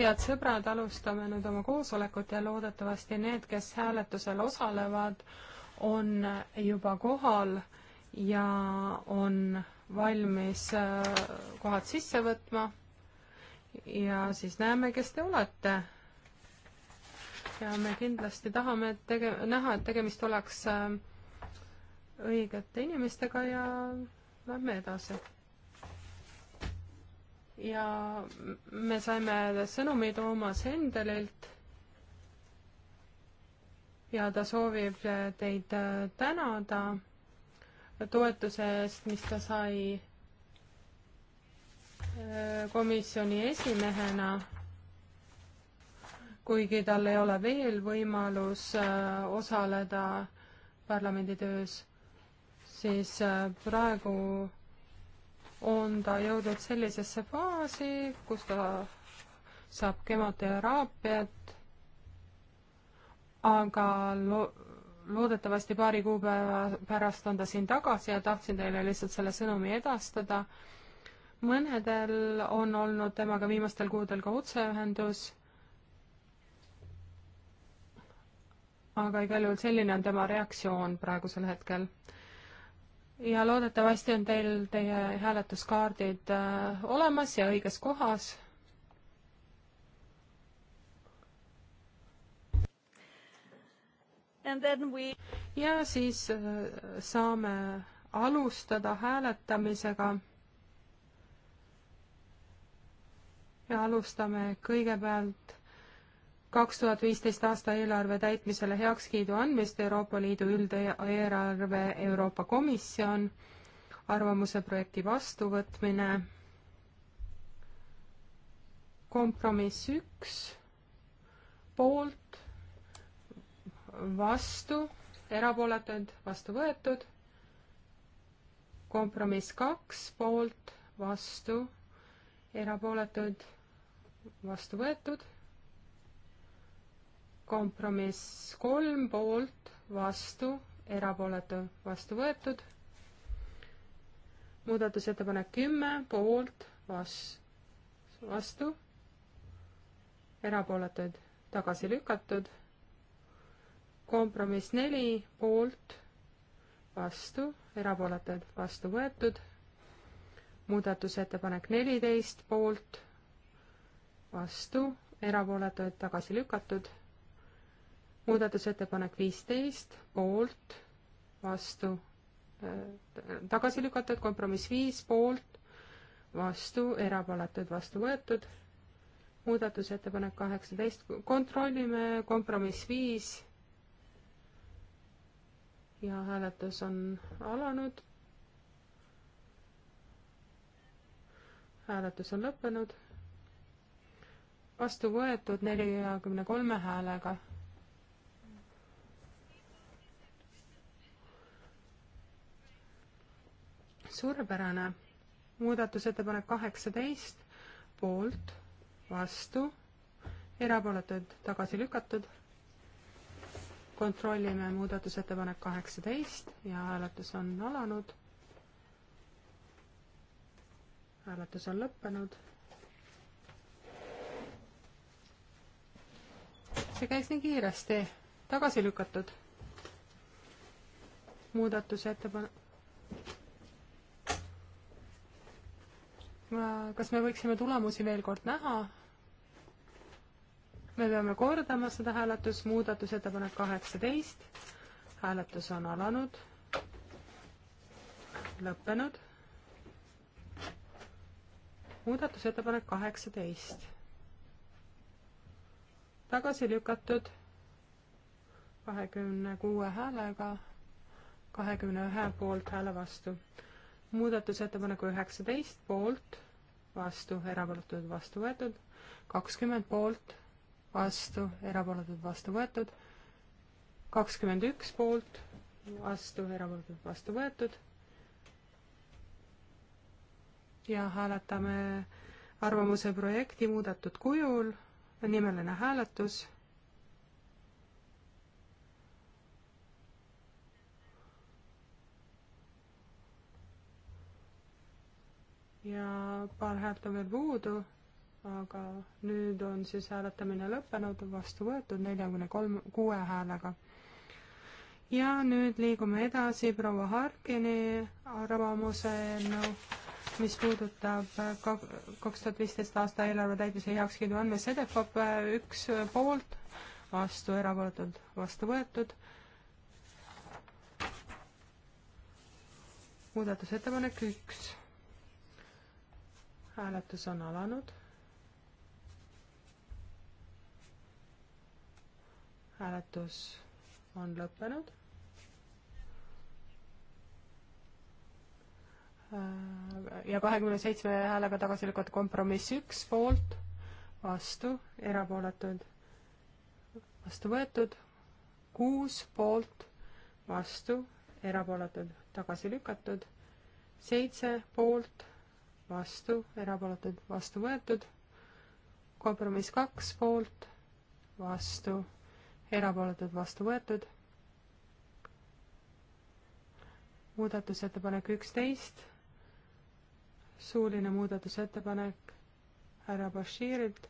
head sõbrad, alustame nüüd oma koosolekut ja loodetavasti need, kes hääletusel osalevad, on juba kohal ja on valmis äh, kohad sisse võtma. ja siis näeme, kes te olete. ja me kindlasti tahame tege-, näha, et tegemist oleks äh, õigete inimestega ja lähme edasi ja me saime sõnumi Toomas Hendelilt ja ta soovib teid tänada toetuse eest, mis ta sai äh, komisjoni esimehena, kuigi tal ei ole veel võimalus äh, osaleda parlamendi töös, siis äh, praegu on ta jõudnud sellisesse faasi, kus ta saab kemoteraapiat, aga lo-, loodetavasti paari kuupäeva pärast on ta siin tagasi ja tahtsin teile lihtsalt selle sõnumi edastada. mõnedel on olnud temaga viimastel kuudel ka otseühendus, aga igal juhul selline on tema reaktsioon praegusel hetkel ja loodetavasti on teil teie hääletuskaardid äh, olemas ja õiges kohas. We... ja siis äh, saame alustada hääletamisega. ja alustame kõigepealt kaks tuhat viisteist aasta eelarve täitmisele heakskiidu andmist Euroopa Liidu üldeelarve Euroopa Komisjon, arvamuse projekti vastuvõtmine, kompromiss üks, poolt, vastu, erapooletud, vastu võetud, kompromiss kaks, poolt, vastu, erapooletud, vastu võetud kompromiss kolm poolt, vastu, erapooletu, vastu võetud. muudatusettepanek kümme poolt, vas-, vastu, erapooletuid tagasi lükatud. kompromiss neli poolt, vastu, erapooletuid vastu võetud. muudatusettepanek neliteist poolt, vastu, erapooletuid tagasi lükatud muudatusettepanek viisteist, poolt, vastu, äh, tagasi lükatud, kompromiss viis, poolt, vastu, erapooletud, vastu võetud, muudatusettepanek kaheksateist, kontrollime, kompromiss viis ja hääletus on alanud. hääletus on lõppenud vastu võetud neljakümne kolme häälega suurepärane. muudatusettepanek kaheksateist, poolt, vastu, erapooletud, tagasi lükatud. kontrollime muudatusettepanek kaheksateist ja hääletus on alanud. hääletus on lõppenud. see käis nii kiiresti, tagasi lükatud. muudatusettepanek kas me võiksime tulemusi veel kord näha? me peame kordama seda hääletust, muudatusettepanek kaheksateist, hääletus on alanud, lõppenud, muudatusettepanek kaheksateist, tagasi lükatud kahekümne kuue häälega, kahekümne ühe poolthääle vastu. muudatusettepaneku üheksateist poolt vastu, erapooletud, vastu võetud, kakskümmend poolt, vastu, erapooletud, vastu võetud, kakskümmend üks poolt, vastu, erapooletud, vastu võetud ja hääletame arvamuse projekti muudetud kujul, nimeline hääletus ja paar häält on veel puudu, aga nüüd on siis hääletamine lõppenud, vastu võetud neljakümne kolm, kuue häälega. ja nüüd liigume edasi proua Harkini arvamuse eelnõu, mis puudutab kaks tuhat viisteist aasta eelarve täitmise heakskiidu andmist, Sedefop üks poolt, vastu erapooletult, vastu võetud. muudatusettepanek üks hääletus on alanud. hääletus on lõppenud. ja kahekümne seitsme häälega tagasi lükata kompromiss üks poolt, vastu, erapooletud, vastu võetud, kuus poolt, vastu, erapooletud, tagasi lükatud, seitse poolt vastu, erapooletud, vastu võetud. kompromiss kaks poolt, vastu, erapooletud, vastu võetud. muudatusettepanek üksteist, suuline muudatusettepanek härra Bashirilt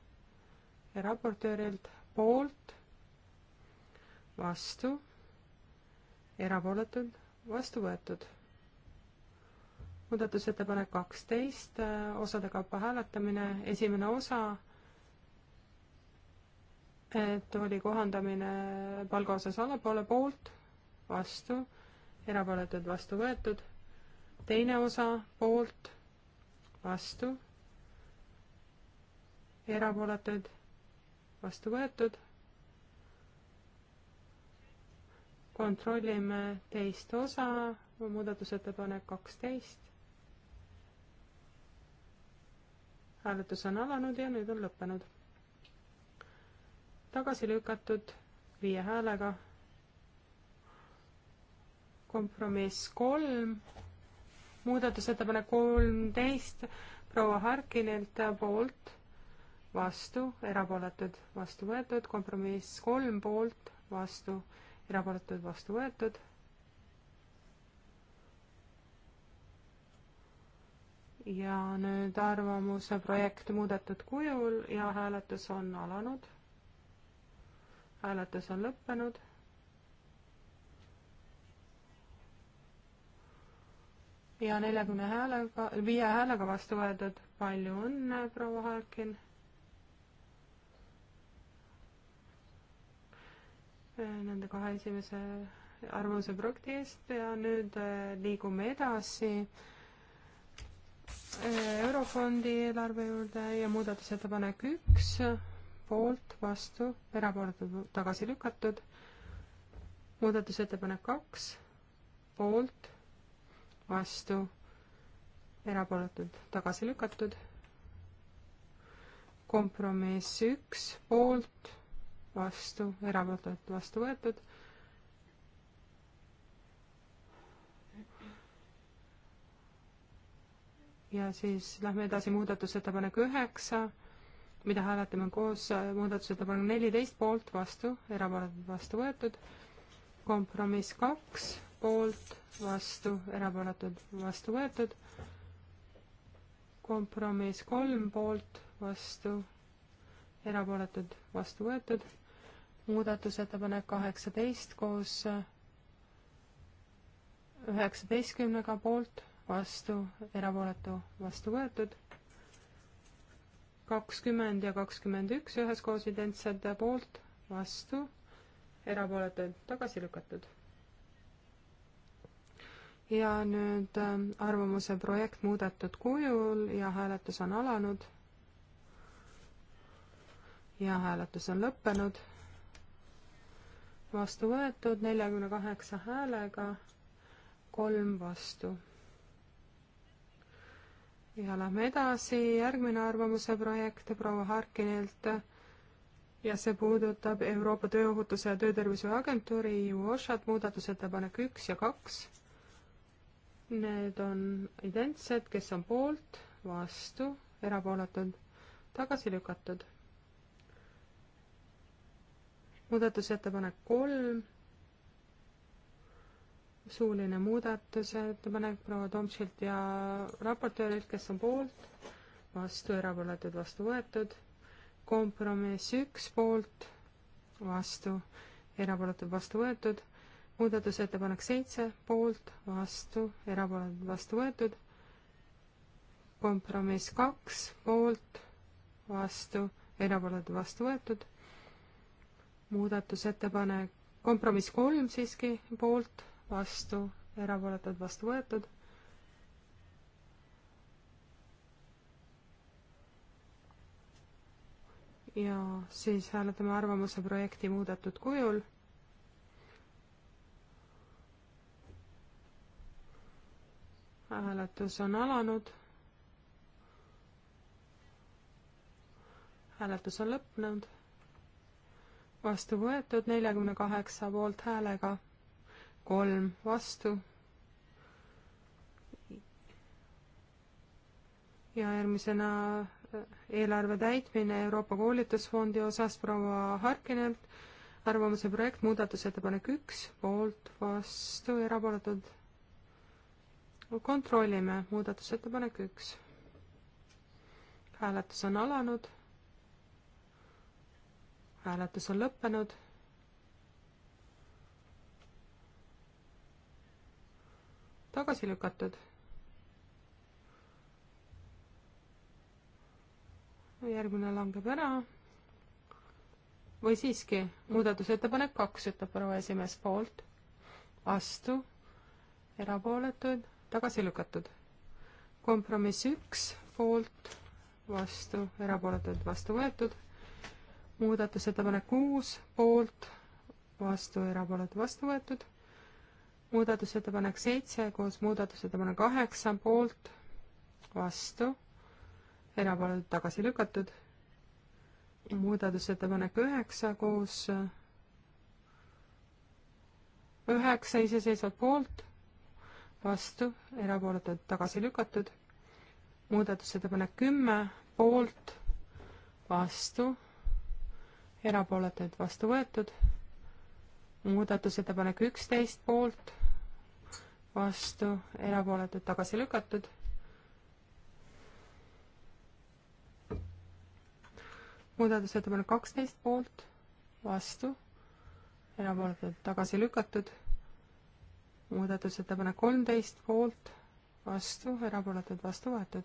ja raportöörilt poolt, vastu, erapooletud, vastu võetud muudatusettepanek kaksteist, osade kaupa hääletamine, esimene osa, et oli kohandamine palga osas allapoole poolt, vastu, erapooletud vastu võetud, teine osa poolt, vastu, erapooletud vastu võetud, kontrollime teist osa, muudatusettepanek kaksteist, hääletus on alanud ja nüüd on lõppenud. tagasi lükatud viie häälega. kompromiss kolm, muudatusettepanek kolmteist proua Harkinilt poolt, vastu, erapooletud, vastu võetud, kompromiss kolm poolt, vastu, erapooletud, vastu võetud ja nüüd arvamuse projekt muudetud kujul ja hääletus on alanud. hääletus on lõppenud. ja neljakümne häälega, viie häälega vastu võetud. palju õnne, proua Harkin. Nende kahe esimese arvamuse projekti eest ja nüüd eh, liigume edasi Äh, Eurofondi eelarve juurde ja muudatusettepanek üks, poolt, vastu, erapooletud, tagasi lükatud. muudatusettepanek kaks, poolt, vastu, erapooletud, tagasi lükatud. kompromiss üks, poolt, vastu, erapooletud, vastu võetud ja siis lähme edasi muudatusettepaneku üheksa, mida hääletame koos äh, muudatusettepaneku neliteist poolt, vastu, erapooletud, vastu võetud. kompromiss kaks, poolt, vastu, erapooletud, vastu võetud. kompromiss kolm, poolt, vastu, erapooletud, vastu võetud. muudatusettepanek kaheksateist koos äh, üheksateistkümnega poolt vastu, erapooletu, vastu võetud. kakskümmend ja kakskümmend üks üheskoos identsed poolt, vastu, erapooletud, tagasi lükatud. ja nüüd ähm, arvamuse projekt muudetud kujul ja hääletus on alanud. ja hääletus on lõppenud. vastu võetud neljakümne kaheksa häälega, kolm vastu ja lähme edasi, järgmine arvamuse projekt proua Harkinilt ja see puudutab Euroopa Tööohutuse ja Töötervishoiu Agentuuri EUOSHA-t, muudatusettepanek üks ja kaks. Need on identsed, kes on poolt, vastu, erapooletud, tagasi lükatud. muudatusettepanek kolm suuline muudatusettepanek proua Tomšilt ja raportöörilt, kes on poolt, vastu, erapooletud, vastu võetud. kompromiss üks poolt, vastu, erapooletud, vastu võetud. muudatusettepanek seitse poolt, vastu, erapooletud, vastu võetud. kompromiss kaks poolt, vastu, erapooletud, vastu võetud. muudatusettepanek, kompromiss kolm siiski poolt vastu, erapooletud, vastu võetud. ja siis hääletame arvamuse projekti muudetud kujul hääletus on alanud. hääletus on lõppenud. vastu võetud neljakümne kaheksa poolthäälega kolm vastu. ja järgmisena äh, eelarve täitmine Euroopa koolitusfondi osas proua Harkinelt, arvamuse projekt, muudatusettepanek üks, poolt, vastu, erapooletud. kontrollime, muudatusettepanek üks. hääletus on alanud. hääletus on lõppenud tagasi lükatud. järgmine langeb ära. või siiski, muudatusettepanek kaks, ütleb proua esimees poolt, vastu, erapooletud, tagasi lükatud. kompromiss üks, poolt, vastu, erapooletud, vastu võetud. muudatusettepanek kuus, poolt, vastu, erapooletud, vastu võetud muudatusettepanek seitse koos muudatusettepanek kaheksa poolt, vastu, erapooletud tagasi lükatud. muudatusettepanek üheksa koos üheksa iseseisvat poolt, vastu, erapooletud tagasi lükatud. muudatusettepanek kümme poolt, vastu, erapooletud vastu võetud. muudatusettepanek üksteist poolt vastu, erapooletud, tagasi lükatud. muudatusettepanek kaksteist poolt, vastu, erapooletud, tagasi lükatud. muudatusettepanek kolmteist poolt, vastu, erapooletud, vastu võetud.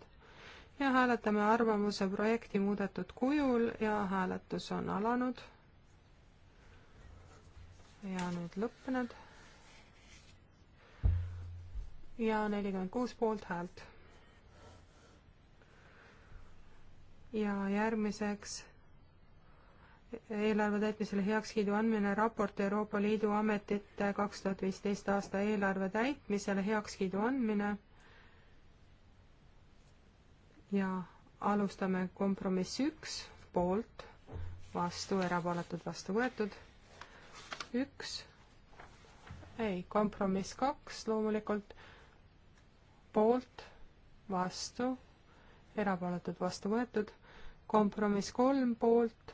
ja hääletame arvamuse projekti muudetud kujul ja hääletus on alanud. ja nüüd lõppenud ja nelikümmend kuus poolthäält. ja järgmiseks eelarve täitmisele heakskiidu andmine raport Euroopa Liidu ametite kaks tuhat viisteist aasta eelarve täitmisele heakskiidu andmine. ja alustame kompromiss üks poolt, vastu, erapooletud, vastu võetud. üks, ei, kompromiss kaks loomulikult poolt, vastu, erapooletud, vastu võetud, kompromiss kolm poolt,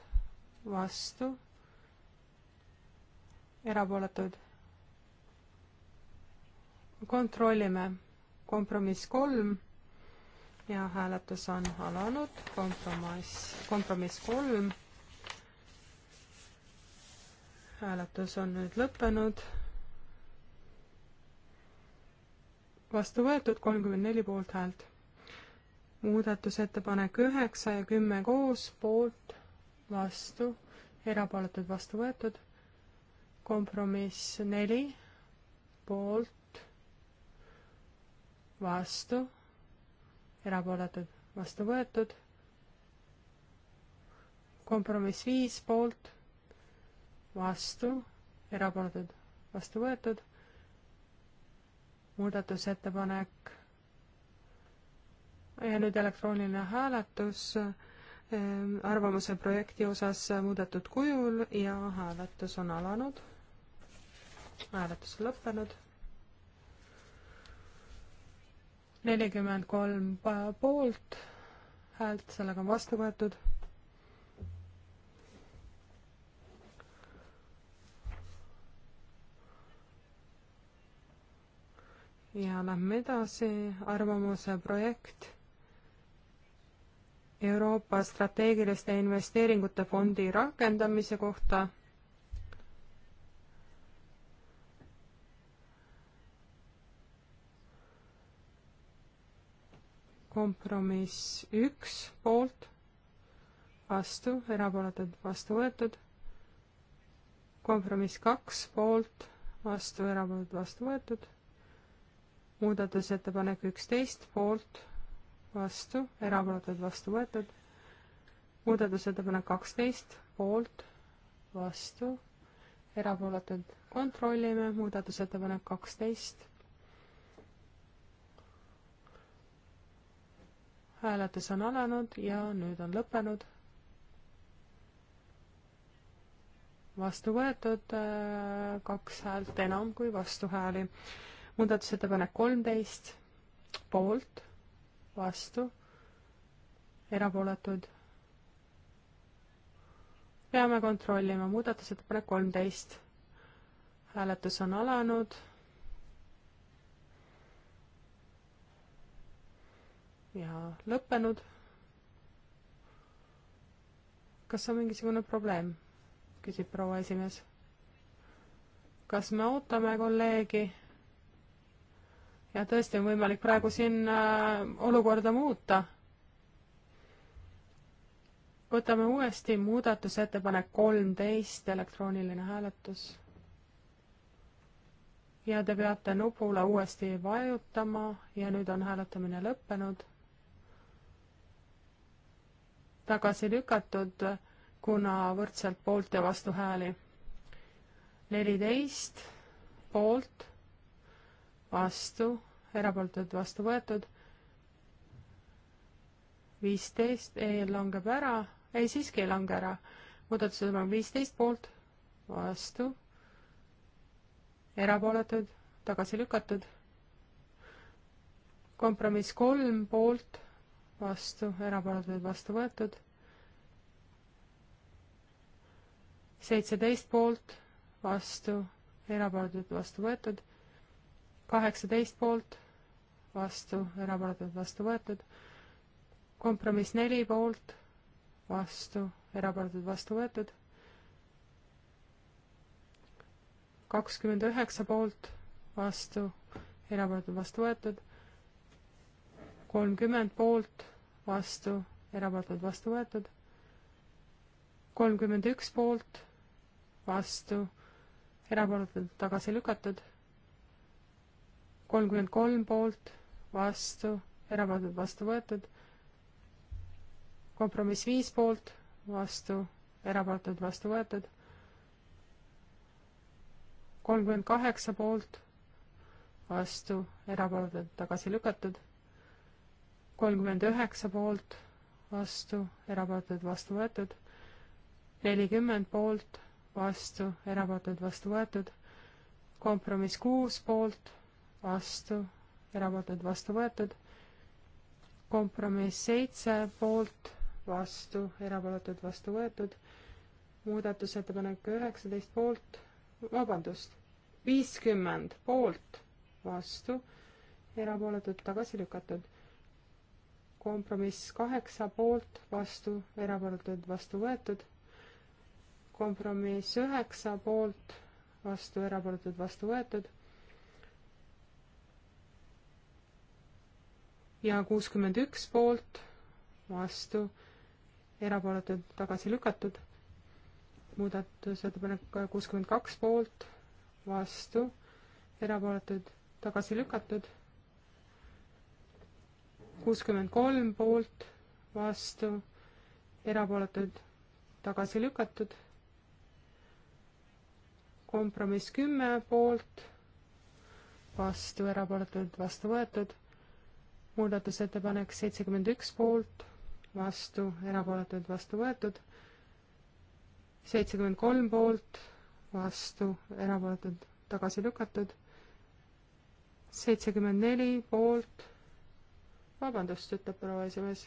vastu, erapooletud. kontrollime, kompromiss kolm ja hääletus on alanud, kompromiss, kompromiss kolm. hääletus on nüüd lõppenud vastu võetud, kolmkümmend neli poolthäält. muudatusettepanek üheksa ja kümme koos, poolt, vastu, erapooletud, vastu võetud. kompromiss neli, poolt, vastu, erapooletud, vastu võetud. kompromiss viis, poolt, vastu, erapooletud, vastu võetud muudatusettepanek ja nüüd elektrooniline hääletus ehm, arvamuse projekti osas muudetud kujul ja hääletus on alanud. hääletus on lõppenud. nelikümmend kolm poolt häält, sellega on vastu võetud ja lähme edasi, arvamuse projekt Euroopa strateegiliste investeeringute fondi rakendamise kohta. kompromiss üks poolt, vastu, erapooletud, vastu võetud. kompromiss kaks poolt, vastu, erapooletud, vastu võetud muudatusettepanek üksteist poolt, vastu, erapooletud, vastu võetud. muudatusettepanek kaksteist poolt, vastu, erapooletud, kontrollime, muudatusettepanek kaksteist. hääletus on alanud ja nüüd on lõppenud. vastu võetud äh, kaks häält enam kui vastuhääli muudatusettepanek kolmteist, poolt, vastu, erapooletud. peame kontrollima, muudatusettepanek kolmteist. hääletus on alanud. ja lõppenud. kas on mingisugune probleem? küsib proua esimees. kas me ootame kolleegi? ja tõesti on võimalik praegu siin äh, olukorda muuta. võtame uuesti muudatusettepanek kolmteist, elektrooniline hääletus. ja te peate nupule uuesti vajutama ja nüüd on hääletamine lõppenud. tagasi lükatud, kuna võrdselt poolt ja vastuhääli. neliteist poolt vastu, erapooletud vastu võetud. viisteist, ei langeb ära, ei siiski ei lange ära. muudatusettepanek viisteist poolt, vastu, erapooletud, tagasi lükatud. kompromiss kolm poolt, vastu, erapooletud vastu võetud. seitseteist poolt, vastu, erapooletud vastu võetud kaheksateist poolt, vastu, erapooletud, vastu võetud. kompromiss neli poolt, vastu, erapooletud, vastu võetud. kakskümmend üheksa poolt, vastu, erapooletud, vastu võetud. kolmkümmend poolt, vastu, erapooletud, vastu võetud. kolmkümmend üks poolt, vastu, erapooletult tagasi lükatud kolmkümmend kolm poolt, vastu, erapooletud, vastu võetud. kompromiss viis poolt, vastu, erapooletud, vastu võetud. kolmkümmend kaheksa poolt, vastu, erapooletud, tagasi lükatud. kolmkümmend üheksa poolt, vastu, erapooletud, vastu võetud. nelikümmend poolt, vastu, erapooletud, vastu võetud. kompromiss kuus poolt vastu, erapooletud vastu võetud. kompromiss seitse poolt, vastu, erapooletud vastu võetud. muudatusettepanek üheksateist poolt, vabandust, viiskümmend poolt, vastu, erapooletud tagasi lükatud kompromiss kaheksa poolt, vastu, erapooletud, vastu võetud. kompromiss üheksa poolt, vastu, erapooletud, vastu võetud ja kuuskümmend üks poolt, vastu, erapooletud, tagasi lükatud. muudatusettepanek kuuskümmend kaks poolt, vastu, erapooletud, tagasi lükatud. kuuskümmend kolm poolt, vastu, erapooletud, tagasi lükatud. kompromiss kümme poolt, vastu, erapooletud, vastu võetud muudatusettepanek seitsekümmend üks poolt, vastu, erapooletud, vastu võetud, seitsekümmend kolm poolt, vastu, erapooletud, tagasi lükatud, seitsekümmend neli poolt, vabandust, ütleb proua esimees,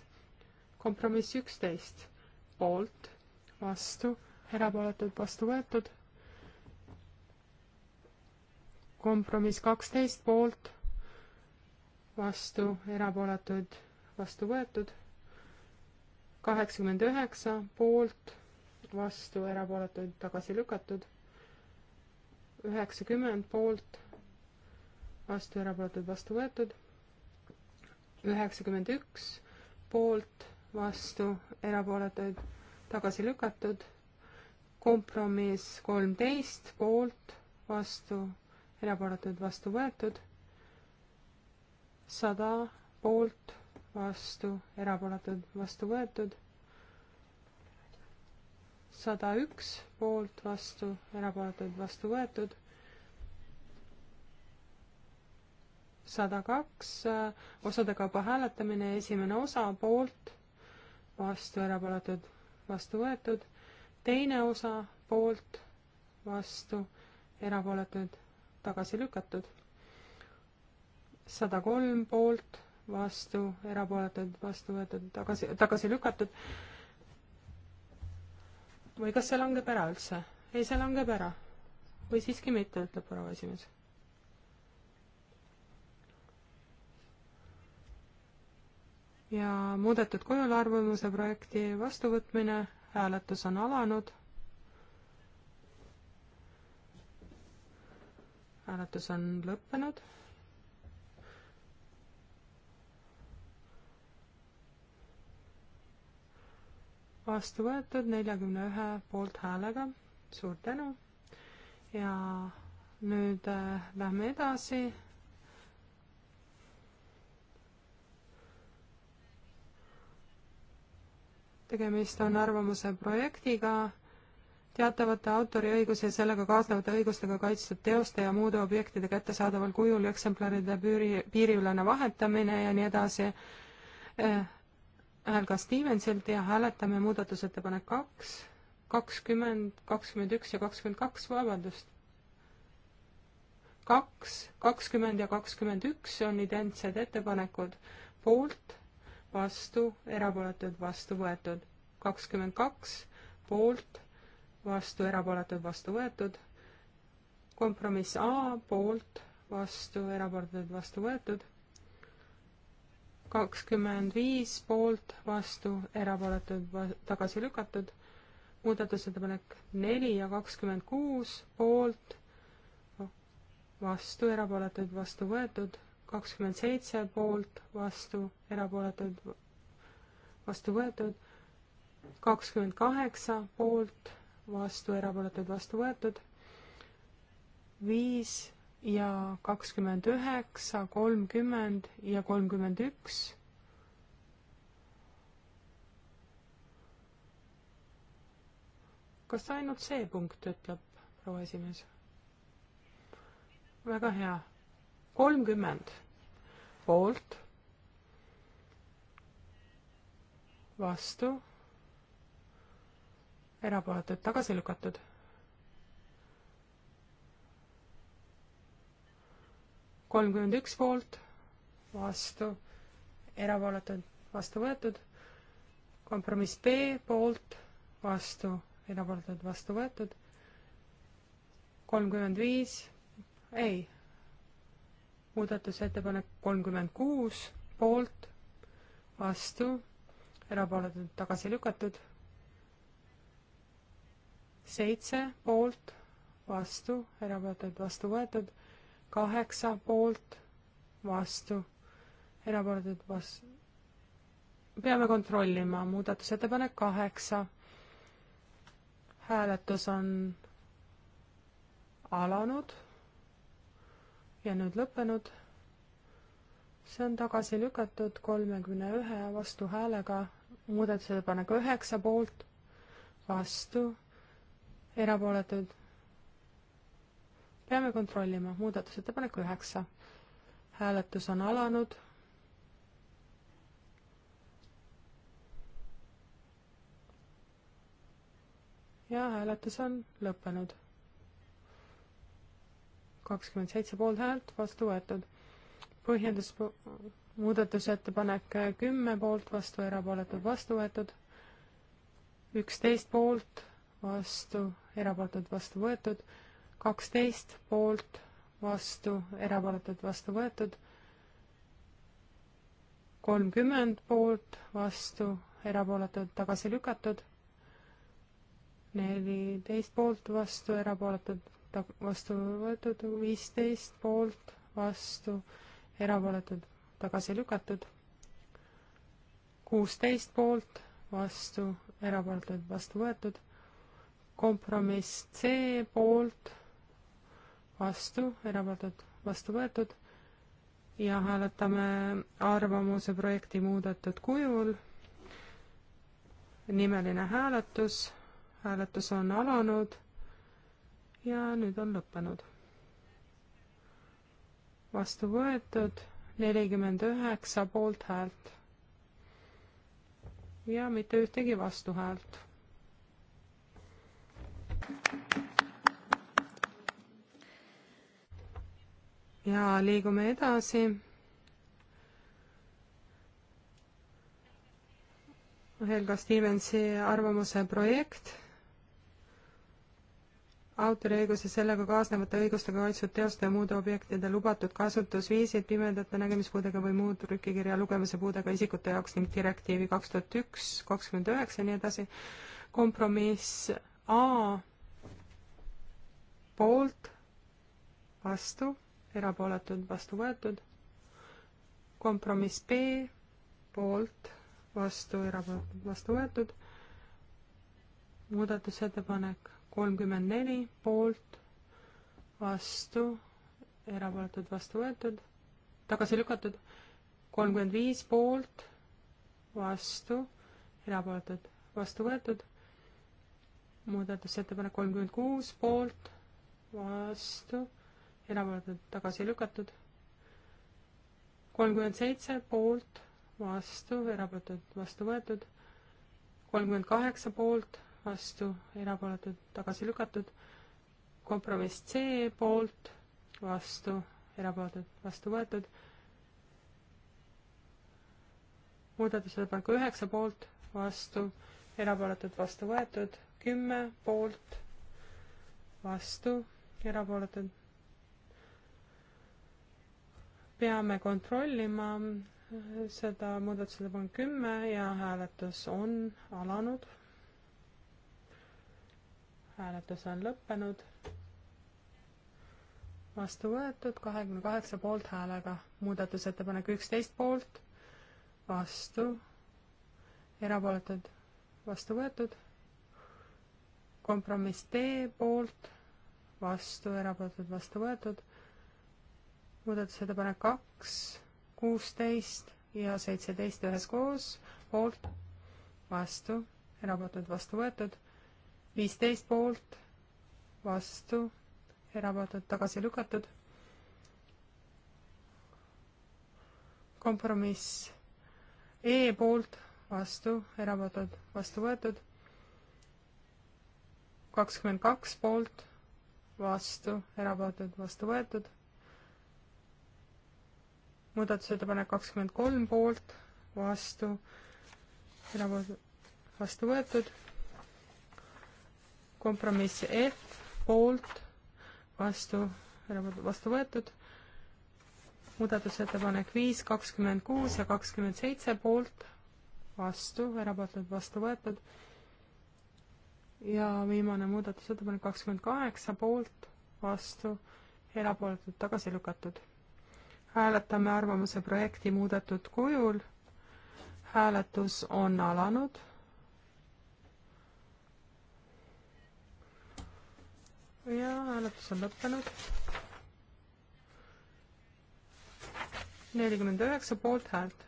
kompromiss üksteist poolt, vastu, erapooletud, vastu võetud, kompromiss kaksteist poolt, vastu, erapooletud, vastu võetud. kaheksakümmend üheksa poolt, vastu, erapooletud, tagasi lükatud. üheksakümmend poolt, vastu, erapooletud, vastu võetud. üheksakümmend üks poolt, vastu, erapooletuid, tagasi lükatud. kompromiss kolmteist poolt, vastu, erapooletuid, vastu võetud sada poolt, vastu, erapooletud, vastu võetud. sada üks poolt, vastu, erapooletud, vastu võetud. sada kaks osade kaupa hääletamine, esimene osa poolt, vastu, erapooletud, vastu võetud. teine osa poolt, vastu, erapooletud, tagasi lükatud sada kolm poolt, vastu, erapooletud, vastu võetud, tagasi, tagasi lükatud. või kas see langeb ära üldse? ei, see langeb ära. või siiski mitte, ütleb proua esimees. ja muudetud kujul arvamuse projekti vastuvõtmine, hääletus on alanud hääletus on lõppenud vastu võetud neljakümne ühe poolthäälega, suur tänu. ja nüüd äh, lähme edasi. tegemist on arvamuse projektiga teatavate autoriõiguse ja sellega kaasnevate õigustega kaitstud teoste ja muude objektide kättesaadaval kujul eksemplaride piiri, piiriülene vahetamine ja nii edasi eh,. Helga Stevensilt ja hääletame muudatusettepanek kaks, kakskümmend, kakskümmend üks ja kakskümmend kaks, vabandust. kaks, kakskümmend ja kakskümmend üks on identsed ettepanekud, poolt, vastu, erapooletud, vastu võetud. kakskümmend kaks, poolt, vastu, erapooletud, vastu võetud. kompromiss A, poolt, vastu, erapooletud, vastu võetud kakskümmend viis poolt, vastu, erapooletud, tagasi lükatud. muudatusettepanek neli ja kakskümmend kuus poolt, vastu, erapooletud, vastu võetud. kakskümmend seitse poolt, vastu, erapooletud, vastu võetud. kakskümmend kaheksa poolt, vastu, erapooletud, vastu võetud. viis ja kakskümmend üheksa, kolmkümmend ja kolmkümmend üks. kas ainult see punkt ütleb proua esimees? väga hea. kolmkümmend poolt, vastu, erapooletud, tagasi lükatud kolmkümmend üks poolt, vastu, erapooletud, vastu võetud. kompromiss B poolt, vastu, erapooletud, vastu võetud. kolmkümmend viis, ei, muudatusettepanek kolmkümmend kuus poolt, vastu, erapooletud, tagasi lükatud. seitse poolt, vastu, erapooletud, vastu võetud kaheksa poolt, vastu, erapooletud vastu. peame kontrollima, muudatusettepanek kaheksa. hääletus on alanud ja nüüd lõppenud. see on tagasi lükatud kolmekümne ühe vastuhäälega, muudatusettepanek üheksa poolt, vastu, erapooletud peame kontrollima, muudatusettepanek üheksa. hääletus on alanud. ja hääletus on lõppenud. kakskümmend seitse poolthäält, vastu võetud. põhjendus, muudatusettepanek kümme poolt, vastu erapooletud, vastu võetud. üksteist poolt, vastu erapooletud, vastu võetud kaksteist poolt, vastu, erapooletud, vastu võetud, kolmkümmend poolt, vastu, erapooletud, tagasi lükatud, neliteist poolt, vastu, erapooletud, vastu võetud, viisteist poolt, vastu, erapooletud, tagasi lükatud, kuusteist poolt, vastu, erapooletud, vastu võetud, kompromiss C poolt vastu, erapooletud vastu võetud ja hääletame arvamuse projekti muudetud kujul. nimeline hääletus, hääletus on alanud ja nüüd on lõppenud. vastu võetud nelikümmend üheksa poolthäält ja mitte ühtegi vastuhäält ja liigume edasi. Helga Stevensi arvamuse projekt, autoriõiguse sellega kaasnevate õigustega kaitstud teoste ja muude objektide lubatud kasutusviisid pimedate nägemispuudega või muu trükikirja lugemise puudega isikute jaoks ning direktiivi kaks tuhat üks, kakskümmend üheksa ja nii edasi. kompromiss A poolt, vastu erapooletud, vastu võetud. kompromiss B, poolt, vastu, erapooletud, vastu võetud. muudatusettepanek kolmkümmend neli, poolt, vastu, erapooletud, vastu võetud, tagasi lükatud. kolmkümmend viis, poolt, vastu, erapooletud, vastu võetud. muudatusettepanek kolmkümmend kuus, poolt, vastu erapooletud tagasi lükatud. kolmkümmend seitse poolt, vastu, erapooletud, vastu võetud. kolmkümmend kaheksa poolt, vastu, erapooletud, tagasi lükatud. kompromiss C poolt, vastu, erapooletud, vastu võetud. muudatusettepaneku üheksa poolt, vastu, erapooletud, vastu võetud. kümme poolt, vastu, erapooletud peame kontrollima seda muudatusettepanek kümme ja hääletus on alanud. hääletus on lõppenud. vastu võetud kahekümne kaheksa poolthäälega, muudatusettepanek üksteist poolt, vastu, erapooletud, vastu võetud. kompromiss D poolt, vastu, erapooletud, vastu võetud muudatusettepanek kaks, kuusteist ja seitseteist üheskoos, poolt, vastu, erapooletud, vastu võetud, viisteist poolt, vastu, erapooletud, tagasi lükatud. kompromiss E poolt, vastu, erapooletud, vastu võetud. kakskümmend kaks poolt, vastu, erapooletud, vastu võetud muudatusettepanek kakskümmend kolm poolt, vastu, erapooletu, vastu võetud. kompromiss F poolt, vastu, erapooletu, vastu võetud. muudatusettepanek viis, kakskümmend kuus ja kakskümmend seitse poolt, vastu, erapooletu, vastu võetud. ja viimane muudatusettepanek kakskümmend kaheksa poolt, vastu, erapooletult tagasi lükatud hääletame arvamuse projekti muudetud kujul. hääletus on alanud. ja hääletus on lõppenud. nelikümmend üheksa poolthäält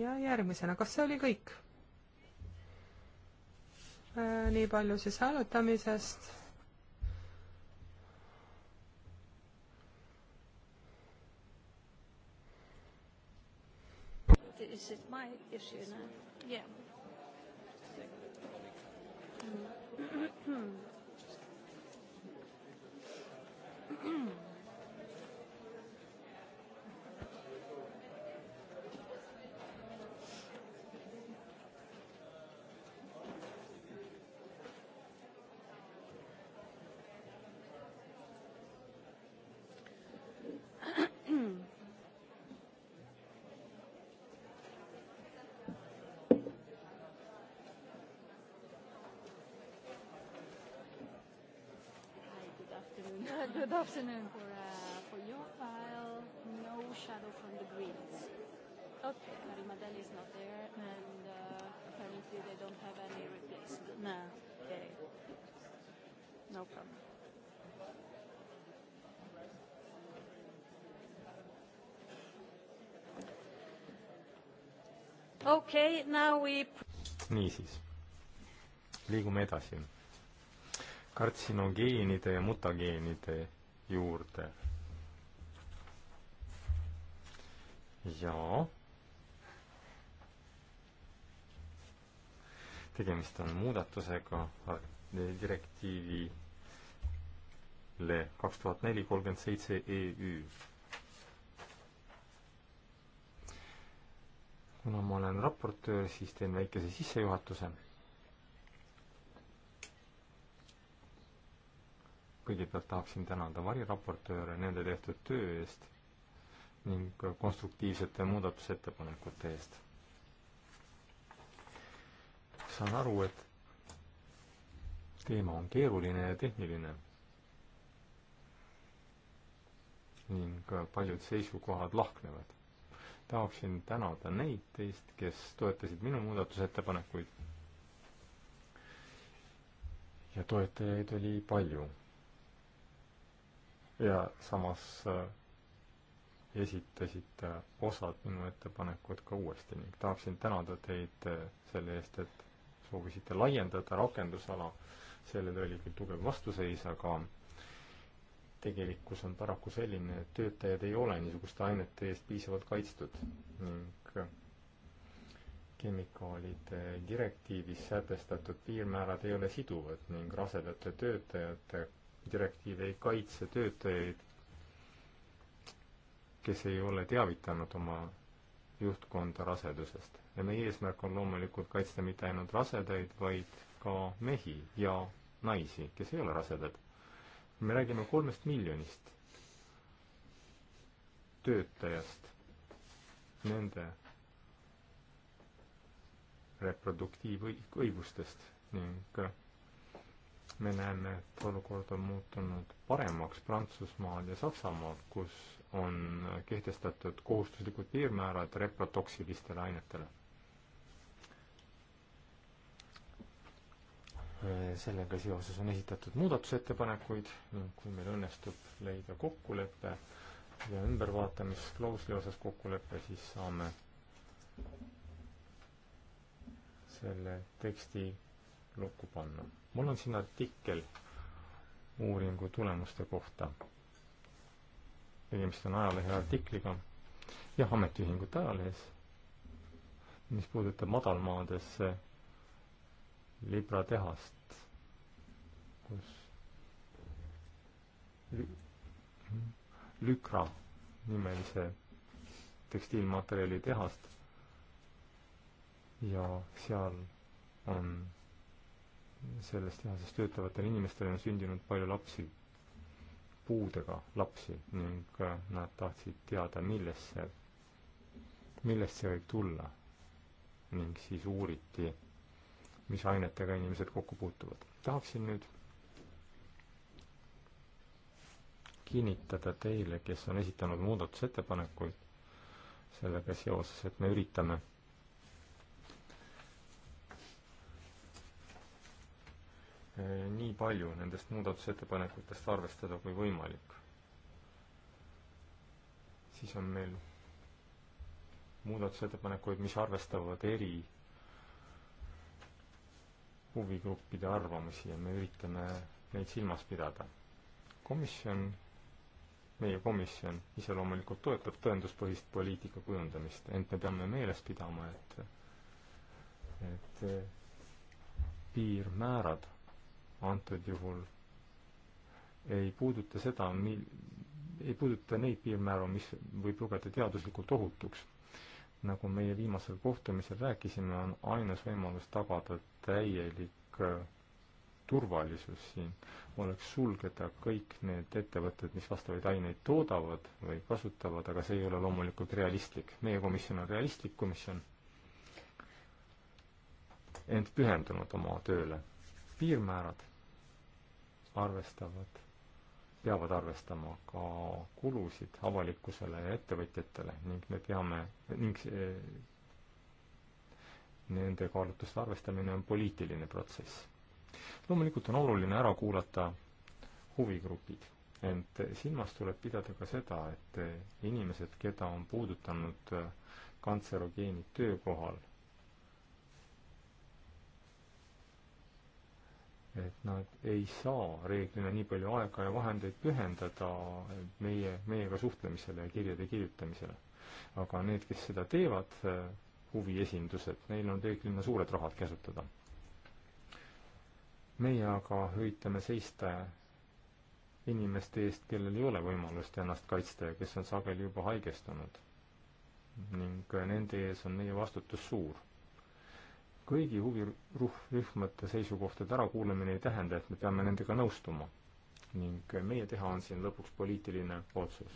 ja järgmisena, kas see oli kõik? Äh, nii palju siis hääletamisest. Is it my issue now? Yeah. Mm-hmm. Good afternoon for, uh, for your file. No shadow from the Greens. Okay, Marimadeli is not there, and uh, apparently they don't have any replacement. No, okay. No problem. okei okay,, now we. niisiis, liigume edasi kartsinogeenide ja mutageenide juurde. jaa. tegemist on muudatusega direktiivile kaks tuhat neli kolmkümmend seitse EÜ. kuna ma olen raportöör, siis teen väikese sissejuhatuse kõigepealt tahaksin tänada variraportööre nende tehtud töö eest ning konstruktiivsete muudatusettepanekute eest. saan aru, et teema on keeruline ja tehniline ning paljud seisukohad lahknevad. tahaksin tänada neid teist, kes toetasid minu muudatusettepanekuid ja toetajaid oli palju ja samas äh, esitasite osad minu ettepanekud ka uuesti ning tahaksin tänada teid äh, selle eest, et soovisite laiendada rakendusala. sellele oli küll tugev vastuseis, aga tegelikkus on paraku selline, et töötajad ei ole niisuguste ainete eest piisavalt kaitstud ning kemikaalide direktiivis sätestatud piirmäärad ei ole siduvad ning rasedate töötajate direktiiv ei kaitse töötajaid, kes ei ole teavitanud oma juhtkonda rasedusest. ja meie eesmärk on loomulikult kaitsta mitte ainult rasedaid, vaid ka mehi ja naisi, kes ei ole rasedad. me räägime kolmest miljonist töötajast, nende reproduktiivõigustest ning me näeme, et olukord on muutunud paremaks Prantsusmaal ja Saksamaal, kus on kehtestatud kohustuslikud piirmäärad reprotoksilistele ainetele. sellega seoses on esitatud muudatusettepanekuid ning kui meil õnnestub leida kokkulepe ja ümbervaatamisklausli osas kokkulepe, siis saame selle teksti lukku panna mul on siin artikkel uuringu tulemuste kohta. tegemist on ajalehe artikliga, jah, ametiühingute ajalehes, mis puudutab madalmaadesse Libra tehast, kus lü-, Lükra nimelise tekstiilmaterjali tehast ja seal on selles tehases töötavatel inimestel on sündinud palju lapsi, puudega lapsi ning äh, nad tahtsid teada, millest see, millest see võib tulla. ning siis uuriti, mis ainetega inimesed kokku puutuvad. tahaksin nüüd kinnitada teile, kes on esitanud muudatusettepanekuid sellega seoses, et me üritame Äh, nii palju nendest muudatusettepanekutest arvestada kui võimalik. siis on meil muudatusettepanekuid, mis arvestavad eri huvigruppide arvamusi ja me üritame neid silmas pidada. komisjon, meie komisjon ise loomulikult toetab tõenduspõhist poliitika kujundamist, ent me peame meeles pidama, et, et piirmäärad antud juhul ei puuduta seda, mil-, ei puuduta neid piirmääru, mis võib lugeda teaduslikult ohutuks. nagu meie viimasel kohtumisel rääkisime, on ainus võimalus tagada täielik äh, turvalisus siin, oleks sulgeda kõik need ettevõtted, mis vastavaid aineid toodavad või kasutavad, aga see ei ole loomulikult realistlik. meie komisjon on realistlik komisjon, ent pühendunud oma tööle. piirmäärad arvestavad, peavad arvestama ka kulusid avalikkusele ja ettevõtjatele ning me peame, ning see, nende kaalutluste arvestamine on poliitiline protsess. loomulikult on oluline ära kuulata huvigrupid ent silmas tuleb pidada ka seda, et inimesed, keda on puudutanud kantserogeenid töökohal, et nad ei saa reeglina nii palju aega ja vahendeid pühendada meie, meiega suhtlemisele ja kirjade kirjutamisele. aga need, kes seda teevad, eh, huviesindused, neil on reeglina suured rahad käsutada. meie aga üritame seista inimeste eest, kellel ei ole võimalust ennast kaitsta ja kes on sageli juba haigestunud. ning nende ees on meie vastutus suur kõigi huvirühmade seisukohtade ärakuulamine ei tähenda, et me peame nendega nõustuma. ning meie teha on siin lõpuks poliitiline otsus,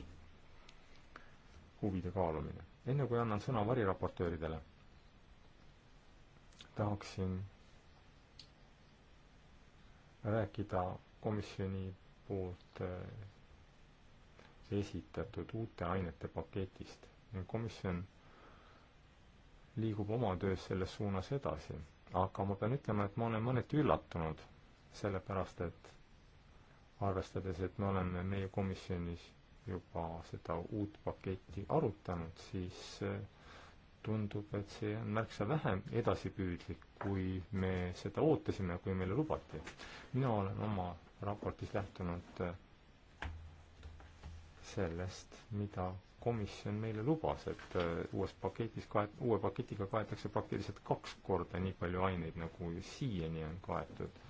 huvide kaalumine. enne kui annan sõna variraportööridele, tahaksin rääkida komisjoni poolt äh, esitatud uute ainete paketist. komisjon liigub oma töös selles suunas edasi. aga ma pean ütlema, et ma olen mõneti üllatunud, sellepärast et arvestades, et me oleme meie komisjonis juba seda uut paketti arutanud, siis eh, tundub, et see on märksa vähem edasipüüdlik, kui me seda ootasime, kui meile lubati. mina olen oma raportis lähtunud eh, sellest, mida komisjon meile lubas, et äh, uues paketis kaet-, uue paketiga kaetakse praktiliselt kaks korda nii palju aineid, nagu siiani on kaetud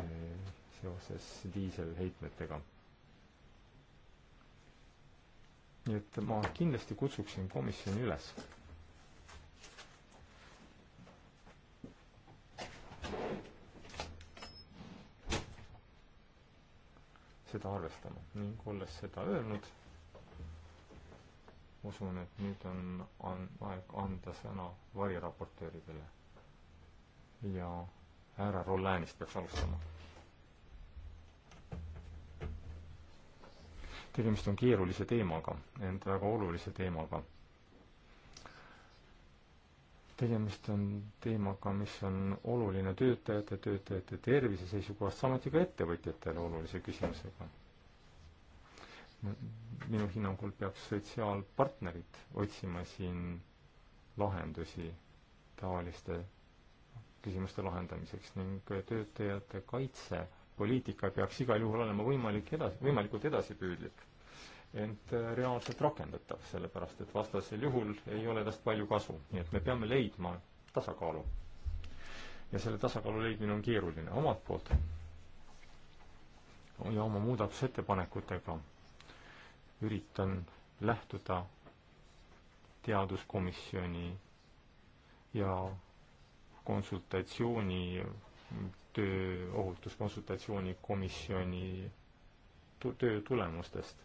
äh, seoses diiselheitmetega. nii et ma kindlasti kutsuksin komisjoni üles seda arvestama ning olles seda öelnud usun, et nüüd on, on aeg anda sõna variraportööridele. ja härra Rollanist peaks alustama. tegemist on keerulise teemaga, ent väga olulise teemaga. tegemist on teemaga, mis on oluline töötajate, töötajate tervise seisukohast, samuti ka ettevõtjatele olulise küsimusega minu hinnangul peaks sotsiaalpartnerid otsima siin lahendusi taoliste küsimuste lahendamiseks ning töötajate kaitsepoliitika peaks igal juhul olema võimalik edasi, võimalikult edasipüüdlik. ent äh, reaalselt rakendatav, sellepärast et vastasel juhul ei ole tast palju kasu, nii et me peame leidma tasakaalu. ja selle tasakaalu leidmine on keeruline omalt poolt ja oma muudatusettepanekutega üritan lähtuda teaduskomisjoni ja konsultatsiooni, tööohutuskonsultatsiooni komisjoni töö tulemustest.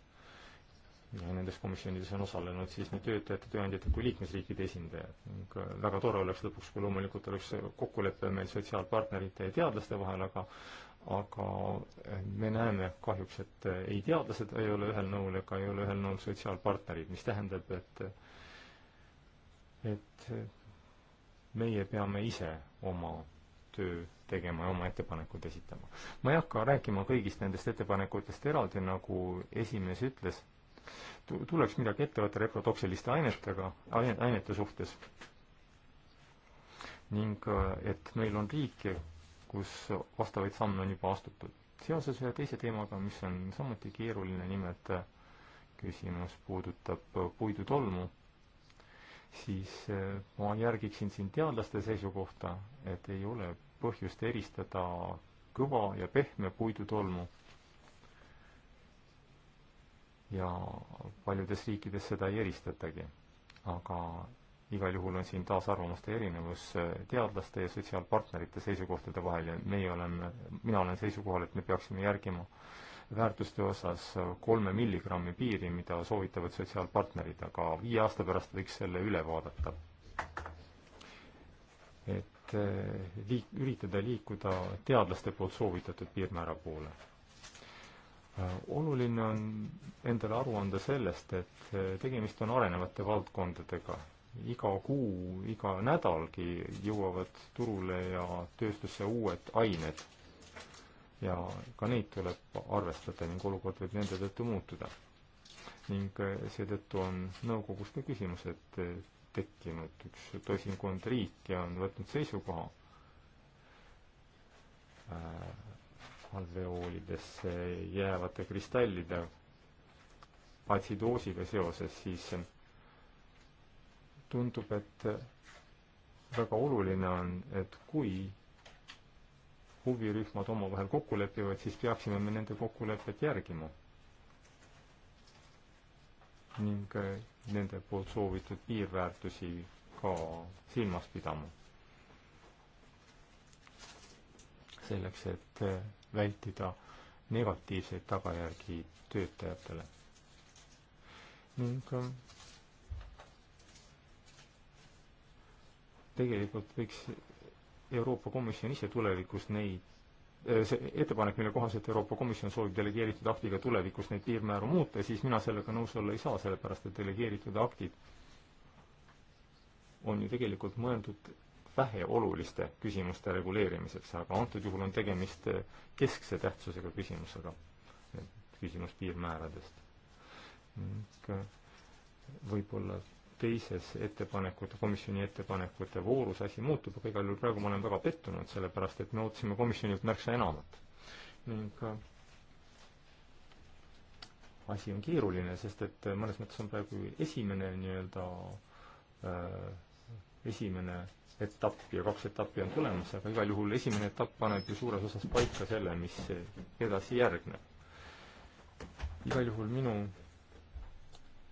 ja nendes komisjonides on osalenud siis nii töötajate, tööandjate kui liikmesriikide esindajad ning äh, väga tore oleks lõpuks, kui loomulikult oleks kokkulepe meil sotsiaalpartnerite ja teadlaste vahel, aga aga me näeme kahjuks, et ei teadlased ei ole ühel nõul ega ei ole ühel nõul sotsiaalpartnerid, mis tähendab, et et meie peame ise oma töö tegema ja oma ettepanekud esitama. ma ei hakka rääkima kõigist nendest ettepanekutest eraldi, nagu esimees ütles, tuleks midagi ette võtta reprotoksiliste ainetega, ainete suhtes. ning äh, et meil on riike, kus vastavaid samme on juba astutud. seoses ühe teise teemaga, mis on samuti keeruline, nimelt küsimus puudutab puidutolmu, siis eh, ma järgiksin siin teadlaste seisukohta, et ei ole põhjust eristada kõva ja pehme puidutolmu. ja paljudes riikides seda ei eristatagi. aga igal juhul on siin taas arvamuste erinevus äh, teadlaste ja sotsiaalpartnerite seisukohtade vahel ja meie oleme, mina olen seisukohal, et me peaksime järgima väärtuste osas kolme milligrammi piiri, mida soovitavad sotsiaalpartnerid, aga viie aasta pärast võiks selle üle vaadata. et äh, liik-, üritada liikuda teadlaste poolt soovitatud piirmäära poole äh, oluline on endale aru anda sellest, et tegemist on arenevate valdkondadega iga kuu, iga nädalgi jõuavad turule ja tööstusse uued ained. ja ka neid tuleb arvestada ning olukord võib nende tõttu muutuda. ning eh, seetõttu on nõukogus ka küsimused eh, tekkinud, üks tosinkond riike on võtnud seisukoha eh, alveoolidesse jäävate kristallide atsidoosiga seoses, siis tundub, et väga oluline on, et kui huvirühmad omavahel kokku lepivad, siis peaksime me nende kokkulepet järgima. ning eh, nende poolt soovitud piirväärtusi ka silmas pidama. selleks, et eh, vältida negatiivseid tagajärgi töötajatele. ning eh, tegelikult võiks Euroopa Komisjon ise tulevikus neid, äh, see ettepanek, mille kohaselt Euroopa Komisjon soovib delegeeritud aktiga tulevikus neid piirmääru muuta, siis mina sellega nõus olla ei saa, sellepärast et delegeeritud aktid on ju tegelikult mõeldud väheoluliste küsimuste reguleerimiseks, aga antud juhul on tegemist äh, keskse tähtsusega küsimusega, küsimus piirmääradest. Äh, võib-olla teises ettepanekute, komisjoni ettepanekute voorus asi muutub, aga igal juhul praegu ma olen väga pettunud, sellepärast et me ootasime komisjonilt märksa enamat. ning äh, asi on keeruline, sest et äh, mõnes mõttes on praegu esimene nii-öelda äh, esimene etapp ja kaks etappi on tulemas, aga igal juhul esimene etapp paneb ju suures osas paika selle, mis edasi järgneb. igal juhul minu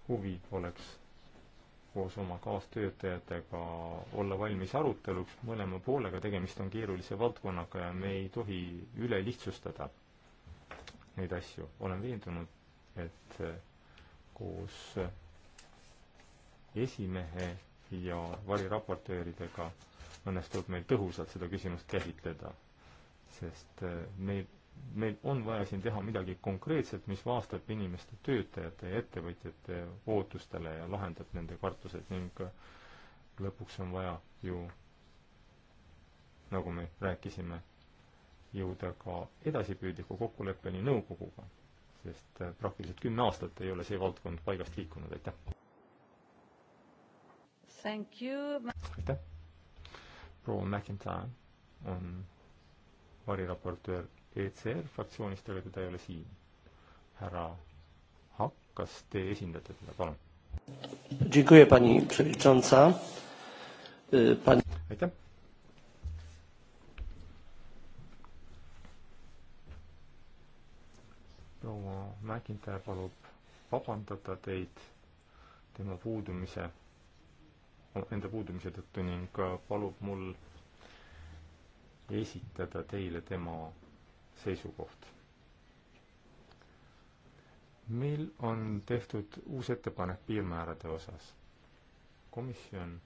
huvi oleks koos oma kaastöötajatega olla valmis aruteluks mõlema poolega, tegemist on keerulise valdkonnaga ja me ei tohi üle lihtsustada neid asju. olen veendunud, et eh, koos esimehe ja variraportööridega õnnestub meil tõhusalt seda küsimust käsitleda, sest meil eh, meil on vaja siin teha midagi konkreetset, mis vastab inimeste, töötajate ja ettevõtjate ootustele ja lahendab nende kartused ning lõpuks on vaja ju, nagu me rääkisime, jõuda ka edasipüüdliku kokkuleppeni nõukoguga, sest äh, praktiliselt kümme aastat ei ole see valdkond paigast liikunud, aitäh! aitäh! proua McIntyre on variraportöör ECR fraktsioonist, aga teda ei ole siin. härra Hakk, kas te esindate teda, palun? E, aitäh. proua Mäkintäe palub vabandada teid tema puudumise, enda puudumise tõttu ning palub mul esitada teile tema seisukoht. meil on tehtud uus ettepanek piirmäärade osas. komisjon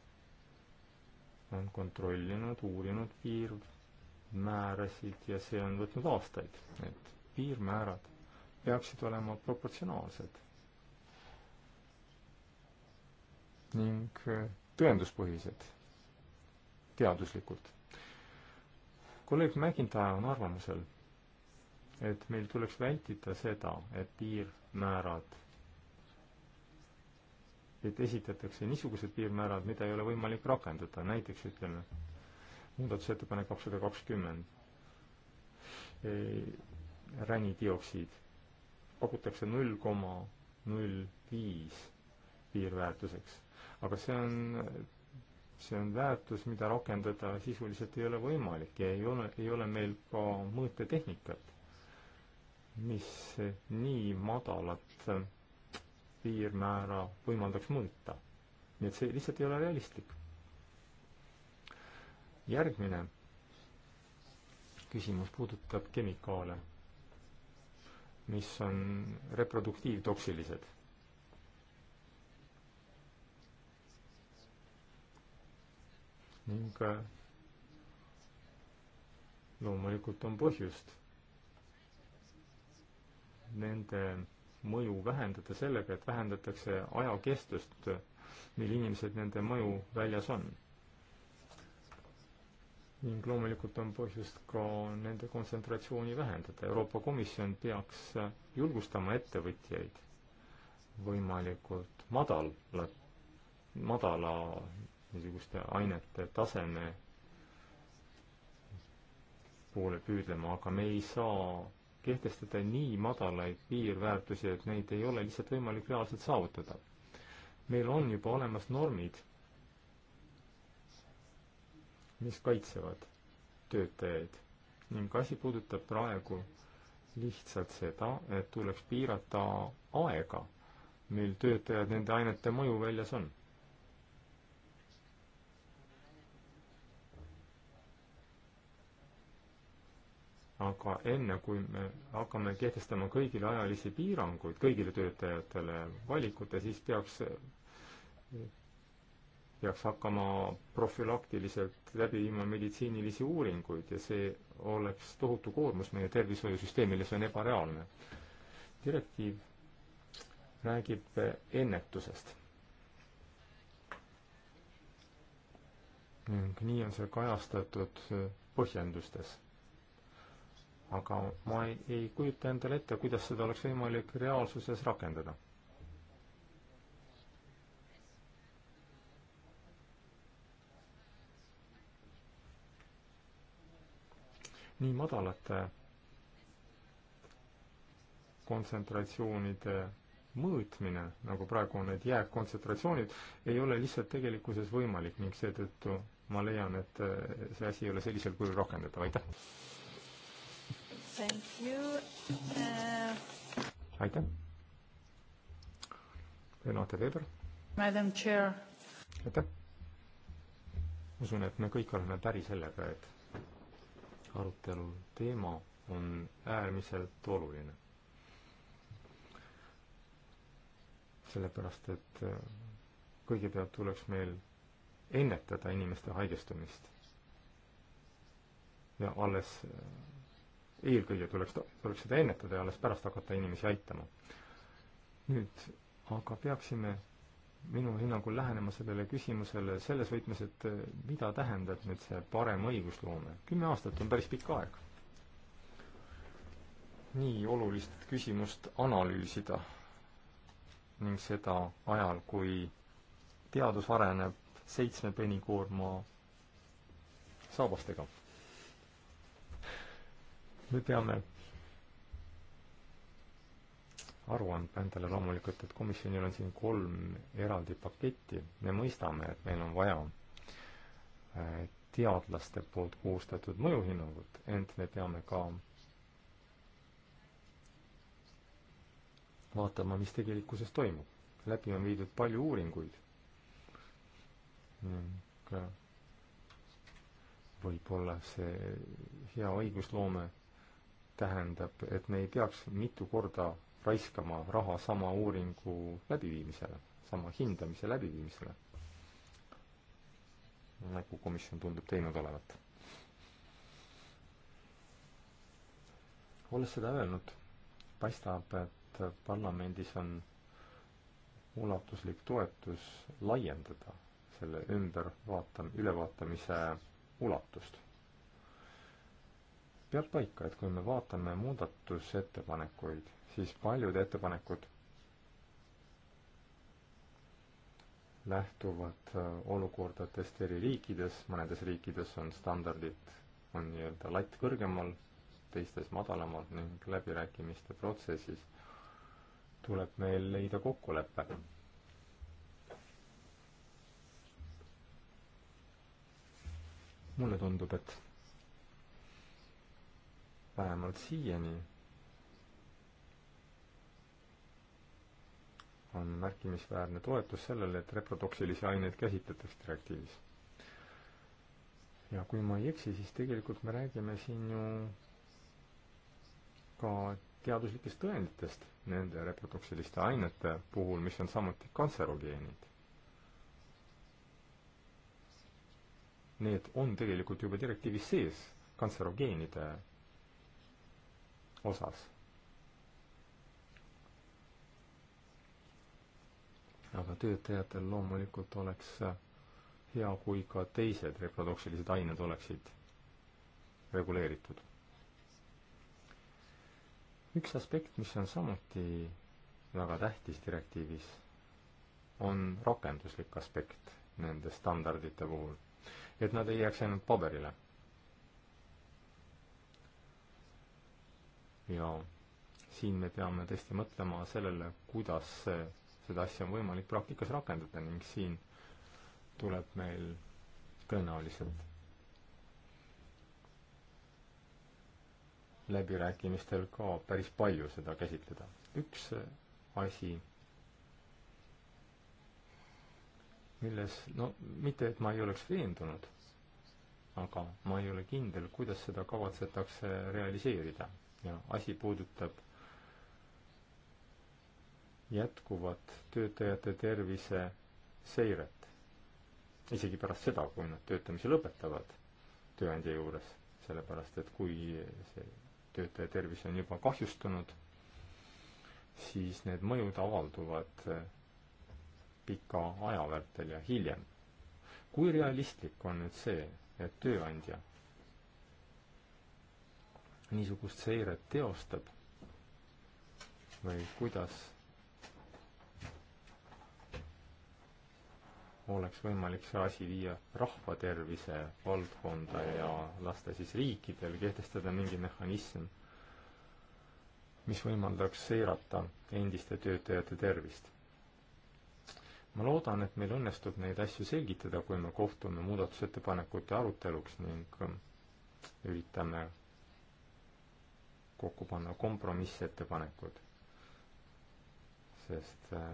on kontrollinud, uurinud piirmäärasid ja see on võtnud aastaid, et piirmäärad peaksid olema proportsionaalsed ning tõenduspõhised teaduslikult. kolleeg Mägintaja on arvamusel, et meil tuleks vältida seda, et piirmäärad, et esitatakse niisugused piirmäärad, mida ei ole võimalik rakendada, näiteks ütleme, muudatusettepanek kakssada kakskümmend, ränidioksiid, pakutakse null koma null viis piirväärtuseks. aga see on, see on väärtus, mida rakendada sisuliselt ei ole võimalik ja ei ole, ei ole meil ka mõõtetehnikat mis nii madalat piirmäära võimaldaks mõõta. nii et see lihtsalt ei ole realistlik. järgmine küsimus puudutab kemikaale, mis on reproduktiivtoksilised. ning äh, loomulikult on põhjust nende mõju vähendada sellega, et vähendatakse ajakestust, mil inimesed nende mõju väljas on. ning loomulikult on põhjust ka nende kontsentratsiooni vähendada. Euroopa Komisjon peaks julgustama ettevõtjaid võimalikult madala, madala niisuguste ainete taseme poole püüdlema, aga me ei saa kehtestada nii madalaid piirväärtusi, et neid ei ole lihtsalt võimalik reaalselt saavutada. meil on juba olemas normid, mis kaitsevad töötajaid ning asi puudutab praegu lihtsalt seda, et tuleks piirata aega, mil töötajad nende ainete mõjuväljas on aga enne, kui me hakkame kehtestama kõigile ajalisi piiranguid, kõigile töötajatele valikute, siis peaks, peaks hakkama profülaktiliselt läbi viima meditsiinilisi uuringuid ja see oleks tohutu koormus meie tervishoiusüsteemile, see on ebareaalne. direktiiv räägib ennetusest. ning nii on see kajastatud põhjendustes aga ma ei, ei kujuta endale ette, kuidas seda oleks võimalik reaalsuses rakendada. nii madalate kontsentratsioonide mõõtmine, nagu praegu on need jääkkontsentratsioonid, ei ole lihtsalt tegelikkuses võimalik ning seetõttu ma leian, et see asi ei ole sellisel kujul rakendatav, aitäh! Uh, aitäh. Renate Veber. aitäh. usun, et me kõik oleme päri sellega, et arutelu teema on äärmiselt oluline. sellepärast, et kõigepealt tuleks meil ennetada inimeste haigestumist ja alles eelkõige tuleks, tuleks seda ennetada ja alles pärast hakata inimesi aitama. nüüd aga peaksime minu hinnangul lähenema sellele küsimusele selles võtmes, et eh, mida tähendab nüüd see parem õigusloome. kümme aastat on päris pikk aeg. nii olulist küsimust analüüsida ning seda ajal, kui teadus areneb seitsme penikoorma saabastega me peame aru andma endale loomulikult, et komisjonil on siin kolm eraldi paketti. me mõistame, et meil on vaja äh, teadlaste poolt koostatud mõjuhinnangut, ent me peame ka vaatama, mis tegelikkuses toimub. läbi on viidud palju uuringuid ning äh, võib-olla see hea õigusloome tähendab, et me ei peaks mitu korda raiskama raha sama uuringu läbiviimisele, sama hindamise läbiviimisele, nagu komisjon tundub teinud olevat. olles seda öelnud, paistab, et parlamendis on ulatuslik toetus laiendada selle ümber vaatam-, ülevaatamise ulatust peab paika, et kui me vaatame muudatusettepanekuid, siis paljud ettepanekud lähtuvad äh, olukordadest eri riikides, mõnedes riikides on standardid, on nii-öelda latt kõrgemal, teistes madalamalt ning läbirääkimiste protsessis tuleb meil leida kokkulepe. mulle tundub, et vähemalt siiani on märkimisväärne toetus sellele, et reprodoksilisi aineid käsitletakse direktiivis. ja kui ma ei eksi, siis tegelikult me räägime siin ju ka teaduslikest tõenditest nende reproduksiliste ainete puhul, mis on samuti kantserogeenid. Need on tegelikult juba direktiivis sees kantserogeenide osas. aga töötajatel loomulikult oleks hea, kui ka teised reproduktilised ained oleksid reguleeritud. üks aspekt, mis on samuti väga tähtis direktiivis, on rakenduslik aspekt nende standardite puhul. et nad ei jääks ainult paberile ja siin me peame tõesti mõtlema sellele, kuidas see, seda asja on võimalik praktikas rakendada ning siin tuleb meil tõenäoliselt läbirääkimistel ka päris palju seda käsitleda. üks asi, milles, no mitte, et ma ei oleks veendunud, aga ma ei ole kindel, kuidas seda kavatsetakse realiseerida lihtne, asi puudutab jätkuvat töötajate tervise seiret. isegi pärast seda, kui nad töötamise lõpetavad tööandja juures, sellepärast et kui see töötaja tervis on juba kahjustunud, siis need mõjud avalduvad pika aja vältel ja hiljem. kui realistlik on nüüd see, et tööandja niisugust seiret teostab või kuidas oleks võimalik see asi viia rahvatervise valdkonda ja lasta siis riikidel kehtestada mingi mehhanism, mis võimaldaks seirata endiste töötajate tervist. ma loodan, et meil õnnestub neid asju selgitada, kui me kohtume muudatusettepanekute aruteluks ning üritame kokku panna kompromissettepanekud, sest äh,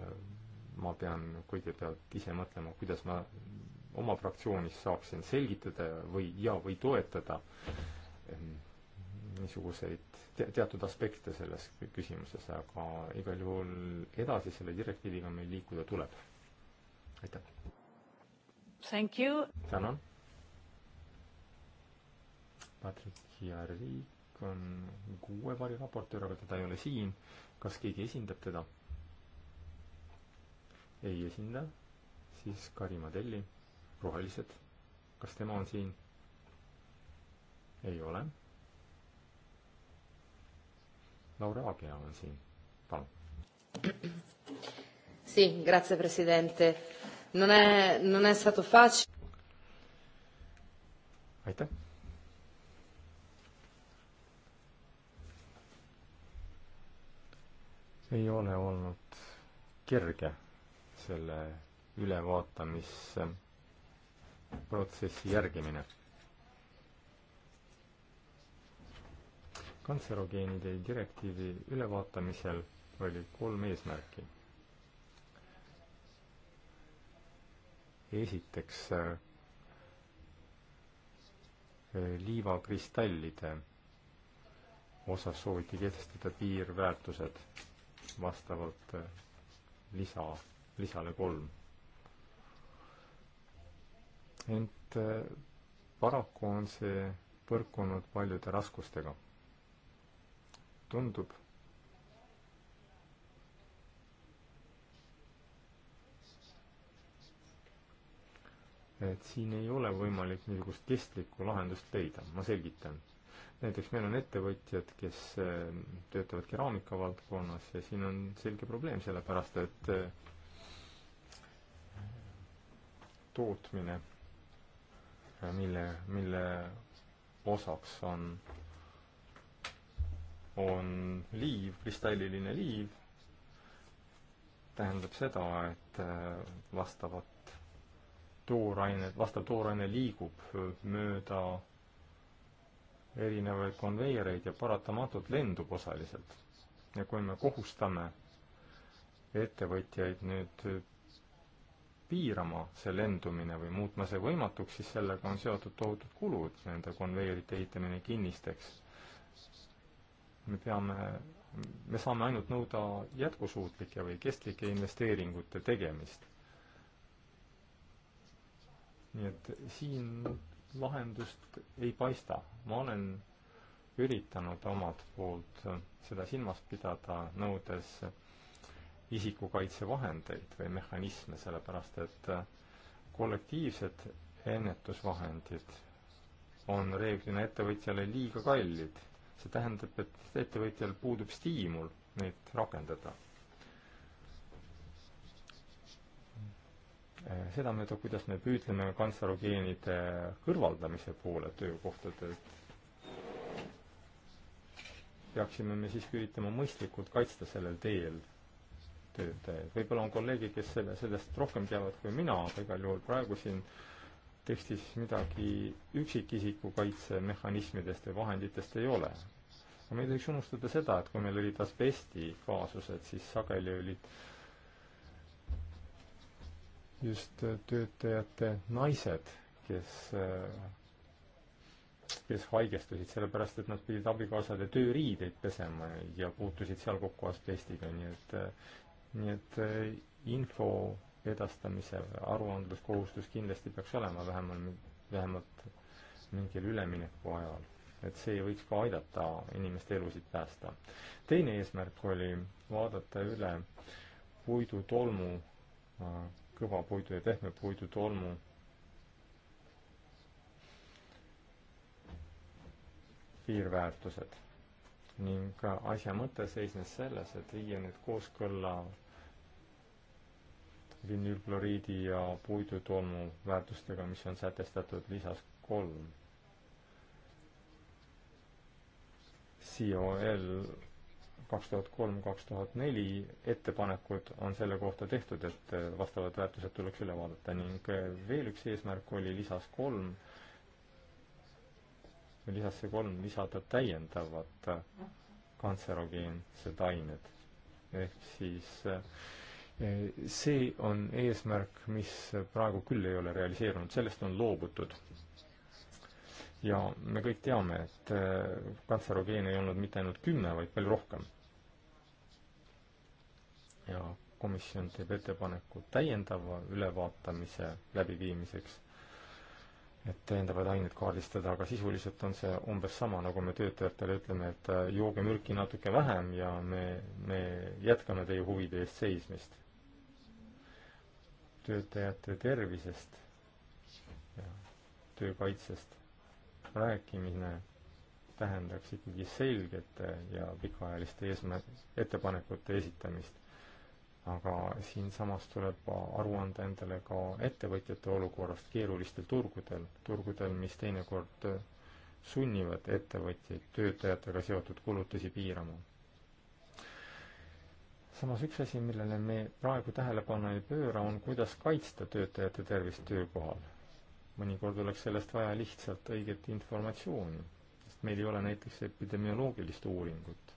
ma pean kõigepealt ise mõtlema, kuidas ma oma fraktsioonis saaksin selgitada või, ja, või toetada ähm, niisuguseid te-, teatud aspekte selles küsimuses, aga igal juhul edasi selle direktiiviga meil liikuda tuleb. aitäh! tänan! Patrick Jarvi on kuue variraportöör, aga teda ei ole siin. kas keegi esindab teda? ei esinda, siis Karima Telli, rohelised, kas tema on siin? ei ole. Laura Agia on siin, palun. Sì, grazie Presidente. Non è, non è stato facile. Aitäh ei ole olnud kerge selle ülevaatamisprotsessi järgimine. kantserogeenide direktiivi ülevaatamisel oli kolm eesmärki. esiteks liivakristallide osas sooviti kehtestada piirväärtused vastavalt eh, lisa, lisale kolm. ent eh, paraku on see põrkunud paljude raskustega. tundub, et siin ei ole võimalik niisugust kestlikku lahendust leida, ma selgitan näiteks meil on ettevõtjad, kes äh, töötavad keraamika valdkonnas ja siin on selge probleem, sellepärast et äh, tootmine, mille, mille osaks on, on liiv, kristalliline liiv, tähendab seda, et äh, vastavat toorainet, vastav tooraine liigub mööda erinevaid konveiereid ja paratamatult lendub osaliselt. ja kui me kohustame ettevõtjaid nüüd piirama see lendumine või muutma see võimatuks, siis sellega on seotud tohutud kulud, nende konveierite ehitamine kinnisteks. me peame, me saame ainult nõuda jätkusuutlike või kestlike investeeringute tegemist. nii et siin lahendust ei paista. ma olen üritanud omalt poolt seda silmas pidada, nõudes isikukaitsevahendeid või mehhanisme, sellepärast et kollektiivsed ennetusvahendid on reeglina ettevõtjale liiga kallid. see tähendab, et ettevõtjal puudub stiimul neid rakendada Äh, sedamööda, kuidas me püüdleme kantserogeenide kõrvaldamise poole töökohtadelt, peaksime me siiski üritama mõistlikult kaitsta sellel teel töötajaid. võib-olla on kolleegid, kes selle, sellest rohkem teavad kui mina, aga igal juhul praegu siin tekstis midagi üksikisiku kaitsemehhanismidest või vahenditest ei ole. aga me ei tohiks unustada seda, et kui meil olid asbesti kaasused, siis sageli olid just äh, töötajate naised, kes, äh, kes haigestusid sellepärast, et nad pidid abikaasade tööriideid pesema ja puutusid seal kokku asbestiga, nii et, äh, nii et info edastamise aruandluskohustus kindlasti peaks olema vähemalt, vähemalt mingil ülemineku ajal. et see võiks ka aidata inimeste elusid päästa. teine eesmärk oli vaadata üle puidutolmu kõvapuidu ja pehmepuidu tolmu. piirväärtused ning asja mõte seisnes selles, et viia need kooskõlla vinüülkloriidi ja puidutolmu väärtustega, mis on sätestatud lisas kolm. COL kaks tuhat kolm, kaks tuhat neli ettepanekud on selle kohta tehtud, et äh, vastavad väärtused tuleks üle vaadata ning äh, veel üks eesmärk oli lisas kolm, lisasse kolm lisada täiendavad äh, kantserogeensed ained. ehk siis see on eesmärk, mis praegu küll ei ole realiseerunud, sellest on loobutud ja me kõik teame, et kantserogeene ei olnud mitte ainult kümme, vaid palju rohkem ja komisjon teeb ettepaneku täiendava ülevaatamise läbiviimiseks, et täiendavaid aineid kaardistada, aga sisuliselt on see umbes sama, nagu me töötajatele ütleme, et äh, jooge mürki natuke vähem ja me, me jätkame teie huvide eest seismist. töötajate tervisest ja töökaitsest rääkimine tähendaks ikkagi selgete ja pikaajaliste eesmärk, ettepanekute esitamist aga siinsamas tuleb aru anda endale ka ettevõtjate olukorrast keerulistel turgudel, turgudel, mis teinekord sunnivad ettevõtjaid töötajatega seotud kulutusi piirama. samas üks asi, millele me praegu tähelepanu ei pööra, on kuidas kaitsta töötajate tervist töökohal. mõnikord oleks sellest vaja lihtsalt õiget informatsiooni, sest meil ei ole näiteks epidemioloogilist uuringut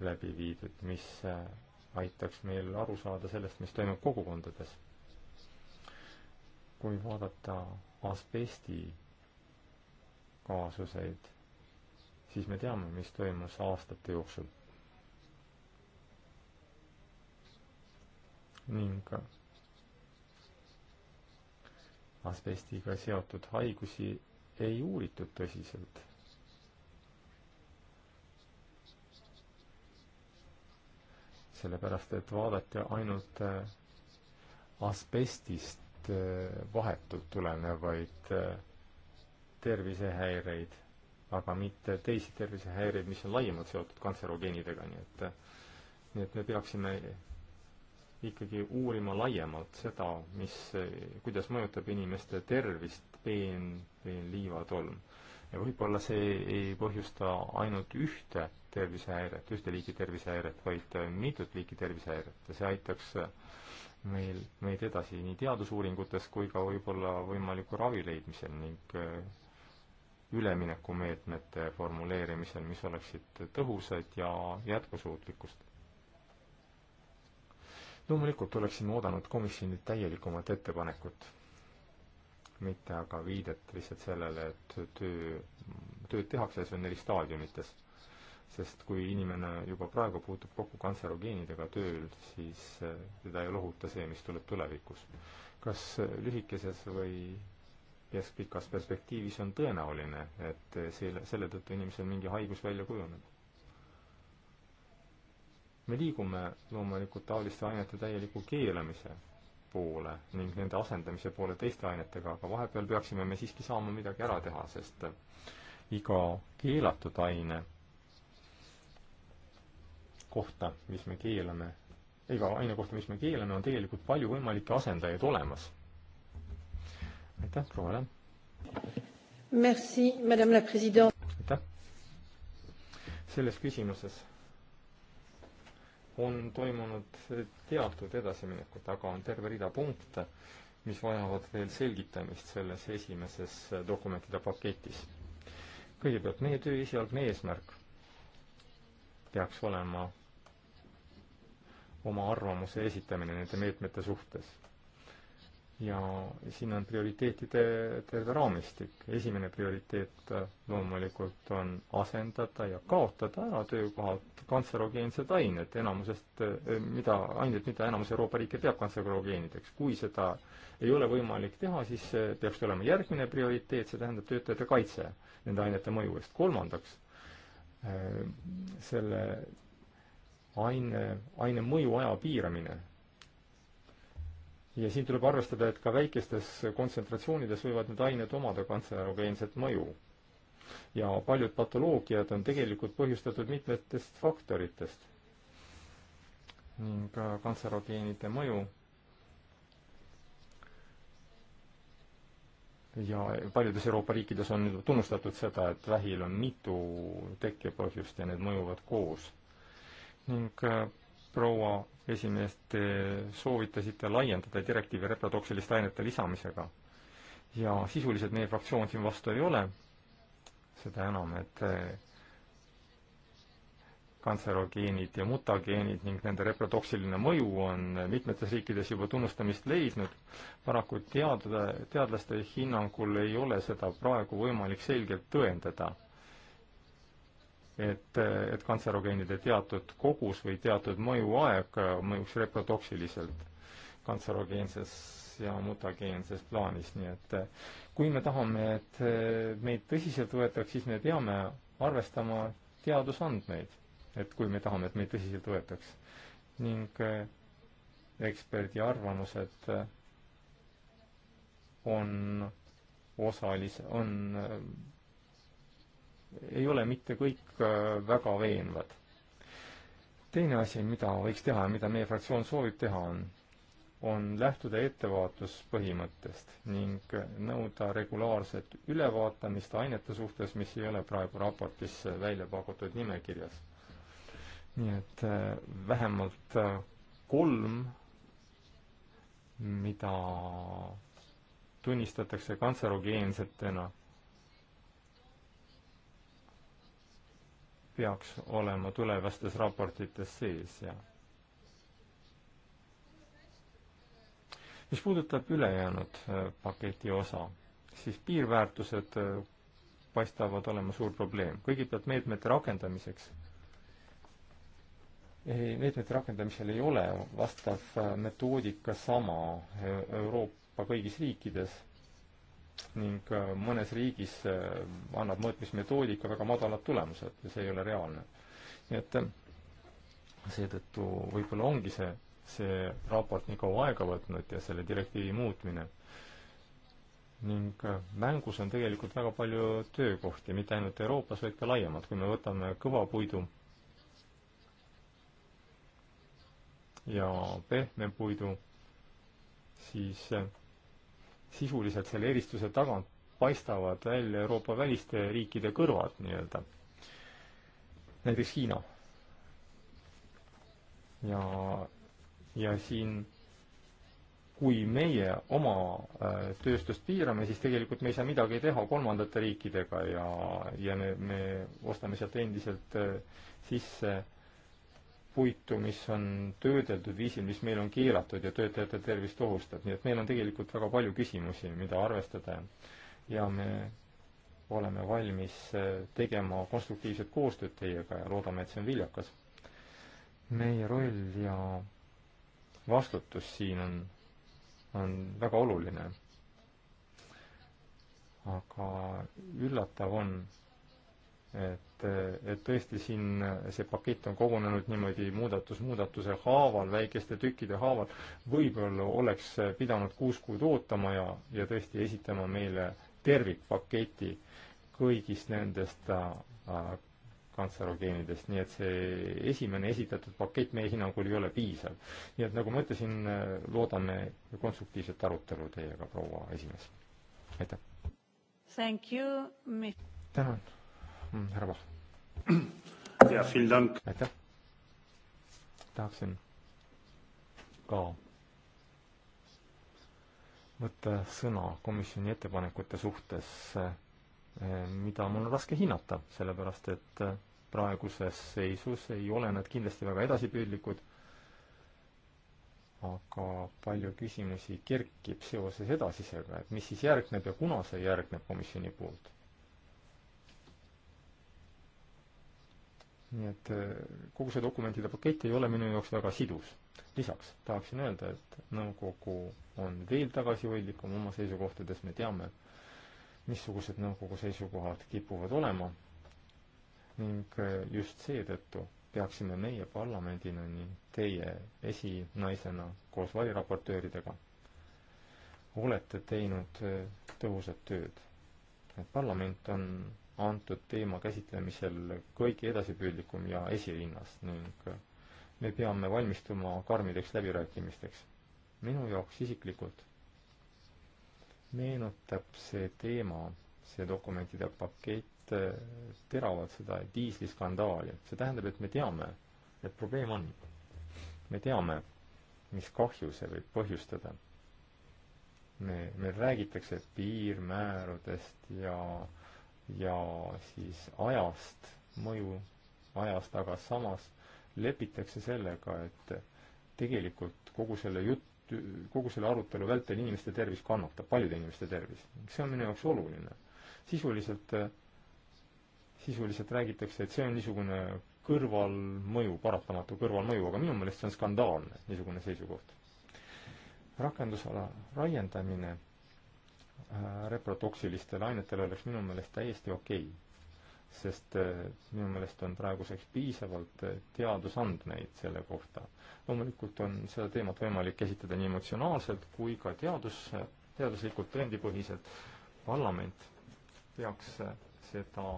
läbi viidud, mis aitaks meil aru saada sellest, mis toimub kogukondades. kui vaadata asbesti kaasuseid, siis me teame, mis toimus aastate jooksul. ning asbestiga seotud haigusi ei uuritud tõsiselt sellepärast et vaadati ainult äh, asbestist äh, vahetult tulenevaid äh, tervisehäireid, aga mitte teisi tervisehäireid, mis on laiemalt seotud kantserogeenidega, nii et nii et me peaksime ikkagi uurima laiemalt seda, mis, kuidas mõjutab inimeste tervist peen, peenliivatolm ja võib-olla see ei põhjusta ainult ühte tervisehäiret, ühte liiki tervisehäiret, vaid äh, mitut liiki tervisehäiret ja see aitaks äh, meil, meid edasi nii teadusuuringutes kui ka võib-olla võimaliku ravi leidmisel ning äh, üleminekumeetmete formuleerimisel, mis oleksid tõhusad ja jätkusuutlikkust. loomulikult oleksime oodanud komisjonilt täielikumat ettepanekut mitte aga viidet lihtsalt sellele, et töö, tööd tehakse ja see on neil staadiumites. sest kui inimene juba praegu puutub kokku kantserogeenidega tööl, siis eh, teda ei lohuta see, mis tuleb tulevikus. kas eh, lühikeses või keskpikas perspektiivis on tõenäoline, et eh, selle, selle tõttu inimesel mingi haigus välja kujuneb? me liigume loomulikult taoliste ainete täieliku keelamise poole ning nende asendamise poole teiste ainetega, aga vahepeal peaksime me siiski saama midagi ära teha, sest äh, iga keelatud aine kohta, mis me keelame, iga aine kohta, mis me keelame, on tegelikult palju võimalikke asendajaid olemas. aitäh, proua Lärm! Merci, madame la president! aitäh! selles küsimuses on toimunud teatud edasiminekut, aga on terve rida punkte, mis vajavad veel selgitamist selles esimeses dokumentide paketis. kõigepealt meie töö esialgne eesmärk peaks olema oma arvamuse esitamine nende meetmete suhtes ja siin on prioriteetide terve raamistik. esimene prioriteet äh, loomulikult on asendada ja kaotada ära töökohalt kantserogeensed ained enamusest, äh, mida, ained, mida enamus Euroopa riike peab kantserogeenideks. kui seda ei ole võimalik teha, siis äh, peaks olema järgmine prioriteet, see tähendab töötajate kaitse nende ainete mõju eest. kolmandaks, selle aine, aine mõju aja piiramine ja siin tuleb arvestada, et ka väikestes kontsentratsioonides võivad need ained omada kantserogeenset mõju. ja paljud patoloogiad on tegelikult põhjustatud mitmetest faktoritest ning kantserogeenide mõju ja paljudes Euroopa riikides on tunnustatud seda, et vähil on mitu tekkepõhjust ja need mõjuvad koos. ning äh, proua esimees, te soovitasite laiendada direktiivi reproduksiliste ainete lisamisega. ja sisuliselt meie fraktsioon siin vastu ei ole, seda enam, et eh, kantserogeenid ja mutageenid ning nende reprotoksiline mõju on mitmetes riikides juba tunnustamist leidnud. paraku teadla, teadlaste hinnangul ei ole seda praegu võimalik selgelt tõendada et, et kantserogeenide teatud kogus või teatud mõjuaeg äh, mõjuks reprotoksiliselt kantserogeenses ja mutageenses plaanis, nii et äh, kui me tahame, et äh, meid tõsiselt võetaks, siis me peame arvestama teadusandmeid, et kui me tahame, et meid tõsiselt võetaks. ning eksperdi arvamused on osalise, on ei ole mitte kõik äh, väga veenvad. teine asi, mida võiks teha ja mida meie fraktsioon soovib teha, on, on lähtuda ettevaatuspõhimõttest ning nõuda regulaarset ülevaatamist ainete suhtes, mis ei ole praegu raportis välja pakutud nimekirjas. nii et äh, vähemalt äh, kolm, mida tunnistatakse kantserogeensetena peaks olema tulevastes raportites sees ja mis puudutab ülejäänud äh, paketi osa, siis piirväärtused äh, paistavad olema suur probleem. kõigepealt meetmete rakendamiseks. ei, meetmete rakendamisel ei ole vastav äh, metoodika sama Euroopa kõigis riikides ning äh, mõnes riigis äh, annab mõõtmismetoodika väga madalad tulemused ja see ei ole reaalne. nii et äh, seetõttu võib-olla ongi see, see raport nii kaua aega võtnud ja selle direktiivi muutmine. ning mängus on tegelikult väga palju töökohti, mitte ainult Euroopas, vaid ka laiemalt, kui me võtame kõvapuidu ja pehme puidu, siis sisuliselt selle eristuse tagant paistavad välja Euroopa väliste riikide kõrvad nii-öelda, näiteks Hiina. ja, ja siin kui meie oma äh, tööstust piirame, siis tegelikult me ei saa midagi teha kolmandate riikidega ja, ja me, me ostame sealt endiselt äh, sisse äh, puitu, mis on töödeldud viisil, mis meil on keelatud ja töötajate tervist ohustab, nii et meil on tegelikult väga palju küsimusi, mida arvestada ja me oleme valmis äh, tegema konstruktiivset koostööd teiega ja loodame, et see on viljakas. meie roll ja vastutus siin on, on väga oluline. aga üllatav on, et, et tõesti siin see pakett on kogunenud niimoodi muudatus muudatuse haaval, väikeste tükkide haaval, võib-olla oleks pidanud kuus kuud ootama ja, ja tõesti esitama meile tervikpaketi kõigist nendest äh, kantserogeenidest, nii et see esimene esitatud pakett meie hinnangul ei ole piisav. nii et nagu ma ütlesin, äh, loodame konstruktiivset arutelu teiega, proua esimees. aitäh! tänan! Mm, härra Pahv. aitäh. tahaksin ka võtta sõna komisjoni ettepanekute suhtes, eh, mida mul on raske hinnata, sellepärast et eh, praeguses seisus ei ole nad kindlasti väga edasipüüdlikud, aga palju küsimusi kerkib seoses edasisega, et mis siis järgneb ja kuna see järgneb komisjoni poolt nii et eh, kogu see dokumentide pakett ei ole minu jaoks väga sidus. lisaks tahaksin öelda, et nõukogu on veel tagasihoidlikum oma seisukohtades, me teame, missugused nõukogu seisukohad kipuvad olema ning eh, just seetõttu peaksime meie parlamendina nii teie esinaisena koos variraportööridega olete teinud eh, tõhusat tööd. et parlament on antud teema käsitlemisel kõige edasipüüdlikum ja esirinnas ning me peame valmistuma karmideks läbirääkimisteks. minu jaoks isiklikult meenutab see teema, see dokumentide pakett, eh, teravalt seda diisliskandaali. see tähendab, et me teame, et probleem on. me teame, mis kahju see võib põhjustada. me, meil räägitakse piirmääradest ja äh, ja siis ajast mõju, ajast, aga samas lepitakse sellega, et tegelikult kogu selle jutt, kogu selle arutelu vältel inimeste tervis kannatab, paljude inimeste tervis. see on minu jaoks oluline. sisuliselt, sisuliselt räägitakse, et see on niisugune kõrvalmõju, paratamatu kõrvalmõju, aga minu meelest see on skandaalne, niisugune seisukoht. rakendusala laiendamine Äh, reprotoksilistele ainetele oleks minu meelest täiesti okei okay.. sest äh, minu meelest on praeguseks piisavalt äh, teadusandmeid selle kohta. loomulikult on seda teemat võimalik käsitleda nii emotsionaalselt kui ka teadus, teaduslikult tõendipõhiselt. parlament peaks seda,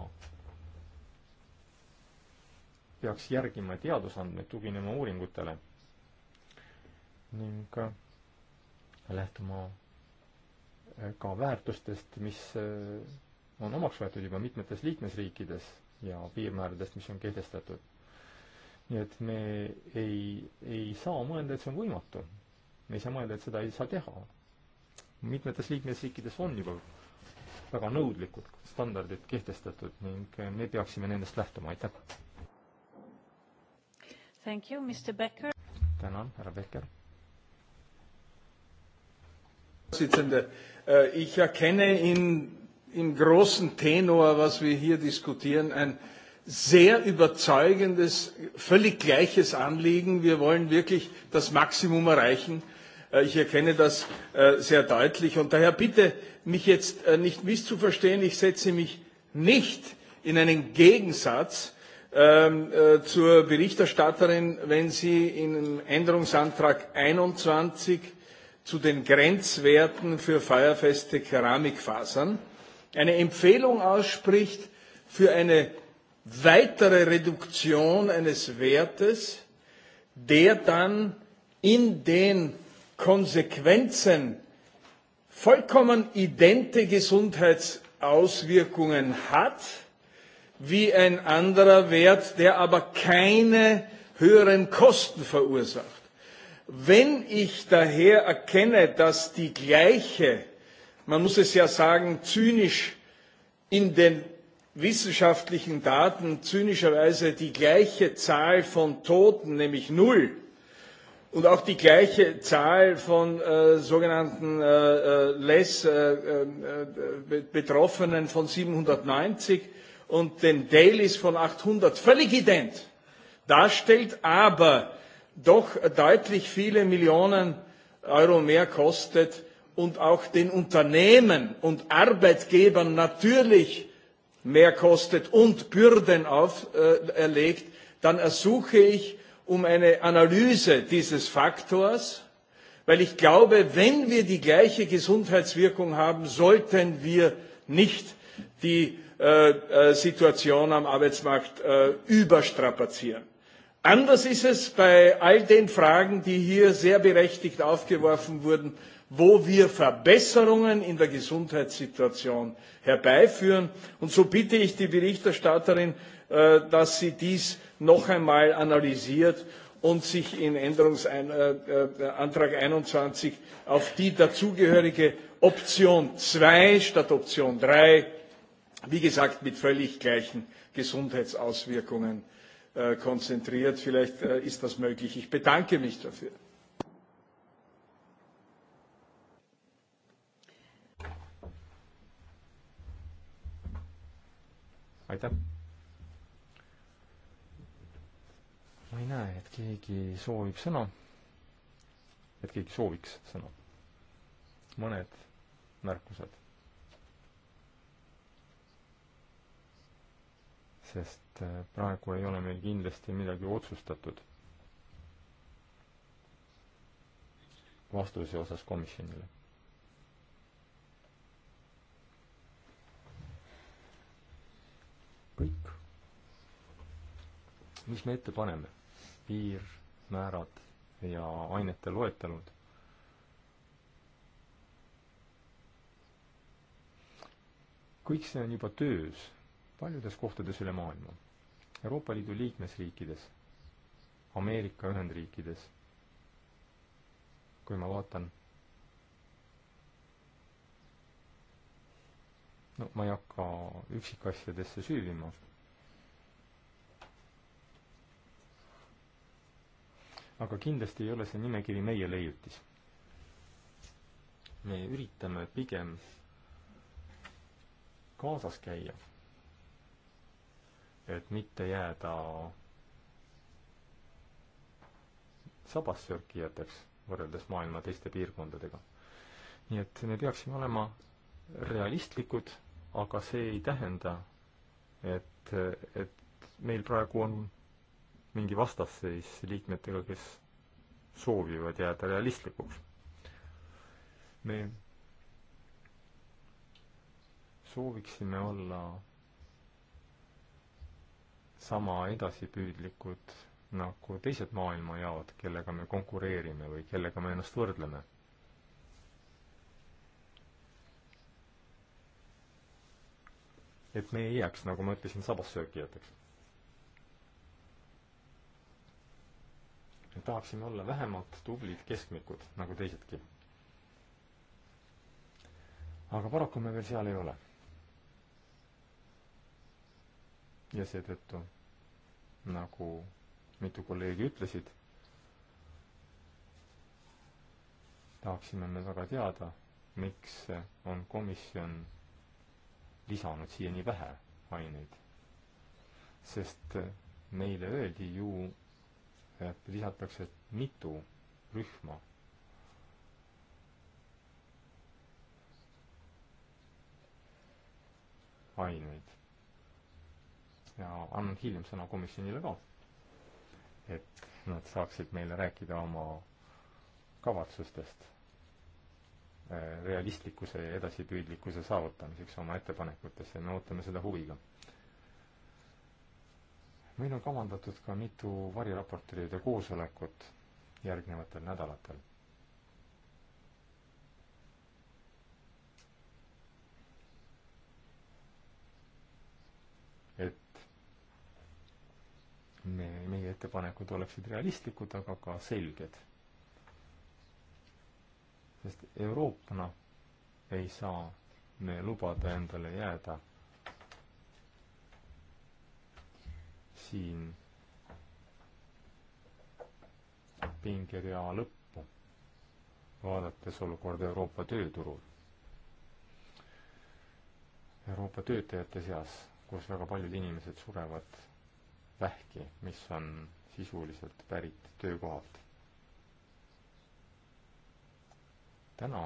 peaks järgima teadusandmeid, tuginema uuringutele ning lähtuma ka väärtustest, mis äh, on omaks võetud juba mitmetes liikmesriikides ja piirmääradest, mis on kehtestatud. nii et me ei, ei saa mõelda, et see on võimatu. me ei saa mõelda, et seda ei saa teha. mitmetes liikmesriikides on juba väga nõudlikud standardid kehtestatud ning me peaksime nendest lähtuma, aitäh! Thank you, Mr Becker! tänan, härra Becker! Vorsitzende, äh, ich erkenne in, im großen Tenor, was wir hier diskutieren, ein sehr überzeugendes, völlig gleiches Anliegen. Wir wollen wirklich das Maximum erreichen. Äh, ich erkenne das äh, sehr deutlich. Und daher bitte, mich jetzt nicht misszuverstehen. Ich setze mich nicht in einen Gegensatz ähm, zur Berichterstatterin, wenn sie in Änderungsantrag 21 zu den Grenzwerten für feuerfeste Keramikfasern eine Empfehlung ausspricht für eine weitere Reduktion eines Wertes, der dann in den Konsequenzen vollkommen idente Gesundheitsauswirkungen hat wie ein anderer Wert, der aber keine höheren Kosten verursacht. Wenn ich daher erkenne, dass die gleiche, man muss es ja sagen, zynisch in den wissenschaftlichen Daten zynischerweise die gleiche Zahl von Toten, nämlich null, und auch die gleiche Zahl von äh, sogenannten äh, äh Less äh, äh, äh, Betroffenen von 790 und den Dailies von 800 völlig ident darstellt, aber doch deutlich viele Millionen Euro mehr kostet und auch den Unternehmen und Arbeitgebern natürlich mehr kostet und Bürden auferlegt, äh, dann ersuche ich um eine Analyse dieses Faktors, weil ich glaube, wenn wir die gleiche Gesundheitswirkung haben, sollten wir nicht die äh, äh Situation am Arbeitsmarkt äh, überstrapazieren. Anders ist es bei all den Fragen, die hier sehr berechtigt aufgeworfen wurden, wo wir Verbesserungen in der Gesundheitssituation herbeiführen. Und so bitte ich die Berichterstatterin, äh, dass sie dies noch einmal analysiert und sich in Änderungsantrag äh, äh, 21 auf die dazugehörige Option 2 statt Option 3, wie gesagt, mit völlig gleichen Gesundheitsauswirkungen Äh, konzentriert. Vielleicht äh, ist das möglich. Ich bedanke mich dafür. aitäh! ma ei näe, et keegi soovib sõna, et keegi sooviks sõna. mõned märkused. sest äh, praegu ei ole meil kindlasti midagi otsustatud vastuse osas komisjonile. kõik. mis me ette paneme? piirmäärad ja ainete loetelud. kõik see on juba töös paljudes kohtades üle maailma. Euroopa Liidu liikmesriikides, Ameerika Ühendriikides, kui ma vaatan, no ma ei hakka üksikasjadesse süüvima, aga kindlasti ei ole see nimekiri meie leiutis. me üritame pigem kaasas käia et mitte jääda sabassörkijateks võrreldes maailma teiste piirkondadega. nii et me peaksime olema realistlikud, aga see ei tähenda, et, et meil praegu on mingi vastasseis liikmetega, kes soovivad jääda realistlikuks. me sooviksime olla sama edasipüüdlikud nagu teised maailmajaod, kellega me konkureerime või kellega me ennast võrdleme. et me ei jääks, nagu ma ütlesin, sabassöökijateks. me tahaksime olla vähemalt tublid keskmikud, nagu teisedki. aga paraku me veel seal ei ole ja seetõttu, nagu mitu kolleegi ütlesid, tahaksime me väga teada, miks on komisjon lisanud siia nii vähe aineid. sest meile öeldi ju, et lisatakse mitu rühma. aineid ja annan hiljem sõna komisjonile ka, et nad saaksid meile rääkida oma kavatsustest eh, realistlikkuse ja edasipüüdlikkuse saavutamiseks oma ettepanekutesse ja me ootame seda huviga. meil on kavandatud ka mitu variraportööride koosolekut järgnevatel nädalatel me, meie ettepanekud oleksid realistlikud, aga ka selged. sest Euroopana ei saa me lubada endale jääda siin pingerea lõppu, vaadates olukorda Euroopa tööturul. Euroopa töötajate seas, kus väga paljud inimesed surevad vähki, mis on sisuliselt pärit töökohalt. täna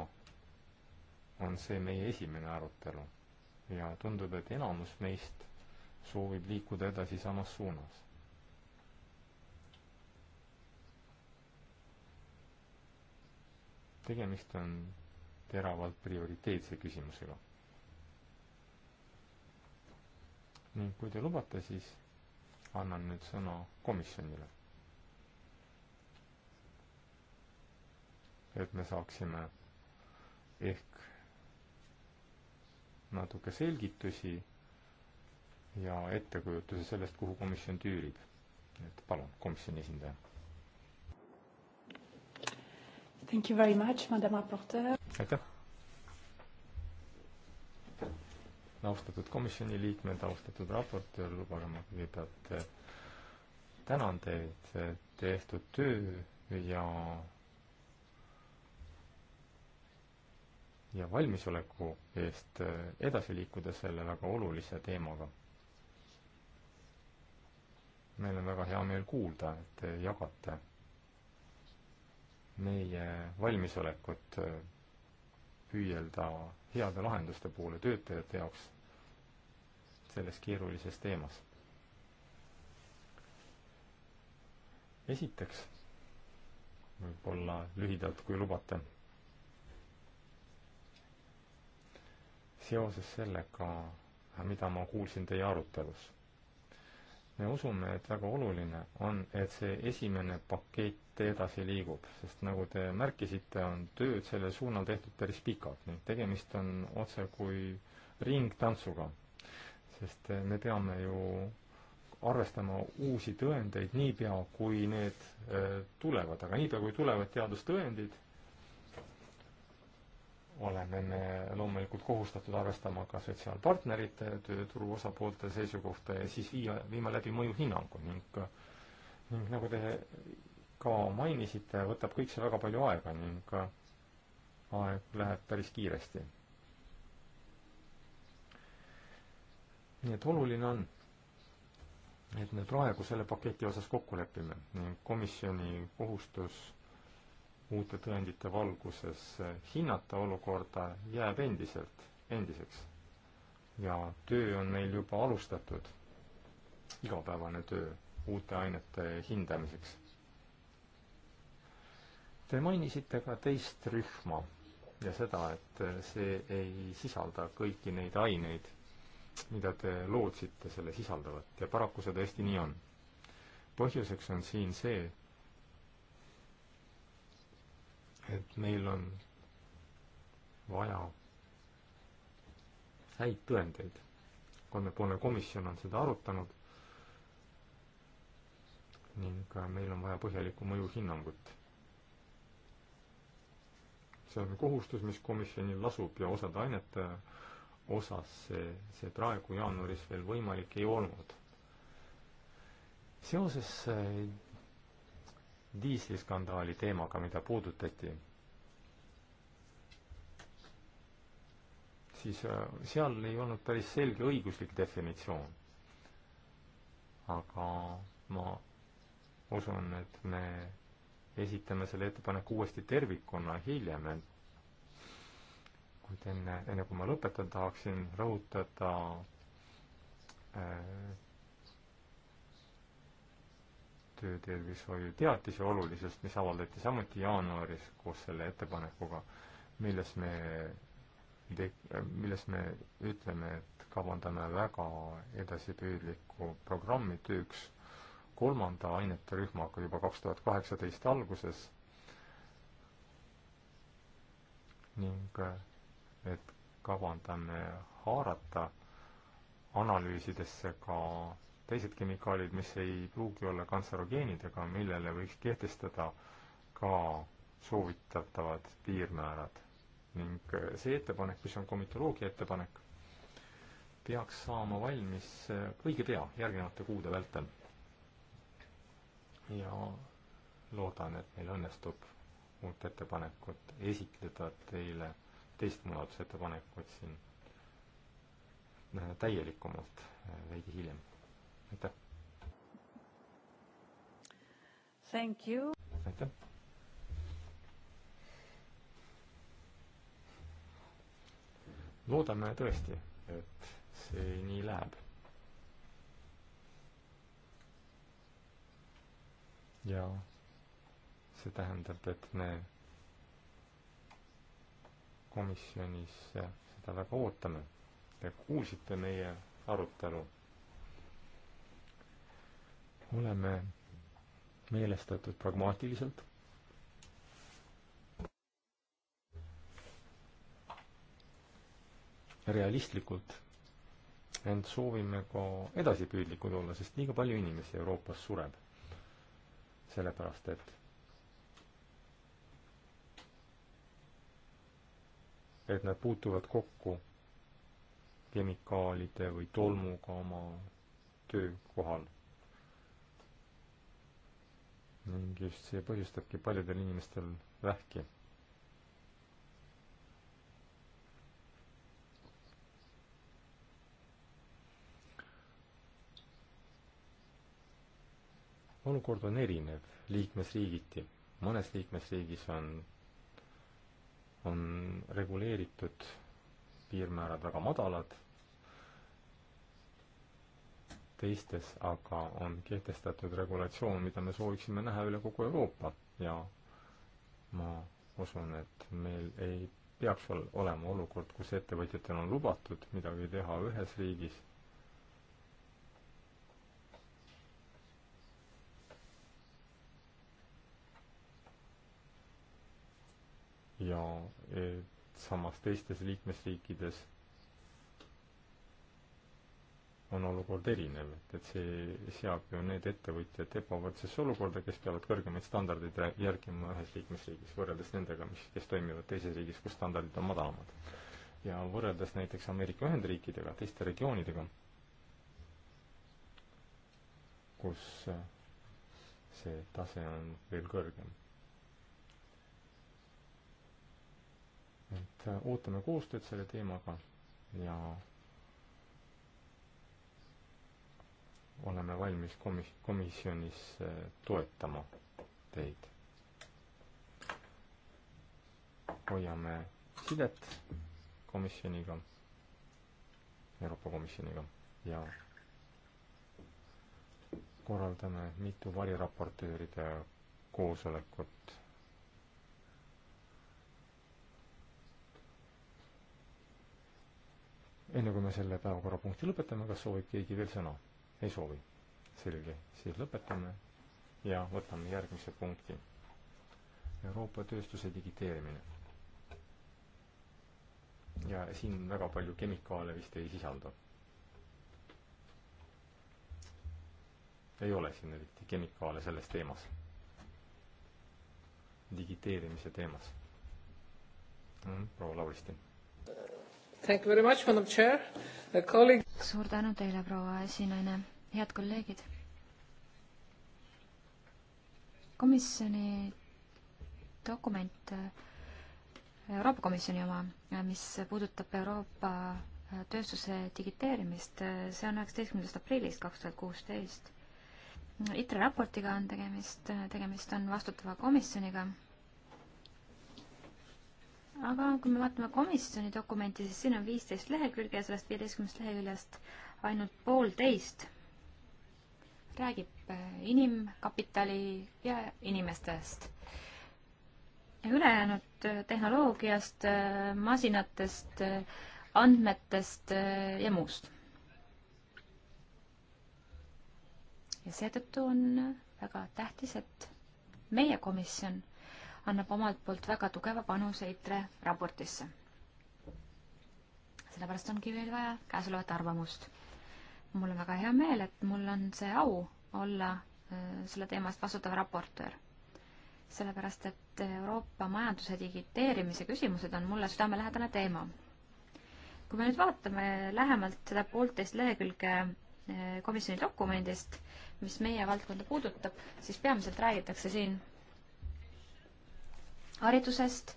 on see meie esimene arutelu ja tundub, et enamus meist soovib liikuda edasi samas suunas. tegemist on teravalt prioriteetse küsimusega. ning kui te lubate, siis annan nüüd sõna komisjonile. et me saaksime ehk natuke selgitusi ja ettekujutuse sellest, kuhu komisjon tüürib. et palun, komisjoni esindaja. Thank you very much, madam raportöör. aitäh austatud komisjoni liikmed, austatud raportöör, lubage ma kõigepealt eh, tänan teid eh, tehtud töö ja ja valmisoleku eest eh, edasi liikuda selle väga olulise teemaga. meil on väga hea meel kuulda, et te jagate meie valmisolekut püüelda heade lahenduste poole töötajate jaoks selles keerulises teemas. esiteks, võib-olla lühidalt, kui lubate, seoses sellega, mida ma kuulsin teie arutelus. me usume, et väga oluline on, et see esimene pakett edasi liigub, sest nagu te märkisite, on tööd sellel suunal tehtud päris pikalt ning tegemist on otsekui ringtantsuga sest eh, me peame ju arvestama uusi tõendeid niipea, kui need eh, tulevad, aga niipea, kui tulevad teadustõendid, oleme me loomulikult kohustatud arvestama ka sotsiaalpartnerite, tööturu osapoolte seisukohta ja siis viia, viima läbi mõjuhinnangu ning ning nagu te ka mainisite, võtab kõik see väga palju aega ning aeg läheb päris kiiresti nii et oluline on, et me praegu selle paketi osas kokku lepime ning komisjoni kohustus uute tõendite valguses hinnata olukorda jääb endiselt, endiseks. ja töö on meil juba alustatud, igapäevane töö uute ainete hindamiseks. Te mainisite ka teist rühma ja seda, et see ei sisalda kõiki neid aineid mida te lootsite, selle sisaldavad ja paraku see tõesti nii on. põhjuseks on siin see, et meil on vaja häid tõendeid. kolmepoolne komisjon on seda arutanud ning meil on vaja põhjalikku mõjuhinnangut. see on kohustus, mis komisjonil lasub ja osade ainete äh, osas see, see praegu jaanuaris veel võimalik ei olnud. seoses äh, diisliskandaali teemaga, mida puudutati, siis äh, seal ei olnud päris selge õiguslik definitsioon. aga ma usun, et me esitame selle ettepaneku uuesti tervikuna hiljem, et kuid enne, enne kui ma lõpetan, tahaksin rõhutada äh, töötervishoiu teatise olulisust, mis avaldati samuti jaanuaris koos selle ettepanekuga, milles me te-, milles me ütleme, et kavandame väga edasipüüdlikku programmi tööks kolmanda ainete rühmaga juba kaks tuhat kaheksateist alguses ning äh, et kavandame haarata analüüsidesse ka teised kemikaalid, mis ei pruugi olla kantserogeenid, aga millele võiks kehtestada ka soovitatavad piirmäärad. ning see ettepanek, mis on komitoloogia ettepanek, peaks saama valmis õige pea, järgnevate kuude vältel. ja loodan, et meil õnnestub uut ettepanekut esitleda teile teist muudatusettepanekut siin äh, täielikumalt äh, veidi hiljem. aitäh! Thank you! aitäh! loodame tõesti, et see nii läheb. ja see tähendab, et me komisjonis eh, seda väga ootame. Te kuulsite meie arutelu. oleme meelestatud pragmaatiliselt. realistlikult ent soovime ka edasipüüdlikud olla, sest liiga palju inimesi Euroopas sureb. sellepärast, et et nad puutuvad kokku kemikaalide või tolmuga oma töökohal. ning just see põhjustabki paljudel inimestel vähki. olukord on erinev liikmesriigiti. mõnes liikmesriigis on on reguleeritud piirmäärad väga madalad, teistes aga on kehtestatud regulatsioon, mida me sooviksime näha üle kogu Euroopa ja ma usun, et meil ei peaks ol-, olema olukord, kus ettevõtjatel on lubatud midagi teha ühes riigis, ja samas teistes liikmesriikides on olukord erinev, et, et see seab ju need ettevõtjad ebavõrdsesse olukorda, kes peavad kõrgemaid standardeid järgima ühes liikmesriigis võrreldes nendega, mis, kes toimivad teises riigis, kus standardid on madalamad. ja võrreldes näiteks Ameerika Ühendriikidega, teiste regioonidega, kus see tase on veel kõrgem et äh, ootame koostööd selle teemaga ja oleme valmis komis-, komisjonis äh, toetama teid. hoiame sidet komisjoniga, Euroopa Komisjoniga ja korraldame mitu variraportööride koosolekut enne kui me selle päevakorrapunkti lõpetame, kas soovib keegi veel sõna? ei soovi. selge, siis lõpetame ja võtame järgmise punkti. Euroopa tööstuse digiteerimine. ja siin väga palju kemikaale vist ei sisaldu. ei ole siin eriti kemikaale selles teemas. digiteerimise teemas mm,. proua Lauristin Thank you very much, madam chair. Uh, suur tänu teile, proua esinaine. head kolleegid. komisjoni dokument, äh, Euroopa Komisjoni oma, äh, mis puudutab Euroopa äh, tööstuse digiteerimist, see on üheksateistkümnendast aprillist kaks tuhat kuusteist. ITRE raportiga on tegemist, tegemist on vastutava komisjoniga aga kui me vaatame komisjoni dokumenti, siis siin on viisteist lehekülge ja sellest viieteistkümnest leheküljest ainult poolteist räägib äh, inimkapitali ja inimestest. ja ülejäänud äh, tehnoloogiast, äh, masinatest, andmetest ja muust. ja seetõttu on väga tähtis, et meie komisjon annab omalt poolt väga tugeva panuse ITRE raportisse. sellepärast ongi meil vaja käesolevat arvamust. mul on väga hea meel, et mul on see au olla äh, selle teema eest vastutav raportöör. sellepärast, et Euroopa majanduse digiteerimise küsimused on mulle südamelähedane teema. kui me nüüd vaatame lähemalt seda poolteist lehekülge äh, komisjoni dokumendist, mis meie valdkonda puudutab, siis peamiselt räägitakse siin haridusest,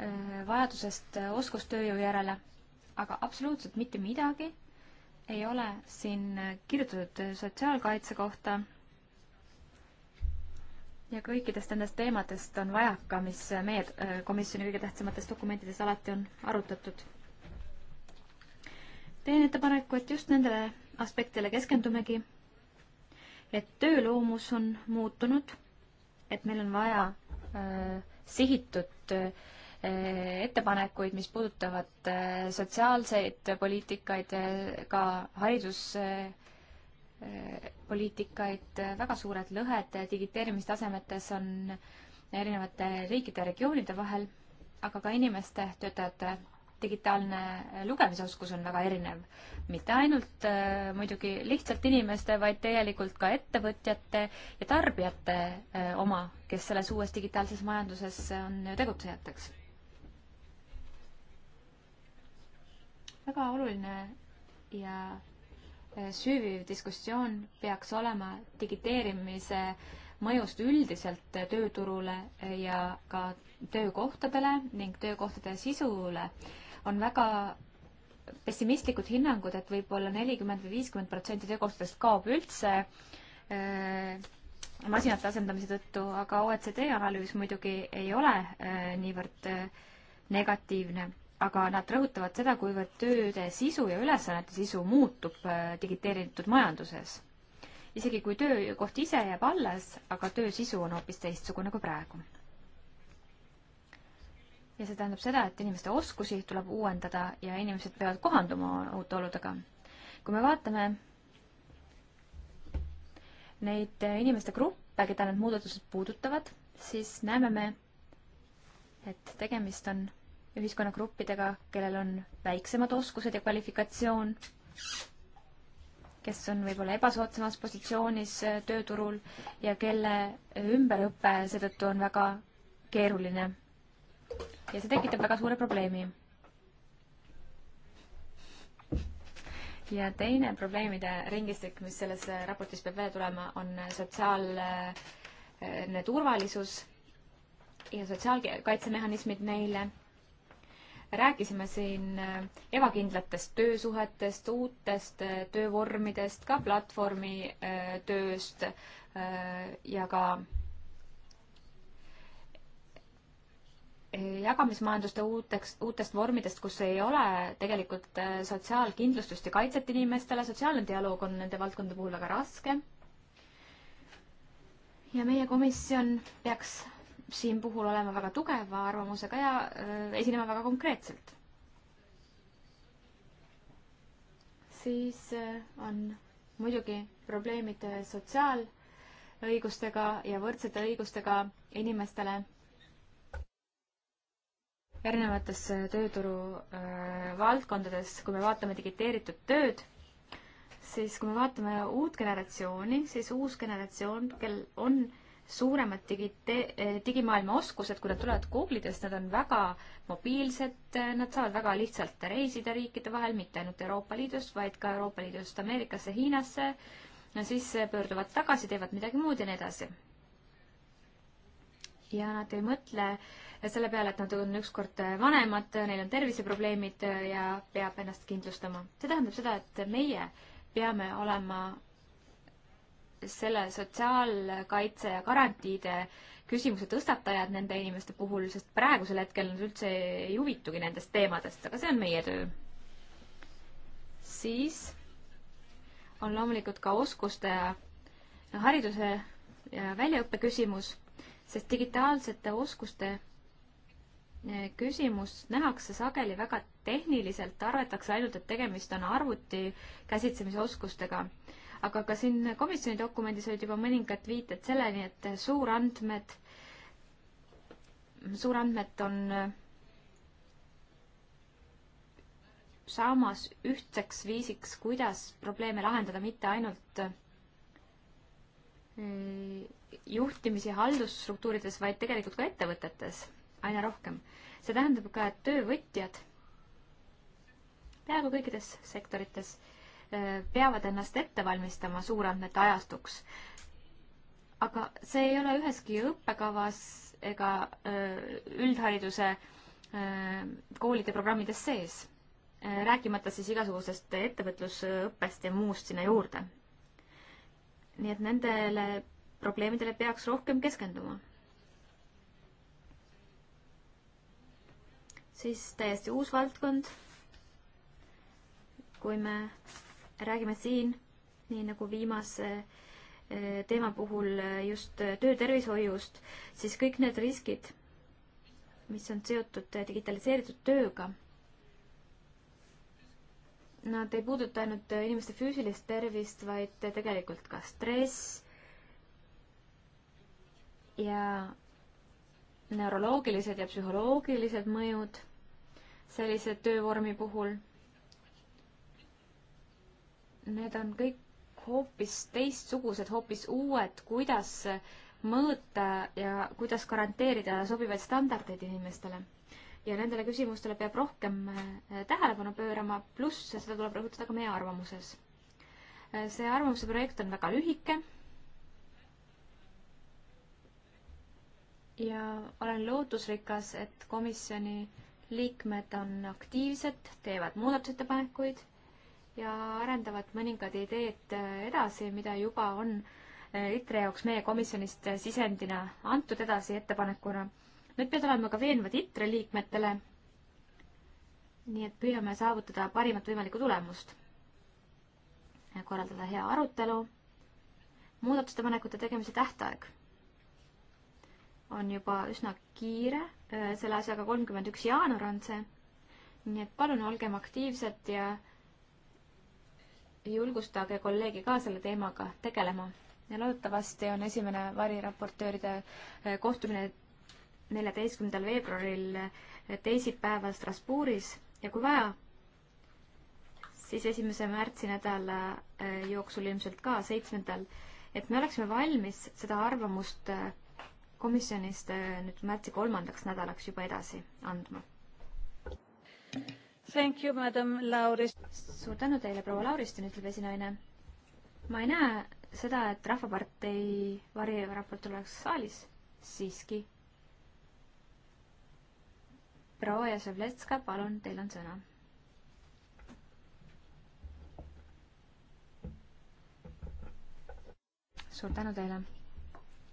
äh, vajadusest äh, oskustööjõu järele, aga absoluutselt mitte midagi ei ole siin äh, kirjutatud sotsiaalkaitse kohta. ja kõikidest nendest teemadest on vajaka, mis meie komisjoni kõige tähtsamates dokumentides alati on arutatud. teen ettepaneku, et just nendele aspektile keskendumegi. et tööloomus on muutunud, et meil on vaja Äh, sihitud äh, ettepanekuid, mis puudutavad äh, sotsiaalseid poliitikaid, ka hariduspoliitikaid, väga suured lõhed digiteerimistasemetes on erinevate riikide ja regioonide vahel, aga ka inimeste, töötajate digitaalne lugemisoskus on väga erinev. mitte ainult äh, muidugi lihtsalt inimeste, vaid tegelikult ka ettevõtjate ja tarbijate äh, oma, kes selles uues digitaalses majanduses äh, on tegutsejateks. väga oluline ja süüviv diskussioon peaks olema digiteerimise mõjust üldiselt tööturule ja ka töökohtadele ning töökohtade sisule on väga pessimistlikud hinnangud, et võib-olla nelikümmend või viiskümmend protsenti tegustest kaob üldse äh, masinate asendamise tõttu, aga OECD analüüs muidugi ei ole äh, niivõrd äh, negatiivne. aga nad rõhutavad seda, kuivõrd tööde sisu ja ülesannete sisu muutub digiteeritud majanduses. isegi kui töökoht ise jääb alles, aga töö sisu on hoopis teistsugune kui praegu ja see tähendab seda, et inimeste oskusi tuleb uuendada ja inimesed peavad kohanduma uute oludega. kui me vaatame neid inimeste gruppe, keda need muudatused puudutavad, siis näeme me, et tegemist on ühiskonnagruppidega, kellel on väiksemad oskused ja kvalifikatsioon, kes on võib-olla ebasoodsamas positsioonis äh, tööturul ja kelle ümberõpe seetõttu on väga keeruline ja see tekitab väga suure probleemi. ja teine probleemide ringistik, mis selles raportis peab välja tulema, on sotsiaalne äh, turvalisus ja sotsiaalkaitsemehhanismid neile rääkisime siin äh, ebakindlatest töösuhetest, uutest äh, töövormidest, ka platvormi tööst ja ka jagamismajanduste uuteks, uutest vormidest, kus ei ole tegelikult äh, sotsiaalkindlustust ja kaitset inimestele, sotsiaalne dialoog on nende valdkondade puhul väga raske. ja meie komisjon peaks siin puhul olema väga tugeva arvamusega ja äh, esinema väga konkreetselt. siis äh, on muidugi probleemid sotsiaalõigustega ja võrdsete õigustega inimestele erinevates äh, tööturu äh, valdkondades, kui me vaatame digiteeritud tööd, siis kui me vaatame uut generatsiooni, siis uus generatsioon, kel on suuremad digite-, äh, digimaailma oskused, kui nad tulevad Google'idest, nad on väga mobiilsed, nad saavad väga lihtsalt reisida riikide vahel, mitte ainult Euroopa Liidust, vaid ka Euroopa Liidust Ameerikasse, Hiinasse, no siis pöörduvad tagasi, teevad midagi muud ja nii edasi ja nad ei mõtle selle peale, et nad on ükskord vanemad, neil on terviseprobleemid ja peab ennast kindlustama. see tähendab seda, et meie peame olema selle sotsiaalkaitse ja garantiide küsimuse tõstatajad nende inimeste puhul, sest praegusel hetkel nad üldse ei huvitugi nendest teemadest, aga see on meie töö. siis on loomulikult ka oskuste ja hariduse ja väljaõppe küsimus sest digitaalsete oskuste eh, küsimus nähakse sageli väga tehniliselt, arvatakse ainult, et tegemist on arvuti käsitsemise oskustega. aga ka siin komisjoni dokumendis olid juba mõningad viited selleni, et suurandmed, suurandmed on eh, saamas ühtseks viisiks, kuidas probleeme lahendada, mitte ainult eh, Mm, juhtimis- ja haldusstruktuurides, vaid tegelikult ka ettevõtetes aina rohkem. see tähendab ka, et töövõtjad peaaegu kõikides sektorites äh, peavad ennast ette valmistama suurandmete ajastuks. aga see ei ole üheski õppekavas ega äh, üldhariduse äh, koolide programmides sees, rääkimata siis igasugusest ettevõtlusõppest ja muust sinna juurde nii et nendele probleemidele peaks rohkem keskenduma. siis täiesti uus valdkond. kui me räägime siin, nii nagu viimase eh, teema puhul eh, just eh, töötervishoiust, siis kõik need riskid, mis on seotud digitaliseeritud tööga nad ei puuduta ainult inimeste füüsilist tervist, vaid tegelikult ka stress ja neuroloogilised ja psühholoogilised mõjud sellise töövormi puhul. Need on kõik hoopis teistsugused, hoopis uued, kuidas mõõta ja kuidas garanteerida sobivaid standardeid inimestele ja nendele küsimustele peab rohkem äh, tähelepanu pöörama, pluss seda tuleb rõhutada ka meie arvamuses. Äh, see arvamuse projekt on väga lühike. ja olen lootusrikas, et komisjoni liikmed on aktiivsed, teevad muudatusettepanekuid ja arendavad mõningad ideed äh, edasi, mida juba on ITRE jaoks meie komisjonist sisendina antud edasi ettepanekuna Need peavad olema ka veenvad ITRE liikmetele. nii et püüame saavutada parimat võimalikku tulemust. korraldada hea arutelu. muudatustepanekute tegemise tähtaeg on juba üsna kiire, äh, selle asjaga kolmkümmend üks jaanuar on see. nii et palun olgem aktiivsed ja julgustage kolleegi ka selle teemaga tegelema ja loodetavasti on esimene variraportööride äh, kohtumine neljateistkümnendal veebruaril teisipäeval Strasbourgis ja kui vaja, siis esimese märtsi nädala äh, jooksul ilmselt ka, seitsmendal, et me oleksime valmis seda arvamust äh, komisjonist äh, nüüd märtsi kolmandaks nädalaks juba edasi andma. Thank you, madam Lauris. suur tänu teile, proua Lauristin, ütleb esinaine. ma ei näe seda, et Rahvapartei variraportöör oleks saalis siiski proua Jasovletska, palun, teil on sõna. suur tänu teile,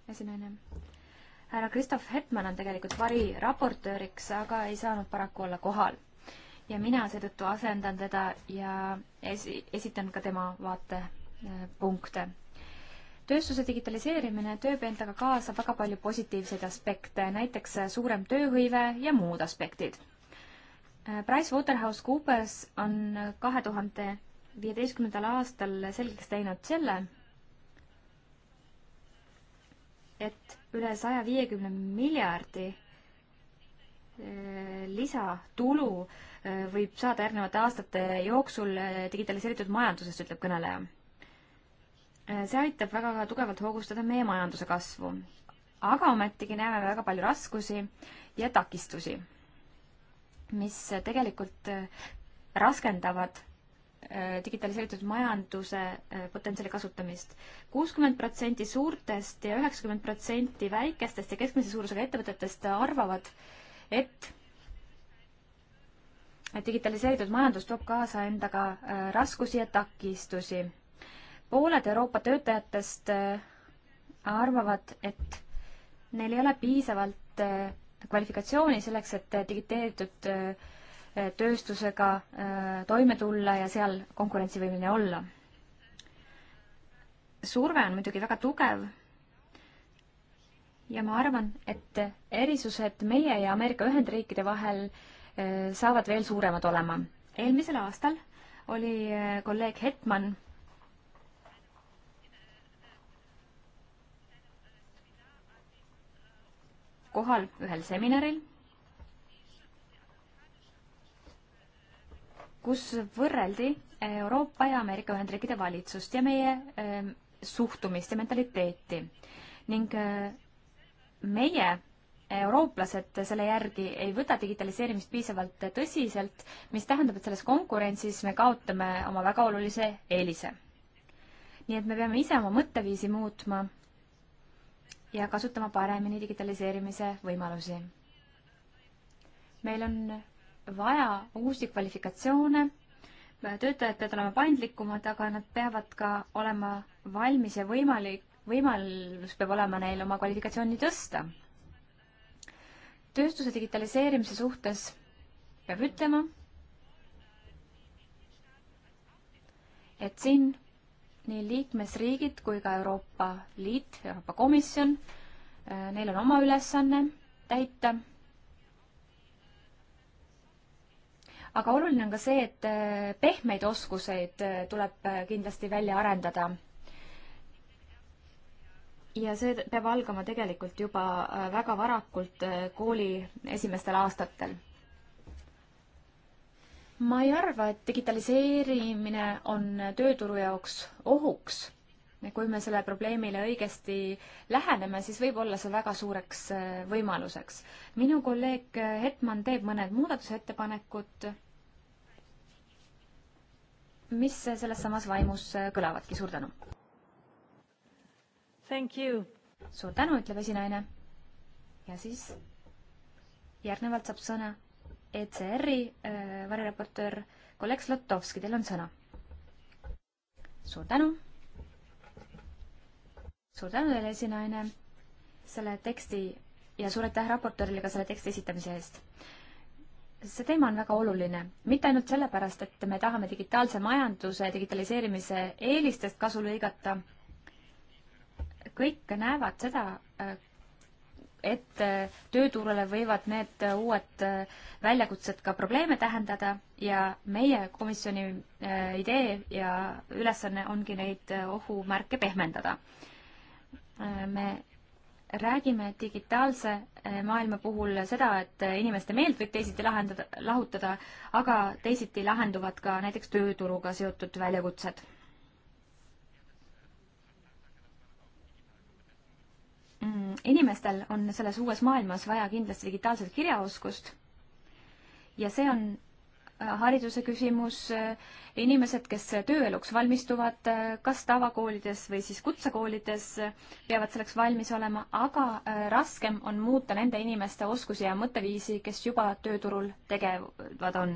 esinaine. härra Kristof Hetman on tegelikult variraportööriks, aga ei saanud paraku olla kohal. ja mina seetõttu asendan teda ja esi-, esitan ka tema vaatepunkte äh, tööstuse digitaliseerimine tööb endaga kaasa väga palju positiivseid aspekte, näiteks suurem tööhõive ja muud aspektid. PricewaterhouseCoopers on kahe tuhande viieteistkümnendal aastal selgeks teinud selle, et üle saja viiekümne miljardi äh, lisatulu äh, võib saada järgnevate aastate jooksul äh, digitaliseeritud majandusest, ütleb kõneleja Äh, see aitab väga tugevalt hoogustada meie majanduse kasvu. aga ometigi näeme väga palju raskusi ja takistusi, mis tegelikult äh, raskendavad äh, digitaliseeritud majanduse potentsiaali kasutamist. kuuskümmend protsenti suurtest ja üheksakümmend protsenti väikestest ja keskmise suurusega ettevõtetest arvavad, et digitaliseeritud majandus toob kaasa endaga raskusi ja takistusi pooled Euroopa töötajatest äh, arvavad, et neil ei ole piisavalt äh, kvalifikatsiooni selleks, et äh, digiteeritud tööstusega toime tulla ja seal konkurentsivõimeline olla. surve on muidugi väga tugev ja ma arvan, et erisused meie ja Ameerika Ühendriikide vahel saavad veel suuremad olema. eelmisel aastal oli kolleeg Hetman kohal ühel seminaril, kus võrreldi Euroopa ja Ameerika Ühendriikide valitsust ja meie ähm, suhtumist ja mentaliteeti ning äh, meie eurooplased selle järgi ei võta digitaliseerimist piisavalt tõsiselt, mis tähendab, et selles konkurentsis me kaotame oma väga olulise eelise. nii et me peame ise oma mõtteviisi muutma ja kasutama paremini digitaliseerimise võimalusi. meil on vaja uusi kvalifikatsioone, töötajad peavad olema paindlikumad, aga nad peavad ka olema valmis ja võimalik, võimalus peab olema neil oma kvalifikatsiooni tõsta. tööstuse digitaliseerimise suhtes peab ütlema, et siin nii liikmesriigid kui ka Euroopa Liit, Euroopa Komisjon, äh, neil on oma ülesanne täita. aga oluline on ka see, et äh, pehmeid oskuseid äh, tuleb kindlasti välja arendada. ja see peab algama tegelikult juba väga varakult kooli esimestel aastatel ma ei arva, et digitaliseerimine on tööturu jaoks ohuks. kui me sellele probleemile õigesti läheneme, siis võib olla see väga suureks äh, võimaluseks. minu kolleeg Hetman teeb mõned muudatusettepanekud, mis selles samas vaimus äh, kõlavadki. suur tänu! suur tänu, ütleb esinaine. ja siis järgnevalt saab sõna ECR-i äh, variraportöör kolleeg Zlotovski, teil on sõna. suur tänu. suur tänu teile, esinaine, selle teksti ja suur aitäh raportöörile ka selle teksti esitamise eest see teema on väga oluline, mitte ainult sellepärast, et me tahame digitaalse majanduse digitaliseerimise eelistest kasu lõigata. kõik näevad seda, äh, et äh, tööturule võivad need äh, uued äh, väljakutsed ka probleeme tähendada ja meie komisjoni idee ja ülesanne ongi neid ohumärke pehmendada. me räägime digitaalse maailma puhul seda, et inimeste meelt võib teisiti lahendada, lahutada, aga teisiti lahenduvad ka näiteks tööturuga seotud väljakutsed inimestel on selles uues maailmas vaja kindlasti digitaalset kirjaoskust ja see on äh, hariduse küsimus, äh, inimesed, kes tööeluks valmistuvad, äh, kas tavakoolides või siis kutsekoolides, peavad selleks valmis olema, aga raskem on muuta nende inimeste oskusi ja mõtteviisi, kes juba tööturul tegevad on.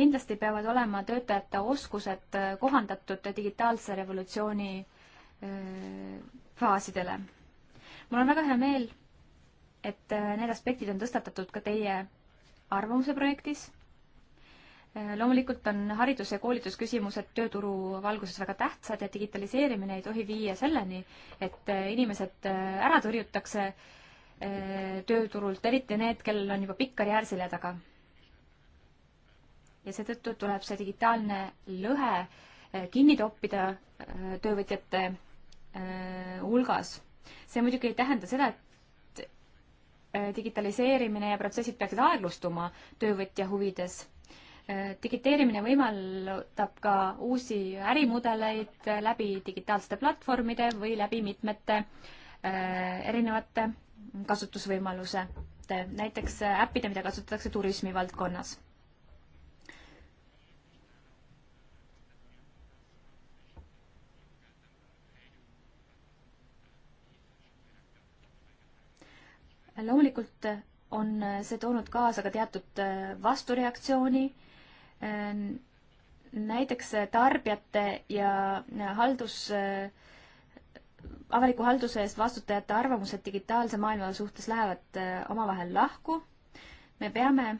kindlasti peavad olema töötajate oskused kohandatud digitaalse revolutsiooni Äh, faasidele. mul on väga hea meel, et äh, need aspektid on tõstatatud ka teie arvamuse projektis. Äh, loomulikult on haridus- ja koolitusküsimused tööturu valguses väga tähtsad ja digitaliseerimine ei tohi viia selleni, et inimesed ära tõrjutakse tööturult, eriti need, kellel on juba pikk karjäär selja taga. ja seetõttu tuleb see digitaalne lõhe kinni toppida töövõtjate Äh, hulgas. see muidugi ei tähenda seda, et äh, digitaliseerimine ja protsessid peaksid aeglustuma töövõtja huvides. Äh, digiteerimine võimaldab ka uusi ärimudeleid läbi digitaalsete platvormide või läbi mitmete erinevate kasutusvõimaluse, näiteks äppide, mida kasutatakse turismi valdkonnas. loomulikult on see toonud kaasa ka teatud äh, vastureaktsiooni, äh, näiteks tarbijate ja äh, haldus, avaliku halduse eest vastutajate arvamused digitaalse maailma suhtes lähevad omavahel lahku. me peame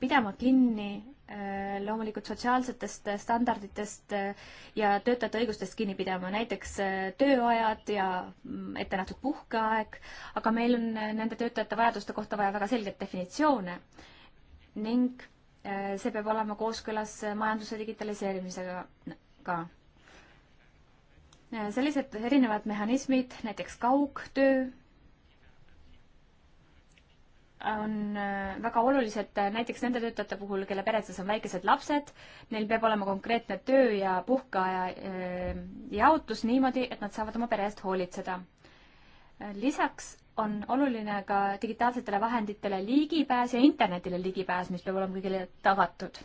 pidama kinni Äh, loomulikult sotsiaalsetest äh, standarditest äh, ja töötajate õigustest kinni pidama, näiteks tööajad ja mm, ette nähtud puhkeaeg, aga meil on nende töötajate vajaduste kohta vaja väga selgeid definitsioone ning see peab olema kooskõlas majanduse digitaliseerimisega ka. sellised erinevad mehhanismid, näiteks kaugtöö, on äh, väga olulised äh, näiteks nende töötajate puhul, kelle peredes on väikesed lapsed, neil peab olema konkreetne töö ja puhkeaja äh, jaotus niimoodi, et nad saavad oma pere eest hoolitseda. lisaks on oluline ka digitaalsetele vahenditele ligipääs ja internetile ligipääs, mis peab olema kõigile tagatud.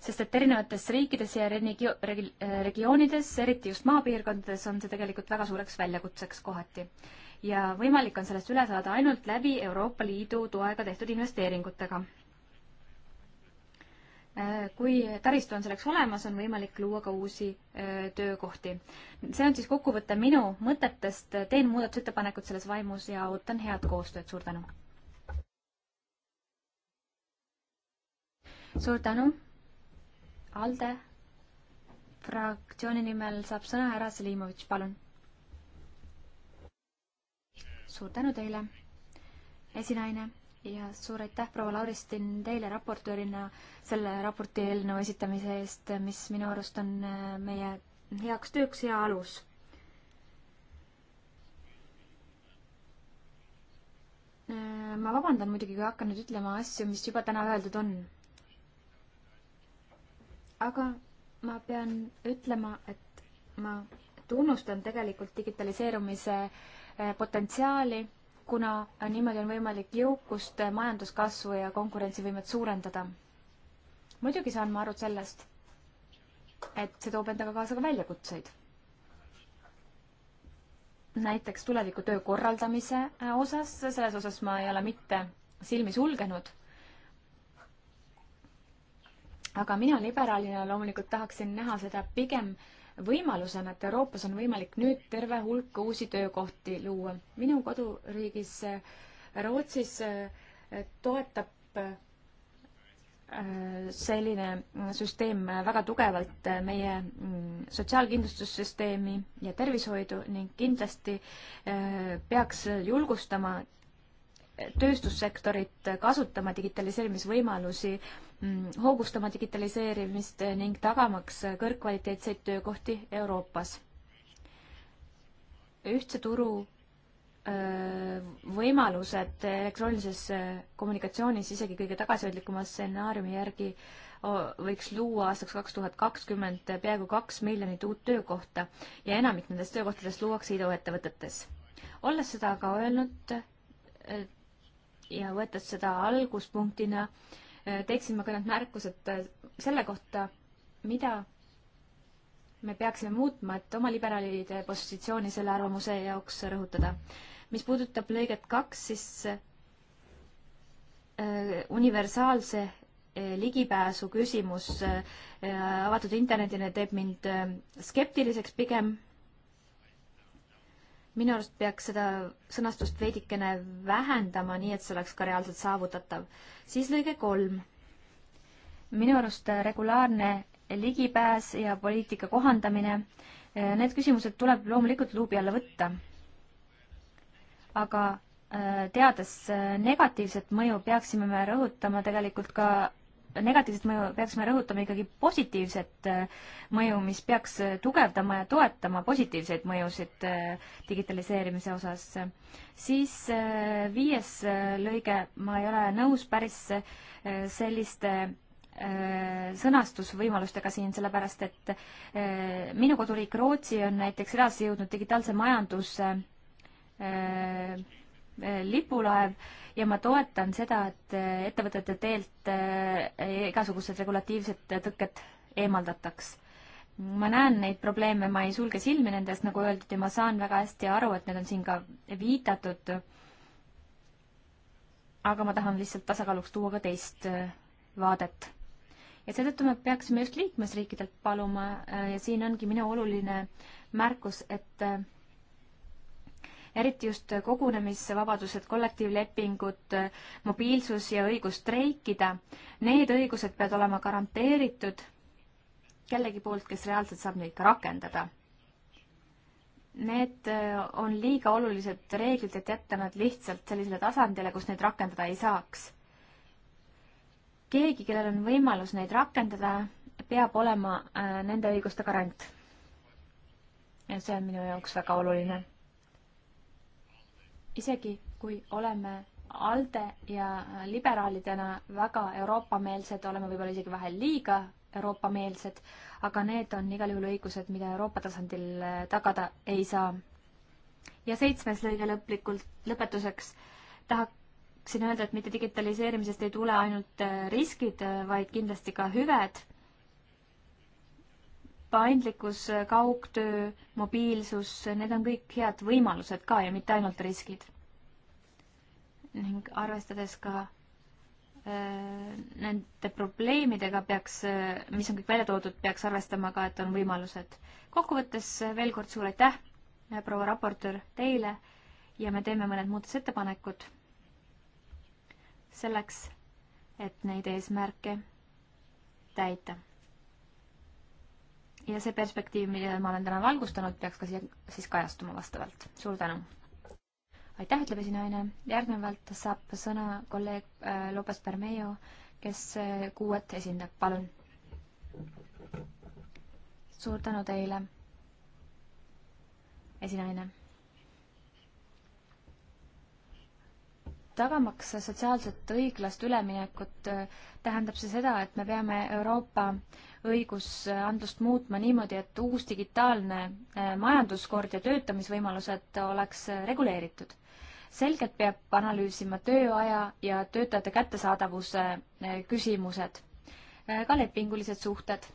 sest et erinevates riikides ja regio-, regioonides, eriti just maapiirkondades, on see tegelikult väga suureks väljakutseks kohati ja võimalik on sellest üle saada ainult läbi Euroopa Liidu toega tehtud investeeringutega. Äh, kui taristu on selleks olemas, on võimalik luua ka uusi äh, töökohti. see on siis kokkuvõte minu mõtetest, teen muudatusettepanekud selles vaimus ja ootan head koostööd, suur tänu! suur tänu! ALDE fraktsiooni nimel saab sõna härra Selimovitš, palun suur tänu teile, esinaine, ja suur aitäh, proua Lauristin, teile raportöörina selle raporti eelnõu esitamise eest, mis minu arust on äh, meie heaks tööks hea alus. Äh, ma vabandan muidugi, kui hakkan nüüd ütlema asju, mis juba täna öeldud on. aga ma pean ütlema, et ma tunnustan tegelikult digitaliseerumise äh, Eh, potentsiaali, kuna niimoodi on võimalik jõukust, eh, majanduskasvu ja konkurentsivõimet suurendada. muidugi saan ma aru sellest, et see toob endaga kaasa ka väljakutseid. näiteks tulevikutöö korraldamise eh, osas, selles osas ma ei ole mitte silmi sulgenud aga mina liberaalina loomulikult tahaksin näha seda pigem võimalusena, et Euroopas on võimalik nüüd terve hulk uusi töökohti luua. minu koduriigis äh, Rootsis äh, toetab äh, selline süsteem väga tugevalt meie mm, sotsiaalkindlustussüsteemi ja tervishoidu ning kindlasti peaks julgustama tööstussektorit kasutama digitaliseerimisvõimalusi, mm, hoogustama digitaliseerimist ning tagamaks kõrgkvaliteetseid töökohti Euroopas. ühtse turu võimalused elektroonilises kommunikatsioonis isegi kõige tagasihoidlikuma stsenaariumi järgi võiks luua aastaks kaks tuhat kakskümmend peaaegu kaks miljonit uut töökohta ja enamik nendest töökohtadest luuakse iduettevõtetes. olles seda aga öelnud, ja võttes seda alguspunktina, äh, teeksin ma ka need märkused äh, selle kohta, mida me peaksime muutma, et oma liberaalide positsiooni selle arvamuse jaoks rõhutada. mis puudutab lõiget kaks, siis äh, universaalse ligipääsu küsimus avatud internetile teeb mind skeptiliseks pigem minu arust peaks seda sõnastust veidikene vähendama, nii et see oleks ka reaalselt saavutatav. siis lõige kolm. minu arust regulaarne ligipääs ja poliitika kohandamine, eh, need küsimused tuleb loomulikult luubi alla võtta. aga eh, teades eh, negatiivset mõju, peaksime me rõhutama tegelikult ka negatiivset mõju, peaksime rõhutama ikkagi positiivset äh, mõju, mis peaks äh, tugevdama ja toetama positiivseid mõjusid äh, digitaliseerimise osas. siis viies lõige, ma ei ole nõus päris selliste sõnastusvõimalustega siin, sellepärast et minu koduriik Rootsi on näiteks edasi jõudnud digitaalse majanduse Äh, lipulaev ja ma toetan seda, et äh, ettevõtete teelt äh, igasugused regulatiivsed tõkked eemaldataks. ma näen neid probleeme, ma ei sulge silmi nende eest, nagu öeldud, ja ma saan väga hästi aru, et need on siin ka viidatud. aga ma tahan lihtsalt tasakaaluks tuua ka teist vaadet. ja seetõttu me peaksime just liikmesriikidelt paluma ja siin ongi minu oluline märkus, et eriti just kogunemisvabadused, kollektiivlepingud, mobiilsus ja õigus streikida. Need õigused peavad olema garanteeritud kellegi poolt, kes reaalselt saab neid ka rakendada. Need äh, on liiga olulised reeglid, et jätta nad lihtsalt sellisele tasandile, kus neid rakendada ei saaks. keegi, kellel on võimalus neid rakendada, peab olema äh, nende õiguste garant. ja see on minu jaoks väga oluline isegi kui oleme ALDE ja liberaalidena väga Euroopa-meelsed, oleme võib-olla isegi vahel liiga Euroopa-meelsed, aga need on igal juhul õigused, mida Euroopa tasandil äh, tagada ei saa. ja seitsmes lõige lõplikult, lõpetuseks tahaksin öelda, et mitte digitaliseerimisest ei tule ainult äh, riskid, äh, vaid kindlasti ka hüved paindlikkus, kaugtöö, mobiilsus, need on kõik head võimalused ka ja mitte ainult riskid. ning arvestades ka öö, äh, nende probleemidega peaks, mis on kõik välja toodud, peaks arvestama ka, et on võimalused. kokkuvõttes veel kord suur aitäh, proua raportöör, teile ja me teeme mõned muudatusettepanekud selleks, et neid eesmärke täita ja see perspektiiv, millele ma olen täna valgustanud, peaks ka siia siis kajastuma vastavalt. suur tänu! aitäh, ütleb esinaine. järgnevalt saab sõna kolleeg äh, Lopez Bermejo, kes äh, kuuet esindab, palun. suur tänu teile, esinaine tagamaks sotsiaalset õiglast üleminekut, tähendab see seda, et me peame Euroopa õigusandlust muutma niimoodi, et uus digitaalne eh, majanduskord ja töötamisvõimalused oleks reguleeritud. selgelt peab analüüsima tööaja ja töötajate kättesaadavuse eh, küsimused, eh, ka lepingulised suhted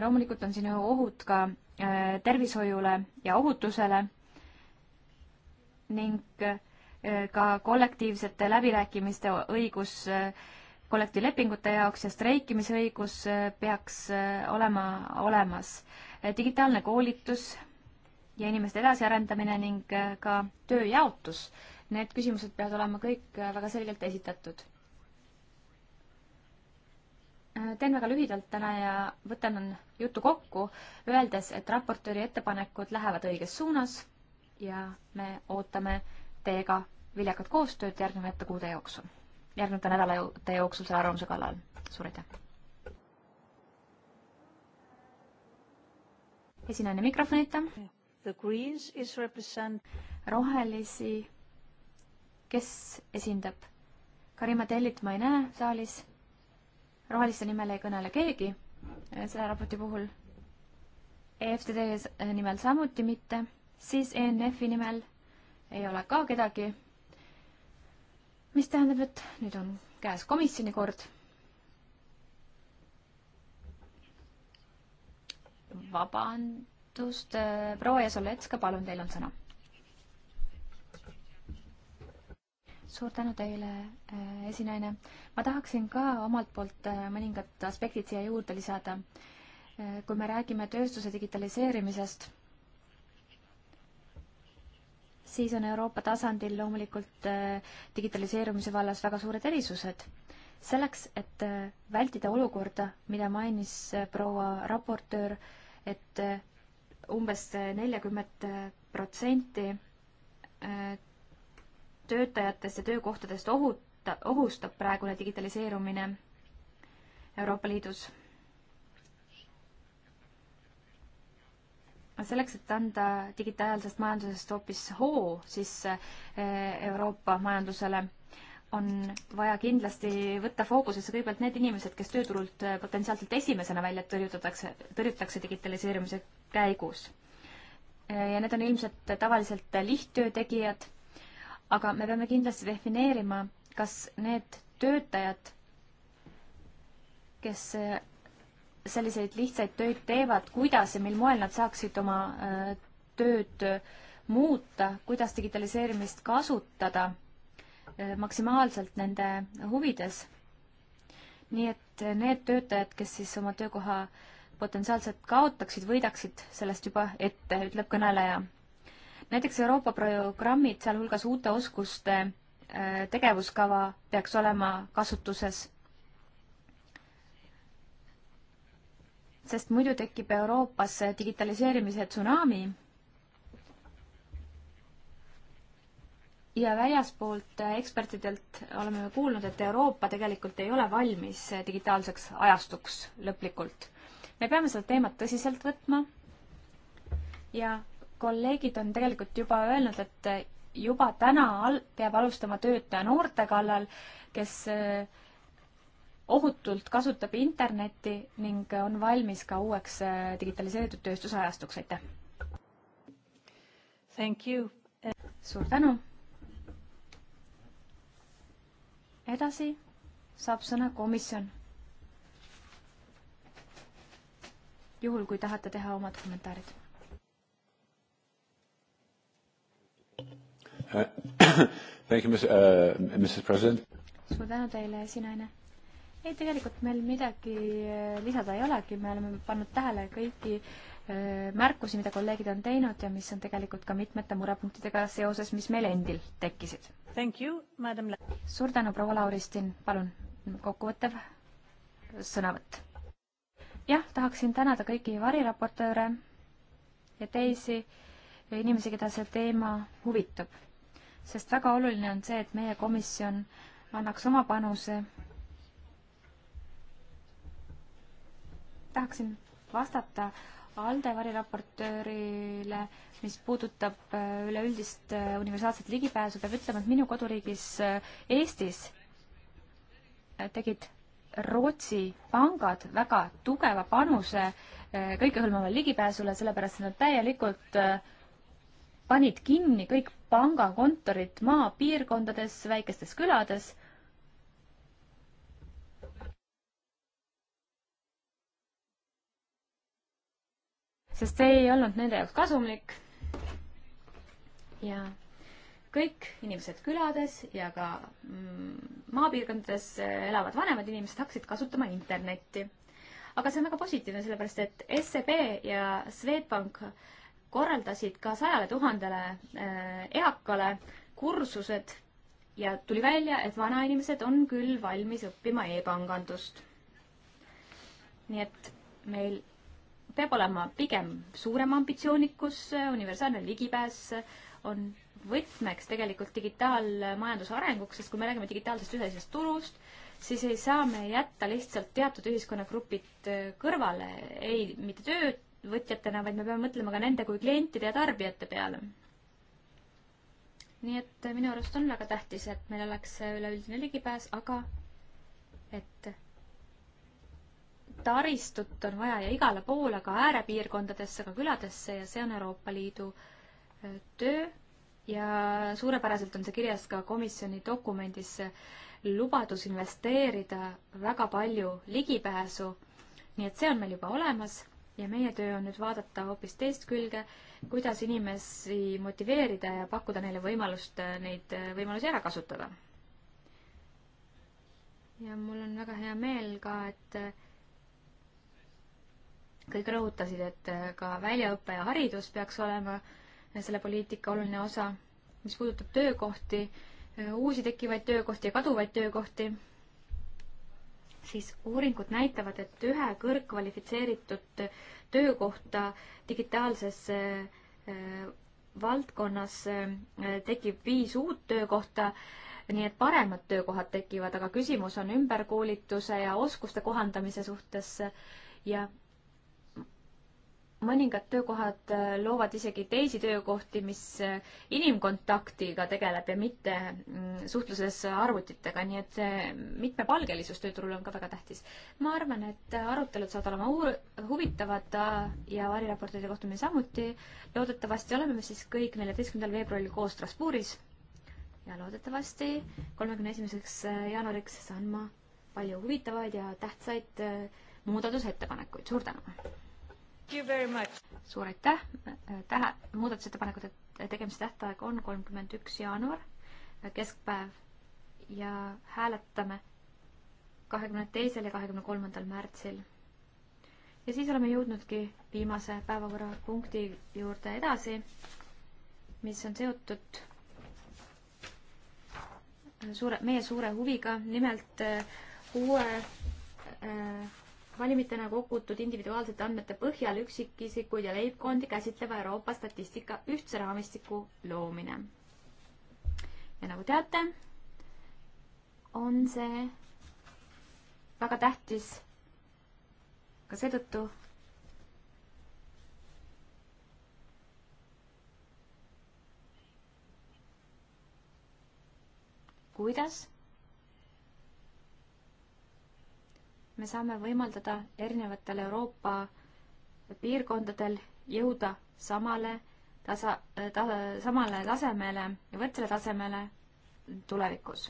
loomulikult on siin ohud ka Äh, tervishoiule ja ohutusele ning äh, ka kollektiivsete läbirääkimiste õigus äh, kollektiivlepingute jaoks ja streikimise õigus peaks olema olemas. digitaalne koolitus ja inimeste edasiarendamine ning ka tööjaotus, need küsimused peavad olema kõik väga selgelt esitatud. Äh, teen väga lühidalt täna ja võtan jutu kokku, öeldes, et raportööri ettepanekud lähevad õiges suunas ja me ootame teiega viljakat koostööd järgnevate kuude jooksul, järgnevate nädalate jooksul selle arvamuse kallal. suur aitäh! esinejana mikrofonita. rohelisi, kes esindab? Karima Tellit ma ei näe saalis roheliste nimel ei kõnele keegi äh, selle raporti puhul. EFTD äh, nimel samuti mitte, siis ENF-i nimel ei ole ka kedagi. mis tähendab, et nüüd on käes komisjoni kord. vabandust, äh, proua Jasoletska, palun, teil on sõna suur tänu teile, äh, esinaine. ma tahaksin ka omalt poolt äh, mõningad aspektid siia juurde lisada. Äh, kui me räägime tööstuse digitaliseerimisest, siis on Euroopa tasandil loomulikult digitaliseerumise vallas väga suured erisused. selleks, et vältida olukorda, mida mainis proua raportöör, et umbes neljakümmet protsenti töötajatest ja töökohtadest ohuta, ohustab praegune digitaliseerumine Euroopa Liidus. selleks, et anda digitaalsest majandusest hoopis hoo sisse eh, Euroopa majandusele, on vaja kindlasti võtta fookusesse kõigepealt need inimesed, kes tööturult eh, potentsiaalselt esimesena välja tõrjutatakse, tõrjutakse digitaliseerimise käigus eh, ja need on ilmselt tavaliselt lihttöö tegijad aga me peame kindlasti defineerima, kas need töötajad, kes eh, selliseid lihtsaid töid teevad, kuidas ja mil moel nad saaksid oma eh, tööd eh, muuta, kuidas digitaliseerimist kasutada maksimaalselt nende huvides. nii et need töötajad, kes siis oma töökoha potentsiaalselt kaotaksid, võidaksid sellest juba ette, ütleb kõneleja näiteks Euroopa programmid, sealhulgas uute oskuste äh, tegevuskava peaks olema kasutuses. sest muidu tekib Euroopas digitaliseerimise tsunami ja väljaspoolt ekspertidelt oleme kuulnud, et Euroopa tegelikult ei ole valmis digitaalseks ajastuks lõplikult. me peame seda teemat tõsiselt võtma ja kolleegid on tegelikult juba öelnud, et eh, juba täna al-, peab alustama töötaja noorte kallal, kes eh, ohutult kasutab Internetti ning on valmis ka uueks eh, digitaliseeritud tööstusajastuks, aitäh! Thank you! suur tänu! edasi saab sõna komisjon. juhul, kui tahate teha omad kommentaarid Thank you, Mrs uh, President. suur tänu teile, esinaine. ei, tegelikult meil midagi äh, lisada ei olegi, me oleme pannud tähele kõiki äh, märkusi, mida kolleegid on teinud ja mis on tegelikult ka mitmete murepunktidega seoses, mis meil endil tekkisid. suur tänu, proua Lauristin, palun, kokkuvõttev sõnavõtt. jah, tahaksin tänada kõiki variraportööre ja teisi inimesi, keda see teema huvitab sest väga oluline on see, et meie komisjon annaks oma panuse. tahaksin vastata ALDE variraportöörile, mis puudutab äh, üleüldist äh, universaalset ligipääsu, peab ütlema, et minu koduriigis äh, Eestis tegid Rootsi pangad väga tugeva panuse kõikehõlmavale ligipääsule, sellepärast et nad täielikult äh, panid kinni kõik pangakontorid maapiirkondades, väikestes külades. sest see ei olnud nende jaoks kasumlik. ja kõik inimesed külades ja ka mm, maapiirkondades elavad vanemad inimesed hakkasid kasutama internetti. aga see on väga positiivne, sellepärast et SEB ja Swedbank äh, korraldasid ka sajale tuhandele äh, eakale kursused ja tuli välja, et vanainimesed on küll valmis õppima e-pangandust. nii et meil peab olema pigem suurem ambitsioonikus, universaalne ligipääs on võtmeks tegelikult digitaalmajanduse arenguks, sest kui me räägime digitaalsest ühisest turust, siis ei saa me jätta lihtsalt teatud ühiskonnagrupid kõrvale, ei mitte tööd, ettevõtjatena, vaid me peame mõtlema ka nende kui klientide ja tarbijate peale. nii et minu arust on väga tähtis, et meil oleks üleüldine ligipääs, aga et taristut on vaja ja igale poole, ka äärepiirkondadesse, ka küladesse ja see on Euroopa Liidu töö ja suurepäraselt on see kirjas ka komisjoni dokumendis, lubadus investeerida väga palju ligipääsu, nii et see on meil juba olemas ja meie töö on nüüd vaadata hoopis teist külge, kuidas inimesi motiveerida ja pakkuda neile võimalust äh, neid äh, võimalusi ära kasutada. ja mul on väga hea meel ka, et äh, kõik rõhutasid, et ka väljaõpe ja haridus peaks olema selle poliitika oluline osa, mis puudutab töökohti, uusi tekkivaid töökohti ja kaduvaid töökohti siis uuringud näitavad, et ühe kõrgkvalifitseeritud töökohta digitaalses äh, valdkonnas äh, tekib viis uut töökohta, nii et paremad töökohad tekivad, aga küsimus on ümberkoolituse ja oskuste kohandamise suhtes ja mõningad töökohad äh, loovad isegi teisi töökohti, mis äh, inimkontaktiga tegeleb ja mitte mm, suhtluses arvutitega, nii et see äh, mitmepalgelisus tööturul on ka väga tähtis. ma arvan, et arutelud saavad olema uur-, huvitavad ja variraportide kohtumine samuti. loodetavasti oleme me siis kõik neljateistkümnendal veebruaril koos Strasbourgis ja loodetavasti kolmekümne esimeseks jaanuariks saan ma palju huvitavaid ja tähtsaid muudatusettepanekuid. suur tänu! suur aitäh, tähe, muudatusettepanekute tegemise tähtaeg on kolmkümmend üks jaanuar, keskpäev ja hääletame kahekümne teisel ja kahekümne kolmandal märtsil. ja siis oleme jõudnudki viimase päevakorrapunkti juurde edasi, mis on seotud suure, meie suure huviga, nimelt eh, uue äh, valimitena kogutud individuaalsete andmete põhjal üksikisikuid ja leibkondi käsitleva Euroopa statistika ühtse raamistiku loomine. ja nagu teate, on see väga tähtis ka seetõttu, kuidas me saame võimaldada erinevatel Euroopa piirkondadel jõuda samale tasa, ta, samale tasemele ja võrdsele tasemele tulevikus.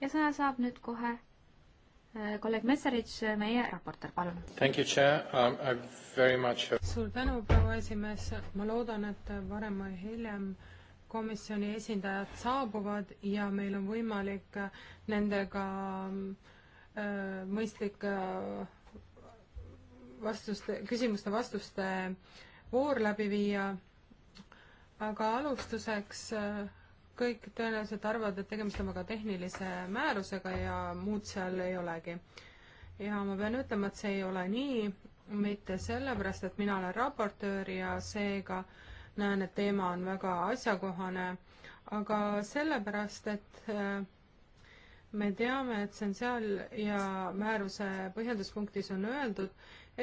ja sõna saab nüüd kohe äh, kolleeg Messerich, meie raportöör, palun. Um, much... suur tänu, proua esimees, ma loodan, et varem või hiljem komisjoni esindajad saabuvad ja meil on võimalik nendega äh, Äh, mõistlik äh, vastuste, küsimuste vastuste voor läbi viia. aga alustuseks äh, kõik tõenäoliselt arvavad, et tegemist on väga tehnilise määrusega ja muud seal ei olegi. ja ma pean ütlema, et see ei ole nii, mitte sellepärast, et mina olen raportöör ja seega näen, et teema on väga asjakohane, aga sellepärast, et me teame, et see on seal ja määruse põhjenduspunktis on öeldud,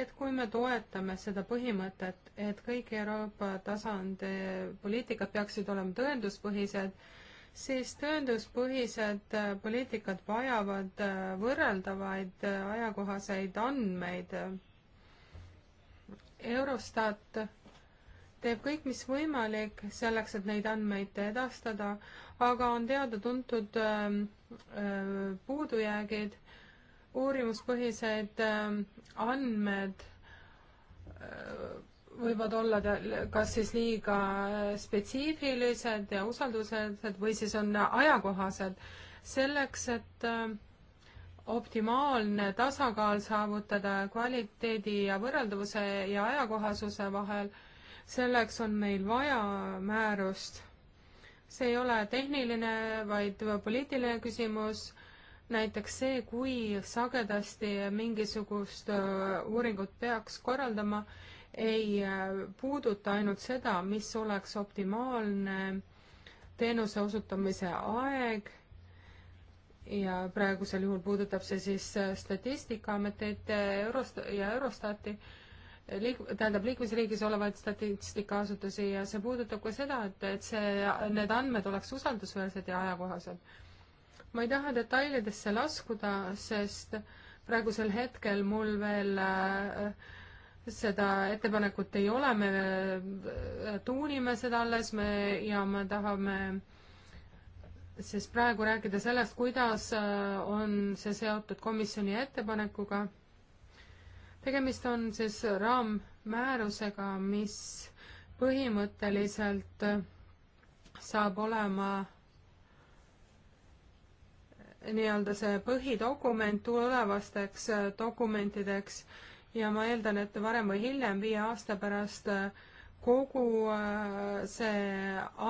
et kui me toetame seda põhimõtet, et kõik Euroopa tasandi poliitikad peaksid olema tõenduspõhised, siis tõenduspõhised poliitikad vajavad võrreldavaid ajakohaseid andmeid. Eurostat teeb kõik, mis võimalik selleks, et neid andmeid edastada, aga on teada-tuntud äh, äh, puudujäägid, uurimuspõhised ähm, äh, andmed võivad olla kas siis liiga spetsiifilised ja usaldusväärsed või siis on ajakohased. selleks, et ähm, optimaalne tasakaal saavutada kvaliteedi ja võrreldavuse ja ajakohasuse vahel selleks on meil vaja määrust. see ei ole tehniline, vaid poliitiline küsimus, näiteks see, kui sagedasti mingisugust äh, uuringut peaks korraldama, ei äh, puuduta ainult seda, mis oleks optimaalne teenuse osutamise aeg ja praegusel juhul puudutab see siis äh, Statistikaameteid Eurost- ja Eurostati liik-, tähendab, liikmesriigis olevaid statistikaasutusi ja see puudutab ka seda, et, et see, need andmed oleks usaldusväärsed ja ajakohased. ma ei taha detailidesse laskuda, sest praegusel hetkel mul veel äh, seda ettepanekut ei ole, me äh, tuunime seda alles, me, ja me tahame sest praegu rääkida sellest, kuidas äh, on see seotud komisjoni ettepanekuga tegemist on siis raammäärusega, mis põhimõtteliselt saab olema nii-öelda see põhidokument tulevasteks dokumentideks ja ma eeldan, et varem või hiljem, viie aasta pärast, kogu see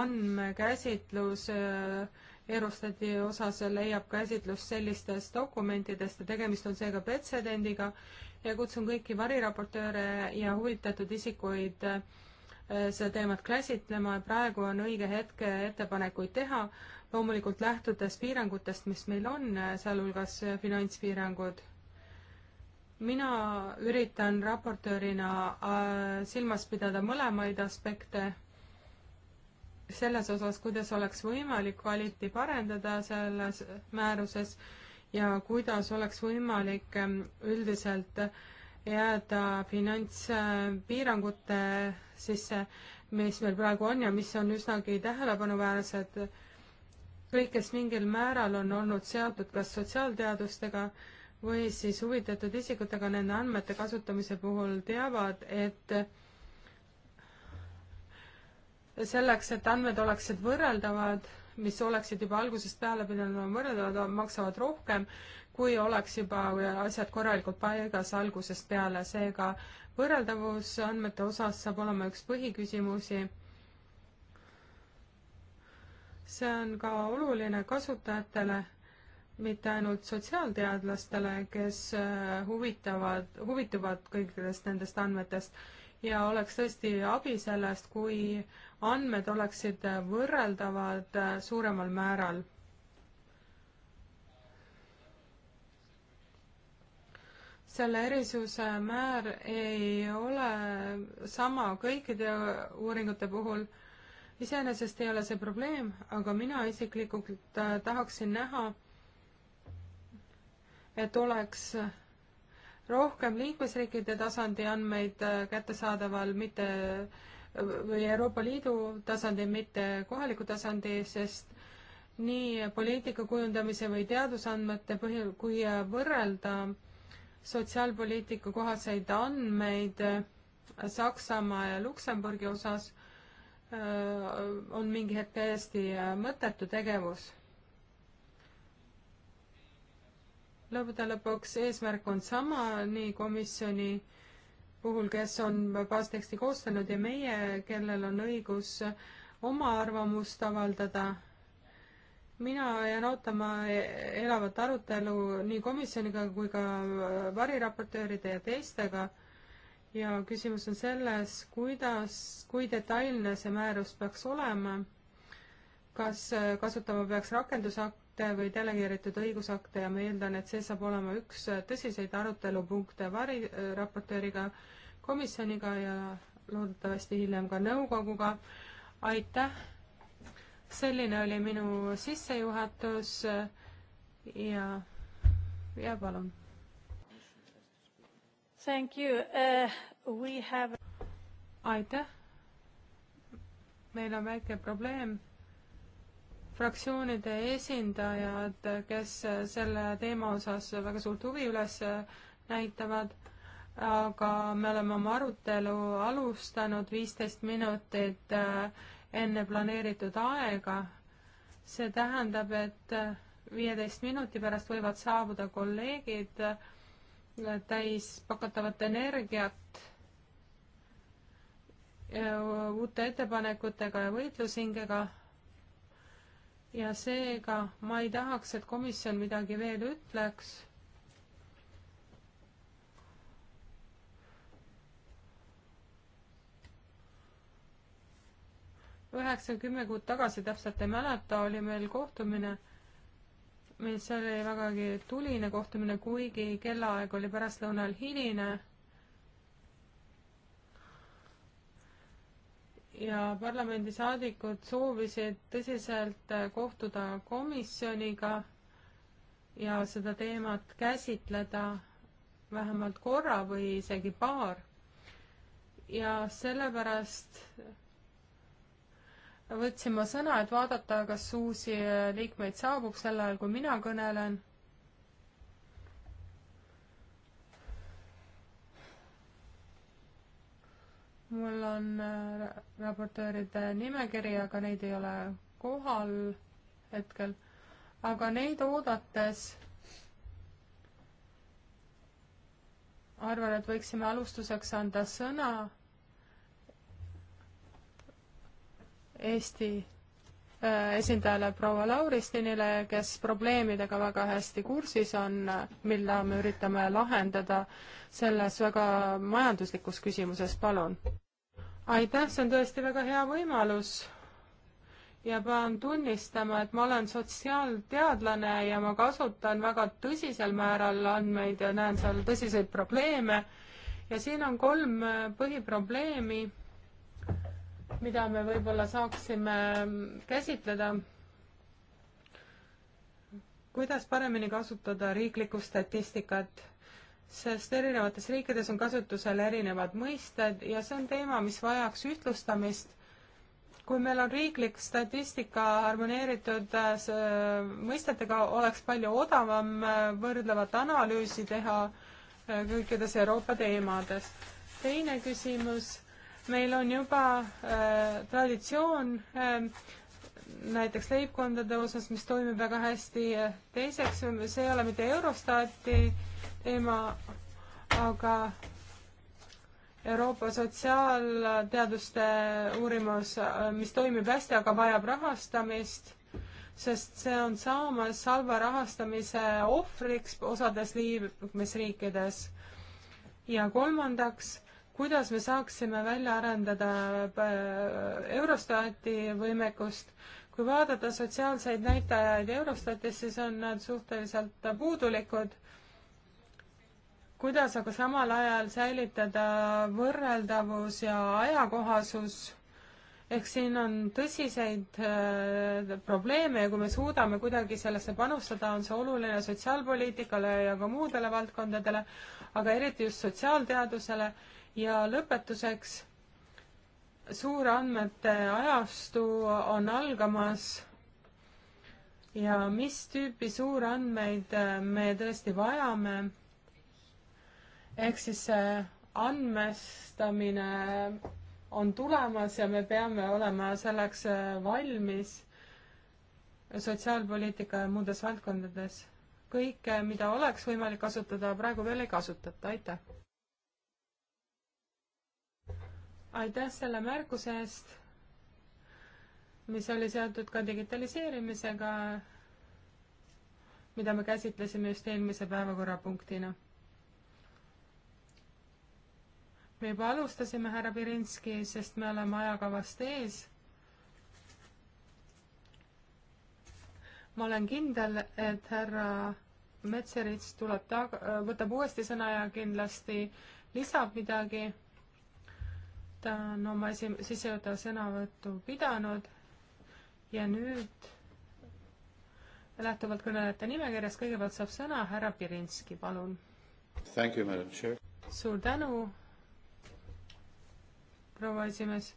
andmekäsitlus äh, Eurostati osas leiab käsitlust sellistest dokumentidest ja tegemist on seega pretsedendiga ja kutsun kõiki variraportööre ja huvitatud isikuid äh, seda teemat käsitlema ja praegu on õige hetk ettepanekuid teha, loomulikult lähtudes piirangutest, mis meil on, äh, sealhulgas äh, finantspiirangud. mina üritan raportöörina silmas pidada mõlemaid aspekte selles osas, kuidas oleks võimalik kvaliteeti parendada selles määruses ja kuidas oleks võimalik ähm, üldiselt jääda finantspiirangute sisse, mis meil praegu on ja mis on üsnagi tähelepanuväärsed. kõik, kes mingil määral on olnud seotud kas sotsiaalteadustega või siis huvitatud isikutega nende andmete kasutamise puhul, teavad, et selleks, et andmed oleksid võrreldavad, mis oleksid juba algusest peale pidanud olema võrreldavad, maksavad rohkem, kui oleks juba asjad korralikult paigas algusest peale, seega võrreldavus andmete osas saab olema üks põhiküsimusi. see on ka oluline kasutajatele, mitte ainult sotsiaalteadlastele, kes äh, huvitavad, huvituvad kõikidest nendest andmetest ja oleks tõesti abi sellest, kui äh, andmed oleksid võrreldavad suuremal määral. selle erisuse määr ei ole sama kõikide uuringute puhul, iseenesest ei ole see probleem, aga mina isiklikult äh, tahaksin näha, et oleks rohkem liikmesriikide tasandi andmeid äh, kättesaadaval, mitte äh, või Euroopa Liidu tasandil, mitte kohaliku tasandi, sest nii poliitika kujundamise või teadusandmete põhjal, kui võrrelda sotsiaalpoliitika kohaseid andmeid Saksamaa ja Luksemburgi osas, äh, on mingi hetk täiesti mõttetu tegevus. lõppude lõpuks eesmärk on sama nii komisjoni puhul, kes on baasteksti koostanud ja meie, kellel on õigus oma arvamust avaldada. mina jään ootama elavat arutelu nii komisjoniga kui ka variraportööride ja teistega ja küsimus on selles, kuidas, kui detailne see määrus peaks olema, kas kasutama peaks rakendusakte, akte või delegeeritud õigusakte ja ma eeldan, et see saab olema üks tõsiseid arutelupunkte variraportööriga, komisjoniga ja loodetavasti hiljem ka nõukoguga. aitäh! selline oli minu sissejuhatus ja, ja palun. Thank you uh,. We have. aitäh. meil on väike probleem fraktsioonide esindajad, kes selle teema osas väga suurt huvi üles näitavad, aga me oleme oma arutelu alustanud viisteist minutit äh, enne planeeritud aega. see tähendab, et viieteist minuti pärast võivad saabuda kolleegid äh, täis pakatavat energiat äh, uute ettepanekutega ja võitlushingega ja seega ma ei tahaks, et komisjon midagi veel ütleks. üheksa, kümme kuud tagasi, täpselt ei mäleta, oli meil kohtumine, mis oli vägagi tuline kohtumine, kuigi kellaaeg oli pärastlõunal hiline ja parlamendisaadikud soovisid tõsiselt äh, kohtuda komisjoniga ja seda teemat käsitleda vähemalt korra või isegi paar. ja sellepärast võtsin ma sõna, et vaadata, kas uusi liikmeid saabub sel ajal, kui mina kõnelen mul on äh, raportööride nimekiri, aga neid ei ole kohal hetkel, aga neid oodates arvan, et võiksime alustuseks anda sõna Eesti Äh, esindajale proua Lauristinile, kes probleemidega väga hästi kursis on, mille me üritame lahendada selles väga majanduslikus küsimuses, palun. aitäh, see on tõesti väga hea võimalus ja pean tunnistama, et ma olen sotsiaalteadlane ja ma kasutan väga tõsisel määral andmeid ja näen seal tõsiseid probleeme ja siin on kolm põhiprobleemi mida me võib-olla saaksime käsitleda. kuidas paremini kasutada riiklikku statistikat, sest erinevates riikides on kasutusel erinevad mõisted ja see on teema, mis vajaks ühtlustamist. kui meil on riiklik statistika harmoneeritud äh, mõistetega, oleks palju odavam äh, võrdlevat analüüsi teha äh, kõikides Euroopa teemades. teine küsimus meil on juba äh, traditsioon äh, näiteks leibkondade osas, mis toimib väga hästi. teiseks, see ei ole mitte Eurostati teema, aga Euroopa sotsiaalteaduste uurimus, äh, mis toimib hästi, aga vajab rahastamist, sest see on saamas halva rahastamise ohvriks osades liikmesriikides. ja kolmandaks kuidas me saaksime välja arendada äh, Eurostati võimekust. kui vaadata sotsiaalseid näitajaid Eurostatis, siis on nad suhteliselt puudulikud kuidas aga samal ajal säilitada võrreldavus ja ajakohasus, ehk siin on tõsiseid äh, probleeme ja kui me suudame kuidagi sellesse panustada, on see oluline sotsiaalpoliitikale ja ka muudele valdkondadele, aga eriti just sotsiaalteadusele ja lõpetuseks, suurandmete ajastu on algamas ja mis tüüpi suurandmeid äh, me tõesti vajame. ehk siis see äh, andmestamine on tulemas ja me peame olema selleks äh, valmis sotsiaalpoliitika ja muudes valdkondades. kõike, mida oleks võimalik kasutada, praegu veel ei kasutata, aitäh! aitäh selle märkuse eest, mis oli seotud ka digitaliseerimisega, mida me käsitlesime just eelmise päevakorrapunktina. me juba alustasime, härra Pirinski, sest me oleme ajakavast ees ma olen kindel, et härra Metserits tuleb tag-, võtab uuesti sõna ja kindlasti lisab midagi ta on oma esi-, sissejuhatava sõnavõttu pidanud ja nüüd lähtuvalt kõnelejate nimekirjast kõigepealt saab sõna härra Pirinski, palun. suur tänu, proua esimees.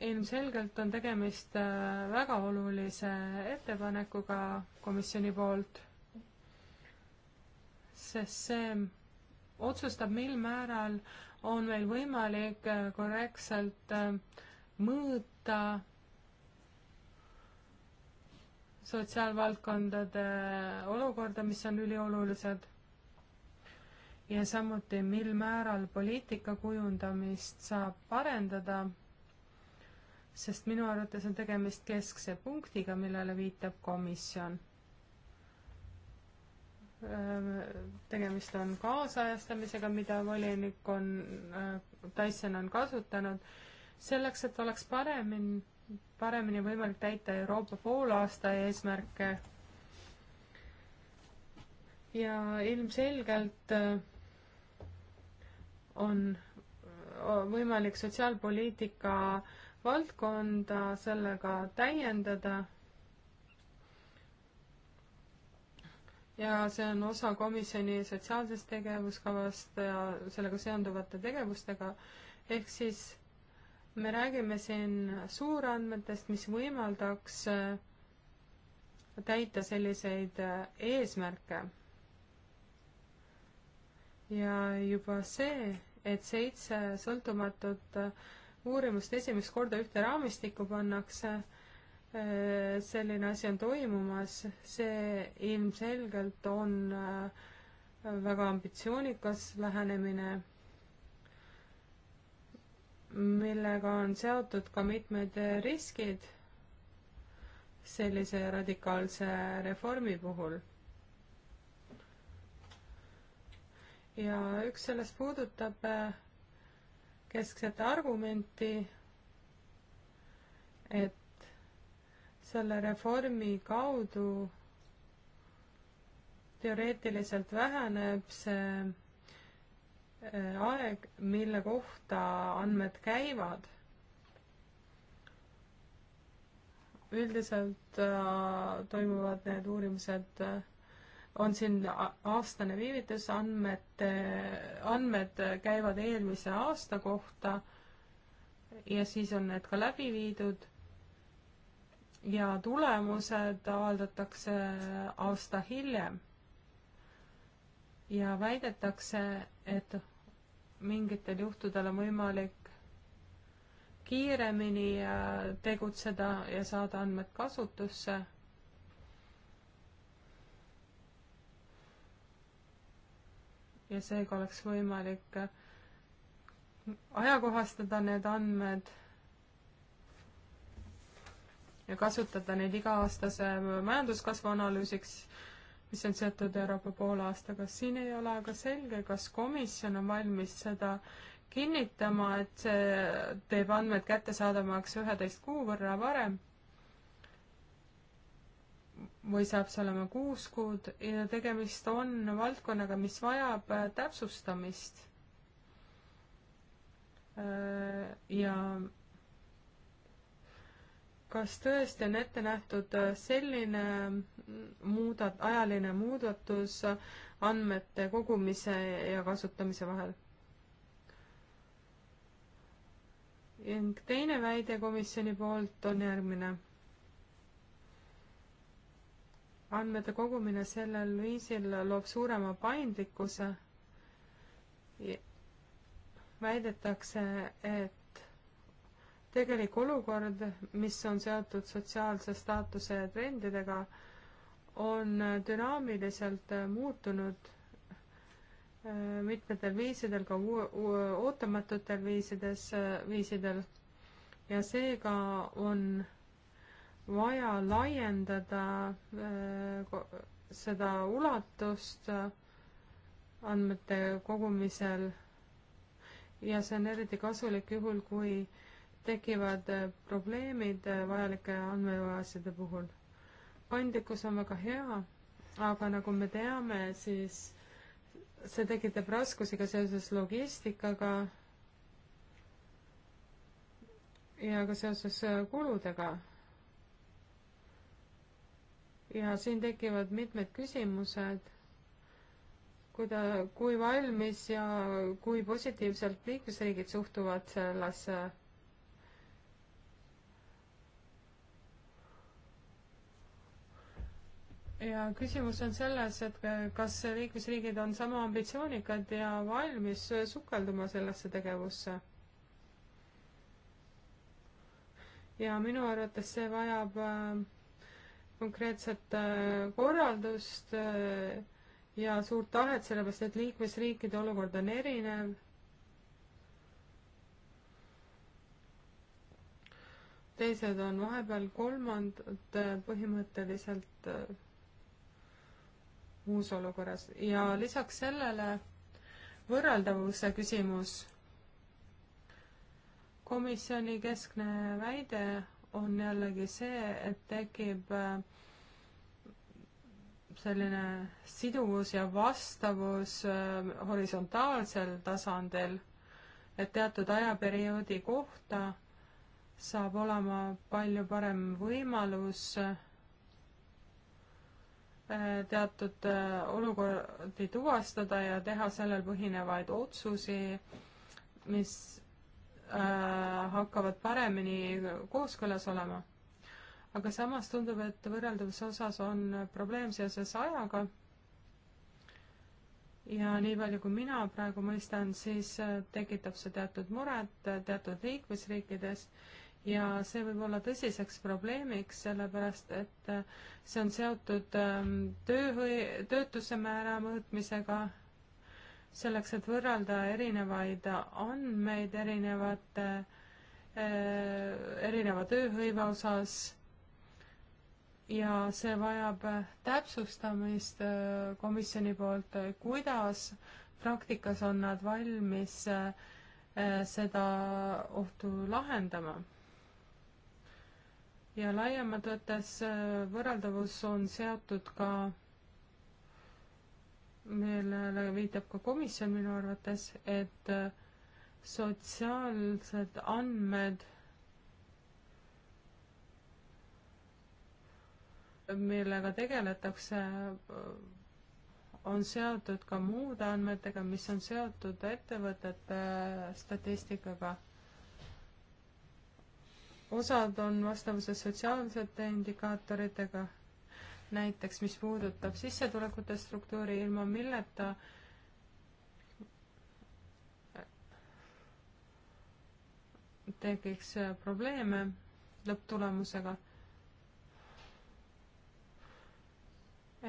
ilmselgelt on tegemist äh, väga olulise ettepanekuga komisjoni poolt, sest see otsustab, mil määral äh, on meil võimalik äh, korrektselt äh, mõõta sotsiaalvaldkondade olukorda, mis on üliolulised ja samuti, mil määral poliitika kujundamist saab parendada, sest minu arvates on tegemist keskse punktiga, millele viitab komisjon Ehm, tegemist on kaasajastamisega, mida volinik on, äh, Tyson on kasutanud, selleks, et oleks paremini, paremini võimalik täita Euroopa poolaasta eesmärke. ja ilmselgelt äh, on äh, võimalik sotsiaalpoliitika valdkonda sellega täiendada ja see on osa komisjoni sotsiaalsest tegevuskavast ja sellega seonduvate tegevustega, ehk siis me räägime siin suurandmetest, mis võimaldaks äh, täita selliseid äh, eesmärke. ja juba see, et seitse sõltumatut äh, uurimust esimest korda ühte raamistikku pannakse, Äh, selline asi on toimumas, see ilmselgelt on äh, väga ambitsioonikas lähenemine, millega on seotud ka mitmed riskid sellise radikaalse reformi puhul. ja üks sellest puudutab äh, keskset argumenti, et selle reformi kaudu teoreetiliselt väheneb see äh, aeg, mille kohta andmed käivad. üldiselt äh, toimuvad need uurimised äh,, on siin aastane viivitus, andmed äh,, andmed käivad eelmise aasta kohta ja siis on need ka läbi viidud ja tulemused avaldatakse aasta hiljem. ja väidetakse, et mingitel juhtudel on võimalik kiiremini äh, tegutseda ja saada andmed kasutusse ja seega oleks võimalik äh, ajakohastada need andmed ja kasutada neid iga-aastase majanduskasvu analüüsiks, mis on seotud Euroopa poolaastaga. siin ei ole aga selge, kas komisjon on valmis seda kinnitama, et see teeb andmed kättesaadavamaks üheteist kuu võrra varem või saab see olema kuus kuud ja tegemist on valdkonnaga, mis vajab täpsustamist. Äh, ja kas tõesti on ette nähtud äh, selline mm, muudat-, ajaline muudatus äh, andmete kogumise ja kasutamise vahel? ning teine väide komisjoni poolt on järgmine. andmete kogumine sellel viisil loob suurema paindlikkuse. väidetakse, et tegelik olukord, mis on seotud sotsiaalse staatuse trendidega, on dünaamiliselt muutunud äh, mitmetel viisidel, ka ootamatutel viisides, äh, viisidel. ja seega on vaja laiendada äh, seda ulatust andmete kogumisel ja see on eriti kasulik juhul, kui äh, tekivad äh, probleemid äh, vajalike andmebaaside puhul. paindlikkus on väga hea, aga nagu me teame, siis see tekitab raskusi ka seoses logistikaga ja ka seoses äh, kuludega. ja siin tekivad mitmed küsimused, kuida-, kui valmis ja kui positiivselt liikmesriigid suhtuvad sellesse ja küsimus on selles, et kas liikmesriigid on sama ambitsioonikad ja valmis sukelduma sellesse tegevusse ja minu arvates see vajab äh, konkreetset äh, korraldust äh, ja suurt tahet, sellepärast et liikmesriikide olukord on erinev. teised on vahepeal kolmandad põhimõtteliselt muus olukorras ja lisaks sellele võrreldavuse küsimus. komisjoni keskne väide on jällegi see, et tekib äh, selline siduvus ja vastavus äh, horisontaalsel tasandil, et teatud ajaperioodi kohta saab olema palju parem võimalus äh, Äh, teatud äh, olukordi tuvastada ja teha sellel põhinevaid otsusi, mis äh, hakkavad paremini kooskõlas olema. aga samas tundub, et võrreldavuse osas on probleem seoses ajaga. ja nii palju, kui mina praegu mõistan, siis tekitab see teatud muret teatud liikmesriikides ja see võib olla tõsiseks probleemiks, sellepärast et äh, see on seotud ähm, tööhõi-, töötuse määra mõõtmisega, selleks, et võrrelda erinevaid andmeid erinevate, äh, erineva tööhõive osas ja see vajab täpsustamist äh, komisjoni poolt, kuidas praktikas on nad valmis seda ohtu lahendama ja laiemalt võttes äh, võrreldavus on seatud ka, millele viitab ka komisjon minu arvates, et äh, sotsiaalsed andmed, millega tegeletakse, äh, on seotud ka muude andmetega, mis on seotud ettevõtete statistikaga osad on vastavuses sotsiaalsete indikaatoritega, näiteks mis puudutab sissetulekute struktuuri, ilma milleta tekiks probleeme lõpptulemusega.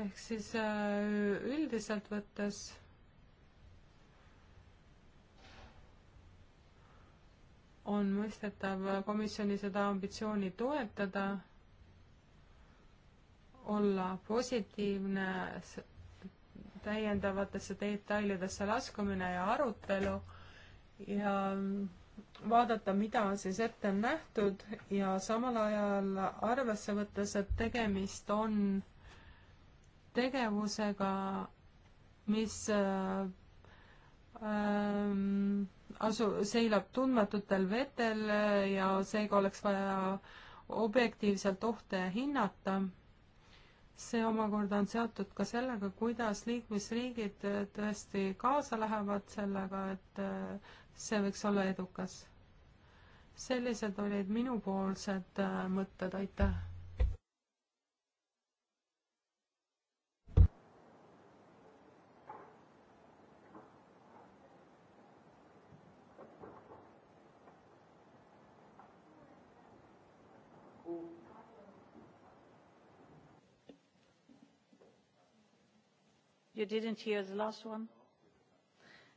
ehk siis äh, üldiselt võttes on mõistetav komisjoni seda ambitsiooni toetada, olla positiivne, täiendavatesse detailidesse laskumine ja arutelu ja vaadata, mida siis ette on nähtud ja samal ajal arvesse võttes, et tegemist on tegevusega, mis äh, ähm, asu, seilab tundmatutel vetel ja seega oleks vaja objektiivselt ohte hinnata. see omakorda on seotud ka sellega, kuidas liikmesriigid tõesti kaasa lähevad sellega, et äh, see võiks olla edukas. sellised olid minupoolsed äh, mõtted, aitäh! You didn't hear the last one?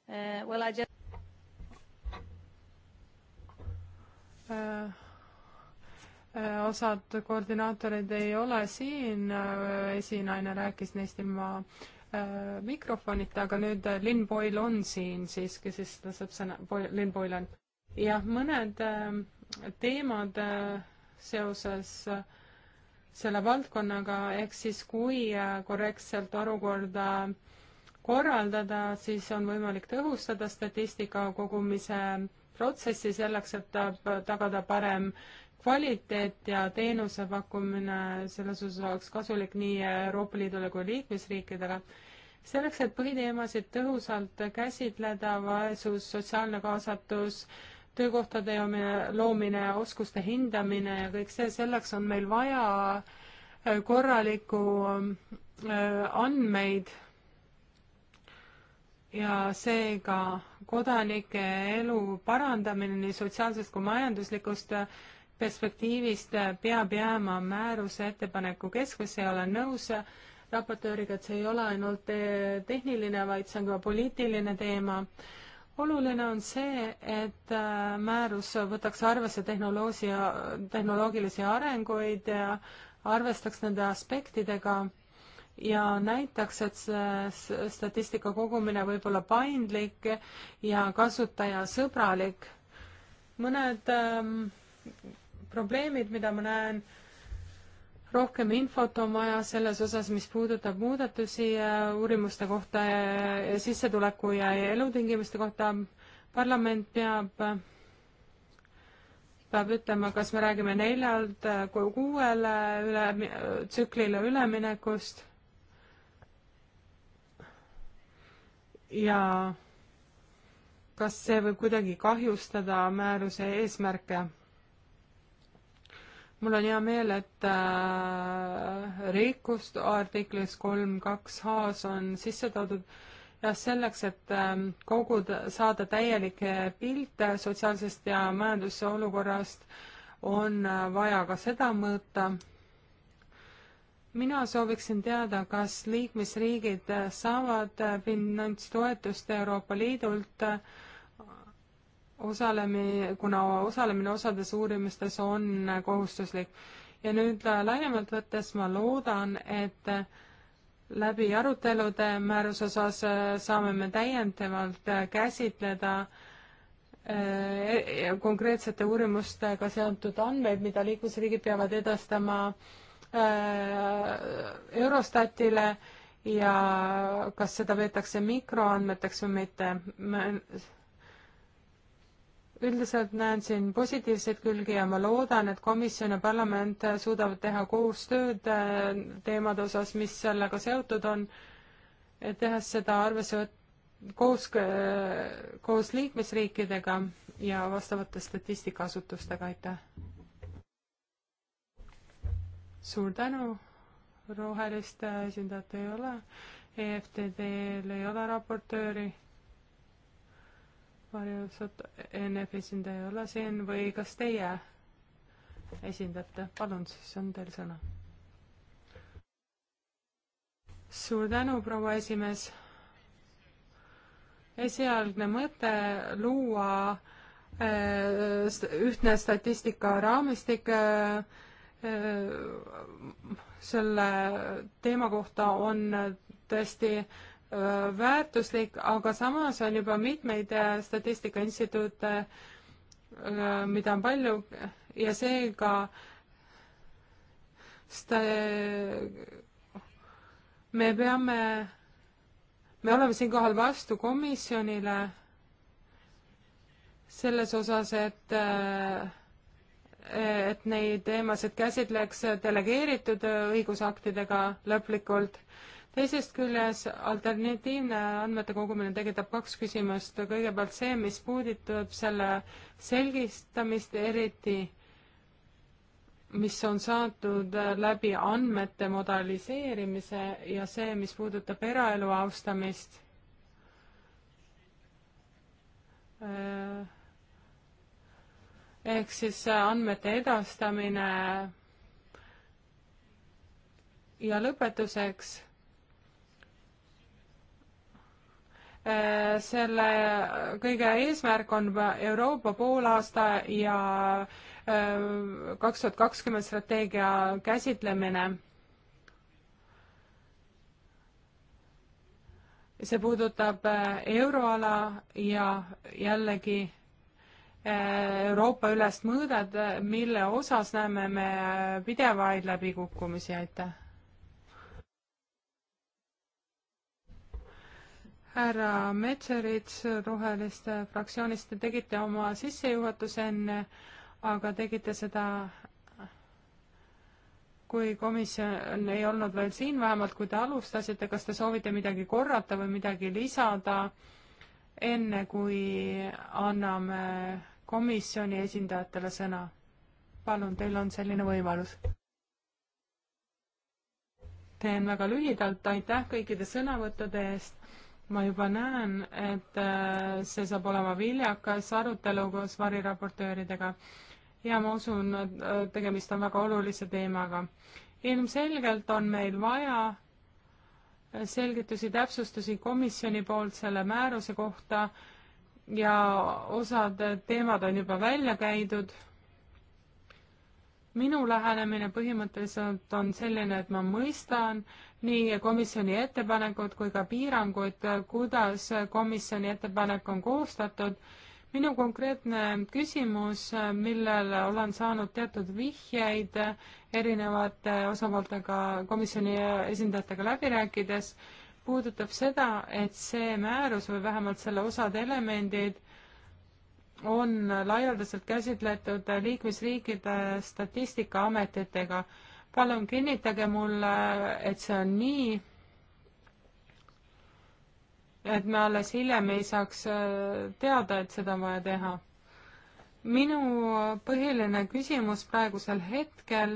Uh, well, I just... Uh, uh osad koordinaatorid ei ole siin, uh, esinaine rääkis neist ilma uh, mikrofonita, aga nüüd Lynn Boyle on siin siiski, siis ta saab sõna, Lynn Boyle on. jah, mõned um, teemad seoses äh, selle valdkonnaga, ehk siis kui äh, korrektselt olukorda korraldada, siis on võimalik tõhustada statistika kogumise protsessi selleks, et tagada parem kvaliteet ja teenuse pakkumine selles osas oleks kasulik nii Euroopa Liidule kui liikmesriikidele. selleks, et põhiteemasid tõhusalt käsitleda, vaesus, sotsiaalne kaasatus, töökohtade loomine, oskuste hindamine ja kõik see, selleks on meil vaja äh, korralikku äh, andmeid ja seega kodanike elu parandamine nii sotsiaalsest kui majanduslikust äh, perspektiivist peab jääma määruse ettepaneku keskmesse ja olen nõus raportööriga, et see ei ole ainult tehniline, vaid see on ka poliitiline teema oluline on see, et äh, määrus võtaks arvesse tehnoloogia, tehnoloogilisi arenguid ja arvestaks nende aspektidega ja näitaks, et see statistika kogumine võib olla paindlik ja kasutajasõbralik. mõned ähm, probleemid, mida ma näen äh, rohkem infot on vaja selles osas, mis puudutab muudatusi äh, uurimuste kohta, äh, sissetuleku ja elutingimuste kohta. parlament peab, peab ütlema, kas me räägime neljalt äh, kui kuuele üle, tsüklile üleminekust ja kas see võib kuidagi kahjustada määruse eesmärke mul on hea meel, et äh, rikkust artiklis kolm kaks H-s on sisse toodud ja selleks, et äh, koguda, saada täielik pilt sotsiaalsest ja majanduse olukorrast, on äh, vaja ka seda mõõta. mina sooviksin teada, kas liikmesriigid saavad äh, finantstoetust Euroopa Liidult äh, osalemi, kuna osalemine osades uurimistes on kohustuslik. ja nüüd äh, laiemalt võttes ma loodan, et äh, läbi arutelude määruse osas äh, saame me täiendavalt käsitleda e-, konkreetsete uurimustega seotud andmeid, mida liikmesriigid peavad edastama Eurostatile ja kas seda peetakse mikroandmeteks või mitte üldiselt näen siin positiivseid külgi ja ma loodan, et komisjon ja parlament suudavad teha koostööd äh, teemade osas, mis sellega seotud on, tehes seda arvesse koos, koos liikmesriikidega ja vastavate statistikaasutustega, aitäh! suur tänu, roheliste esindajat ei ole, EFTD-l ei ole raportööri varjusot NF esindaja ei ole siin või kas teie esindate, palun, siis on teil sõna. suur tänu, proua esimees. esialgne mõte luua äh, ühtne statistika raamistik äh, äh, selle teema kohta on tõesti Äh, väärtuslik, aga samas on juba mitmeid äh, statistikainstituute, äh, mida on palju ja seega sta-, me peame, me oleme siinkohal vastu komisjonile selles osas, et et neid teemasid käsitleks delegeeritud õigusaktidega lõplikult teisest küljes alternatiivne andmete kogumine tekitab kaks küsimust. kõigepealt see, mis puudutab selle selgistamist, eriti mis on saadud läbi andmete modaliseerimise ja see, mis puudutab eraelu austamist. ehk siis andmete edastamine. ja lõpetuseks Äh, selle kõige eesmärk on Euroopa poolaasta ja äh, kaks tuhat kakskümmend strateegia käsitlemine. see puudutab äh, euroala ja jällegi Euroopa ülest mõõdet, mille osas näeme me pidevaid läbikukkumisi, aitäh härra Metserits Roheliste fraktsioonist, te tegite oma sissejuhatuse enne, aga tegite seda kui komisjon ei olnud veel siin, vähemalt kui te alustasite, kas te soovite midagi korrata või midagi lisada, enne kui anname komisjoni esindajatele sõna? palun, teil on selline võimalus. teen väga lühidalt, aitäh kõikide sõnavõttude eest ma juba näen, et äh, see saab olema viljakas arutelu koos variraportööridega ja ma usun, et äh, tegemist on väga olulise teemaga. ilmselgelt on meil vaja äh, selgitusi, täpsustusi komisjoni poolt selle määruse kohta ja osad teemad on juba välja käidud. minu lähenemine põhimõtteliselt on selline, et ma mõistan, nii komisjoni ettepanekud kui ka piirangud, kuidas komisjoni ettepanek on koostatud. minu konkreetne küsimus, millele olen saanud teatud vihjeid erinevate osapooltega, komisjoni esindajatega läbi rääkides, puudutab seda, et see määrus või vähemalt selle osad elemendid on laialdaselt käsitletud liikmesriikide statistikaametitega palun kinnitage mulle, et see on nii, et me alles hiljem ei saaks äh, teada, et seda on vaja teha. minu põhiline küsimus praegusel hetkel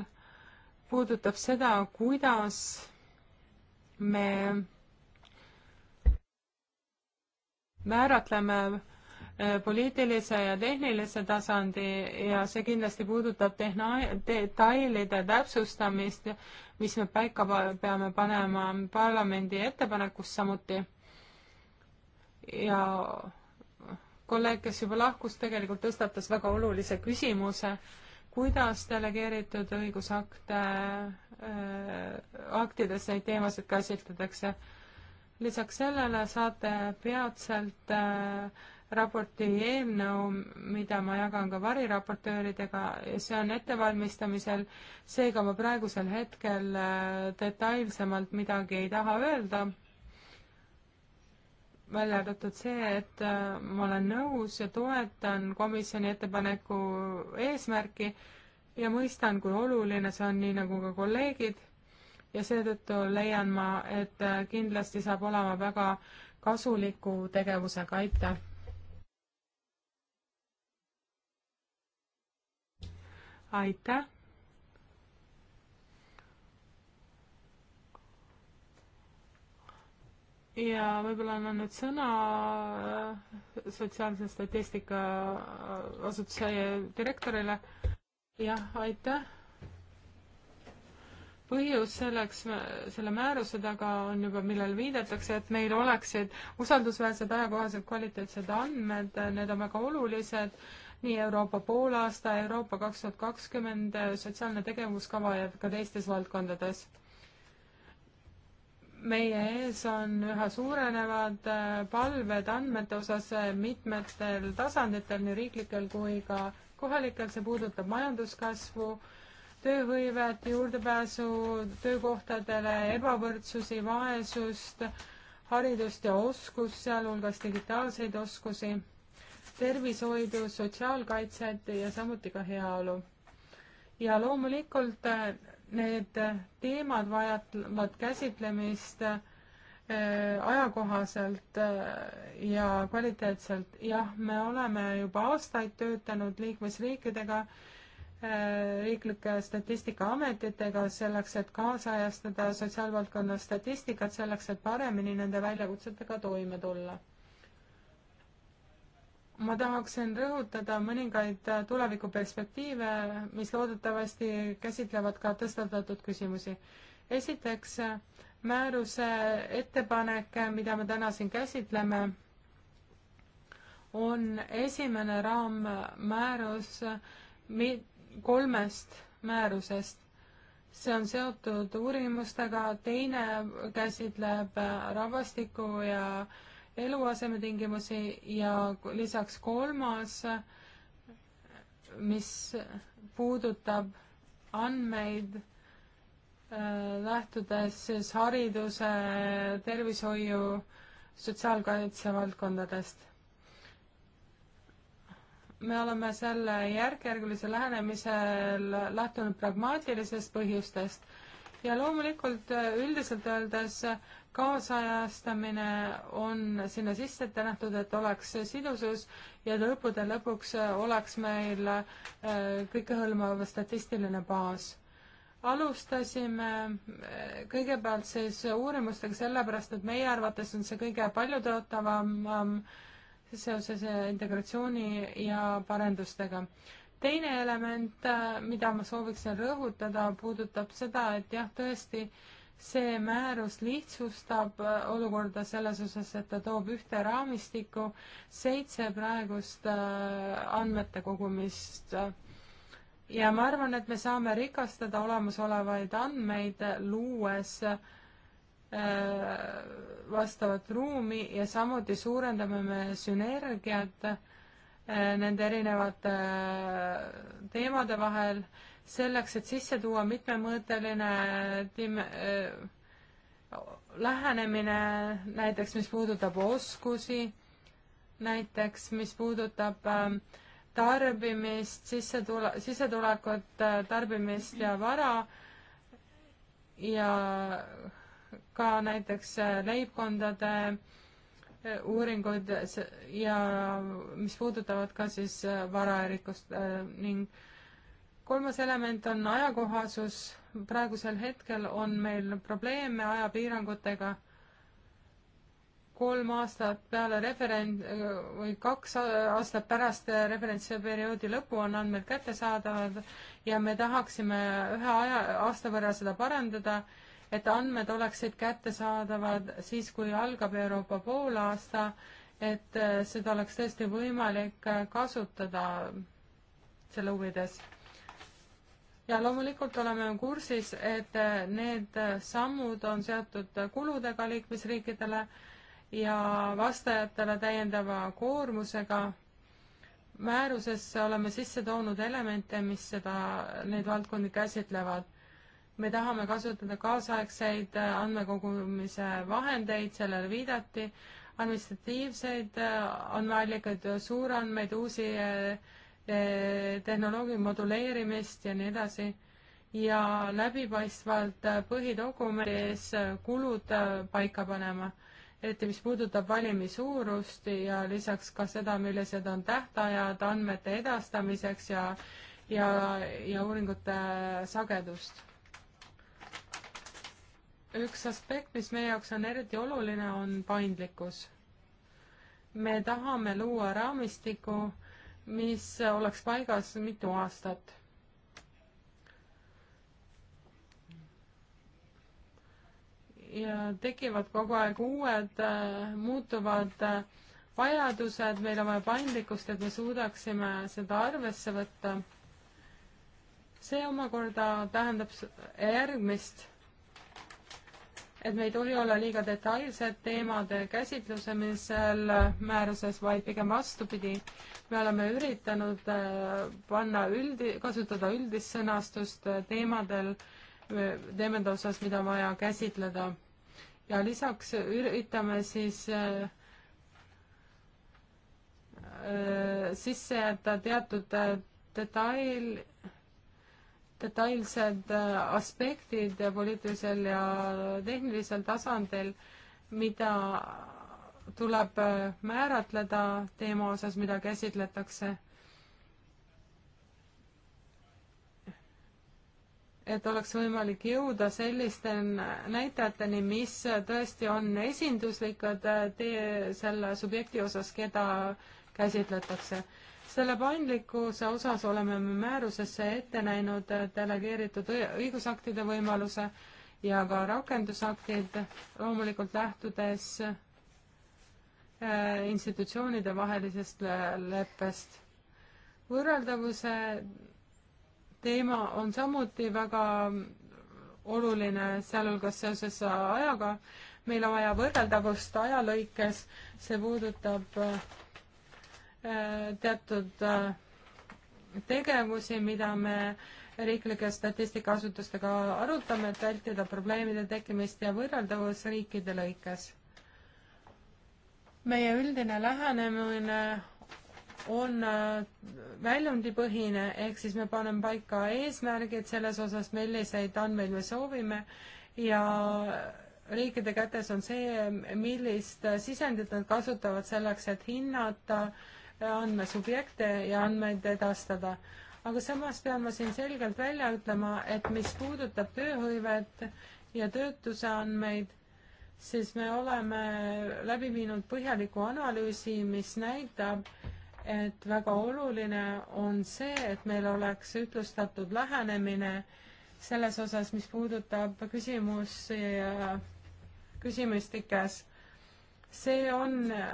puudutab seda, kuidas me määratleme Äh, poliitilise ja tehnilise tasandi ja see kindlasti puudutab tehna-, detailide täpsustamist, mis me paika peame panema parlamendi ettepanekus samuti. ja kolleeg, kes juba lahkus, tegelikult tõstatas väga olulise küsimuse, kuidas delegeeritud õigusakte äh,, aktides neid teemasid käsitletakse. lisaks sellele saate peatselt äh, raporti eelnõu, mida ma jagan ka variraportööridega, see on ettevalmistamisel, seega ma praegusel hetkel äh, detailsemalt midagi ei taha öelda, välja arvatud see, et äh, ma olen nõus ja toetan komisjoni ettepaneku eesmärki ja mõistan, kui oluline see on, nii nagu ka kolleegid, ja seetõttu leian ma, et äh, kindlasti saab olema väga kasuliku tegevusega, aitäh! aitäh. ja võib-olla annan nüüd sõna äh, sotsiaalse statistika äh, asutuse direktorile. jah, aitäh. põhjus selleks, selle määruse taga on juba, millele viidatakse, et meil oleksid usaldusväärsed, ajakohased, kvaliteetsed andmed, need on väga olulised nii Euroopa poolaasta, Euroopa kaks tuhat kakskümmend, sotsiaalne tegevuskava ja ka teistes valdkondades. meie ees on üha suurenevad äh, palved andmete osas äh, mitmetel tasanditel, nii riiklikel kui ka kohalikel, see puudutab majanduskasvu, tööhõivet, juurdepääsu töökohtadele, ebavõrdsusi, vaesust, haridust ja oskust, sealhulgas digitaalseid oskusi tervishoidu, sotsiaalkaitset ja samuti ka heaolu. ja loomulikult äh, need teemad vajavad käsitlemist äh, ajakohaselt äh, ja kvaliteetselt. jah, me oleme juba aastaid töötanud liikmesriikidega, riiklike statistikaametitega selleks, et kaasajastada sotsiaalvaldkonna statistikat, selleks et paremini nende väljakutsetega toime tulla ma tahaksin rõhutada mõningaid äh, tulevikuperspektiive, mis loodetavasti käsitlevad ka tõstatatud küsimusi. esiteks, äh, määruse ettepanek, äh, mida me täna siin käsitleme, on esimene raammäärus kolmest määrusest. see on seotud uurimustega, teine käsitleb rahvastiku ja äh, eluasemetingimusi ja lisaks kolmas, mis puudutab andmeid äh, lähtudes siis hariduse, tervishoiu, sotsiaalkaitse valdkondadest. me oleme selle järk-järgulise lähenemisel lähtunud pragmaatilisest põhjustest ja loomulikult äh, üldiselt öeldes kaasajastamine on sinna sisse ette nähtud, et oleks sidusus ja lõppude lõpuks äh, oleks meil äh, kõikehõlmav statistiline baas. alustasime kõigepealt siis uurimustega sellepärast, et meie arvates on see kõige paljutõotavam ähm, seoses integratsiooni ja parendustega teine element, äh, mida ma sooviksin rõhutada, puudutab seda, et jah, tõesti, see määrus lihtsustab äh, olukorda selles osas, et ta toob ühte raamistikku seitse praegust äh, andmete kogumist. ja ma arvan, et me saame rikastada olemasolevaid andmeid, luues vastavat ruumi ja samuti suurendame me sünergiat nende erinevate äh, teemade vahel, selleks, et sisse tuua mitmemõõteline tim-, äh, lähenemine näiteks, mis puudutab oskusi, näiteks mis puudutab ähm, tarbimist, sissetule-, sissetulekut, äh, tarbimist ja vara ja ka näiteks leibkondade äh, uuringud ja mis puudutavad ka siis äh, varaerikust äh, ning kolmas element on ajakohasus. praegusel hetkel on meil probleeme ajapiirangutega. kolm aastat peale referent- äh, või kaks aastat pärast referentsperioodi lõppu on andmed kättesaadavad ja me tahaksime ühe aja, aasta võrra seda parandada et andmed oleksid kättesaadavad siis, kui algab Euroopa poolaasta, et äh, seda oleks tõesti võimalik äh, kasutada selle huvides. ja loomulikult oleme kursis, et äh, need sammud on seotud kuludega liikmesriikidele ja vastajatele täiendava koormusega määrusesse oleme sisse toonud elemente, mis seda, neid valdkondi käsitlevad me tahame kasutada kaasaegseid äh, andmekogumise vahendeid, sellele viidati, administratiivseid äh, andmeallikaid, suurandmeid, uusi äh, tehnoloogia moduleerimist ja nii edasi. ja läbipaistvalt põhidokumendis kulud paika panema, eriti mis puudutab valimi suurust ja lisaks ka seda, millised on tähtajad andmete edastamiseks ja ja, ja uuringute sagedust üks aspekt, mis meie jaoks on eriti oluline, on paindlikkus. me tahame luua raamistiku, mis oleks paigas mitu aastat ja tekivad kogu aeg uued äh, muutuvad äh, vajadused, meil on vaja paindlikkust, et me suudaksime seda arvesse võtta. see omakorda tähendab järgmist et me ei tohi olla liiga detailsed teemade käsitlemisel määruses, vaid pigem vastupidi. me oleme üritanud äh, panna üldi, kasutada üldist sõnastust äh, teemadel, äh, teemade osas, mida on vaja käsitleda. ja lisaks üritame siis sisse jätta teatud detail detailsed äh, aspektid poliitilisel ja tehnilisel tasandil, mida tuleb äh, määratleda teema osas, mida käsitletakse. et oleks võimalik jõuda selliste näitajateni, mis tõesti on esinduslikud äh, tee selle subjekti osas, keda käsitletakse selle paindlikkuse osas oleme me määrusesse ette näinud delegeeritud õigusaktide võimaluse ja ka rakendusaktid, loomulikult lähtudes äh, institutsioonide vahelisest leppest. võrreldavuse teema on samuti väga oluline, sealhulgas seoses ajaga. meil on vaja võrreldavust ajalõikes, see puudutab äh, teatud äh, tegevusi, mida me riiklike statistikaasutustega arutame, et vältida probleemide tekkimist ja võrreldavus riikide lõikes. meie üldine lähenemine on äh, väljundipõhine, ehk siis me paneme paika eesmärgid selles osas, milliseid andmeid me soovime ja riikide kätes on see, millist sisendit nad kasutavad selleks, et hinnata äh, andmesubjekte ja andmeid edastada. aga samas pean ma siin selgelt välja ütlema, et mis puudutab tööhõivet ja töötuse andmeid, siis me oleme läbi viinud põhjaliku analüüsi, mis näitab, et väga oluline on see, et meil oleks ühtlustatud lähenemine selles osas, mis puudutab küsimusi ja küsimustikes see on äh,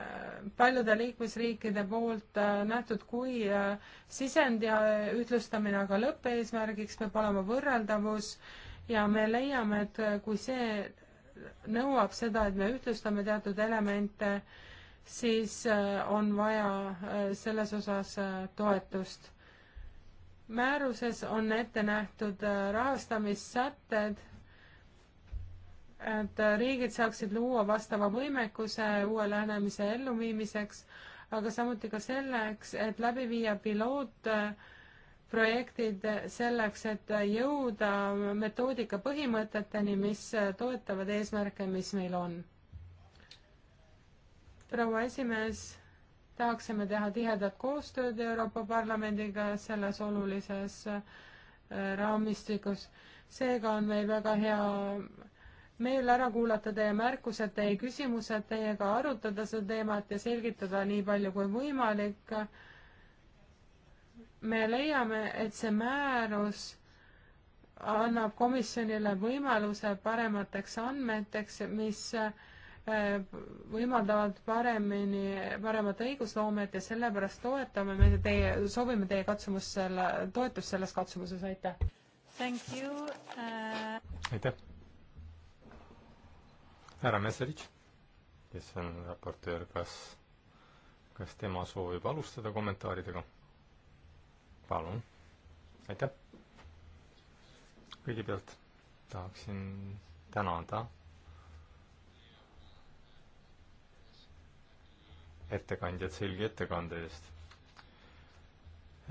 paljude liikmesriikide poolt äh, nähtud kui äh, sisend ja ühtlustamine, aga lõppeesmärgiks peab olema võrreldavus ja me leiame, et kui see nõuab seda, et me ühtlustame teatud elemente, siis on vaja selles osas toetust. määruses on ette nähtud rahastamissätted et riigid saaksid luua vastava võimekuse uue lähenemise elluviimiseks, aga samuti ka selleks, et läbi viia pilootprojektid selleks, et jõuda metoodika põhimõteteni, mis toetavad eesmärke, mis meil on. proua esimees, tahaksime teha tihedat koostööd Euroopa Parlamendiga selles olulises äh, raamistikus. seega on meil väga hea meel ära kuulata teie märkused, teie küsimused, teiega arutada seda teemat ja selgitada nii palju kui võimalik. me leiame, et see määrus annab komisjonile võimaluse paremateks andmeteks, mis eh, võimaldavad paremini, paremat õigusloomet ja sellepärast toetame me teie, soovime teie katsumust selle, toetust selles katsumuses, aitäh! Uh... aitäh! härra Meserich, kes on raportöör, kas, kas tema soovib alustada kommentaaridega? palun, aitäh! kõigepealt tahaksin tänada ettekandjad selge ettekande eest.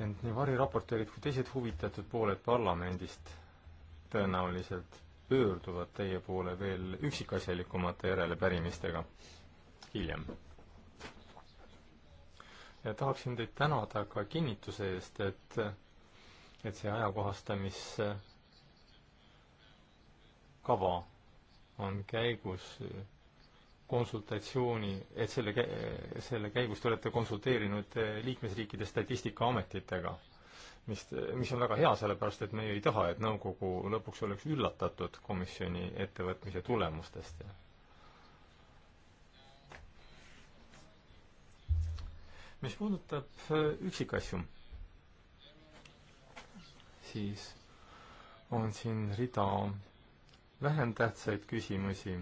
ent nii variraportöörid kui teised huvitatud pooled parlamendist tõenäoliselt pöörduvad teie poole veel üksikasjalikumate järelepärimistega hiljem. ja tahaksin teid tänada ka kinnituse eest, et, et see ajakohastamiskava on käigus konsultatsiooni, et selle, selle käigus te olete konsulteerinud liikmesriikide statistikaametitega mis, mis on väga hea, sellepärast et meie ei taha, et nõukogu lõpuks oleks üllatatud komisjoni ettevõtmise tulemustest. mis puudutab äh, üksikasju, siis on siin rida vähem tähtsaid küsimusi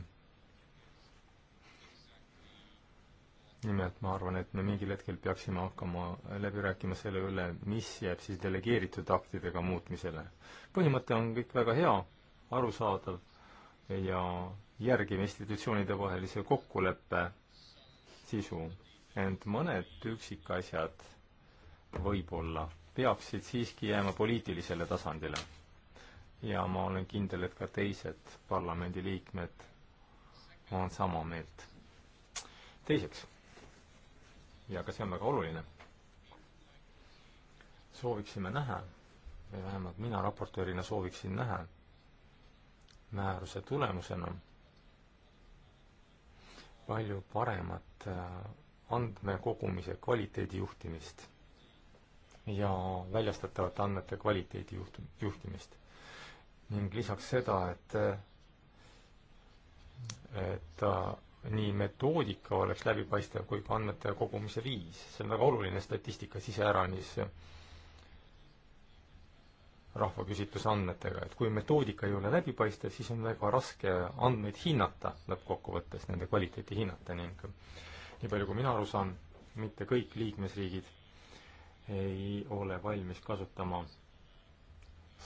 nimelt ma arvan, et me mingil hetkel peaksime hakkama läbi rääkima selle üle, mis jääb siis delegeeritud aktidega muutmisele. põhimõte on kõik väga hea, arusaadav ja järgime institutsioonide vahelise kokkuleppe sisu, ent mõned üksikasjad võib-olla peaksid siiski jääma poliitilisele tasandile. ja ma olen kindel, et ka teised parlamendiliikmed on sama meelt. teiseks ja ka see on väga oluline. sooviksime näha, või vähemalt mina raportöörina sooviksin näha määruse tulemusena palju paremat äh, andmekogumise kvaliteedi juhtimist ja väljastatavate andmete kvaliteedi juht-, juhtimist. ning lisaks seda, et äh, et äh, nii metoodika oleks läbipaistev kui ka andmete kogumise viis. see on väga oluline statistikas iseäranis rahvaküsitluse andmetega, et kui metoodika ei ole läbipaistev, siis on väga raske andmeid hinnata lõppkokkuvõttes, nende kvaliteeti hinnata ning nii palju, kui mina aru saan, mitte kõik liikmesriigid ei ole valmis kasutama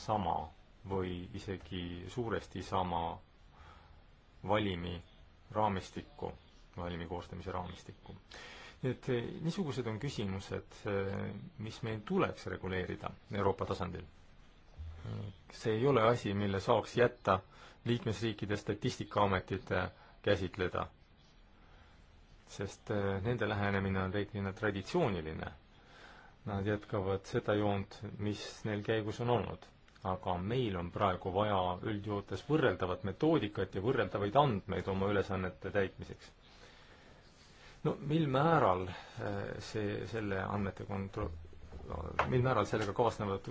sama või isegi suuresti sama valimi raamistikku, valimi koostamise raamistikku. nii et eh, niisugused on küsimused, eh, mis meil tuleks reguleerida Euroopa tasandil. see ei ole asi, mille saaks jätta liikmesriikide statistikaametite käsitleda, sest eh, nende lähenemine on reeglina traditsiooniline. Nad jätkavad seda joont, mis neil käigus on olnud aga meil on praegu vaja üldjoontes võrreldavat metoodikat ja võrreldavaid andmeid oma ülesannete täitmiseks. no mil määral eh, see, selle andmete kontro-, mil määral sellega kaasnevad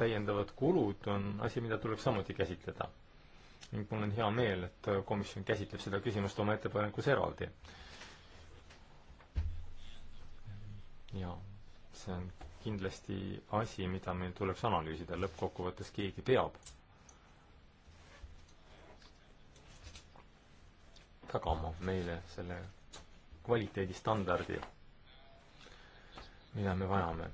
täiendavad kulud, on asi, mida tuleb samuti käsitleda. ning mul on hea meel, et komisjon käsitleb seda küsimust oma ettepanekus eraldi. jaa, see on kindlasti asi, mida meil tuleks analüüsida, lõppkokkuvõttes keegi peab. tagama meile selle kvaliteedistandardi, mida me vajame.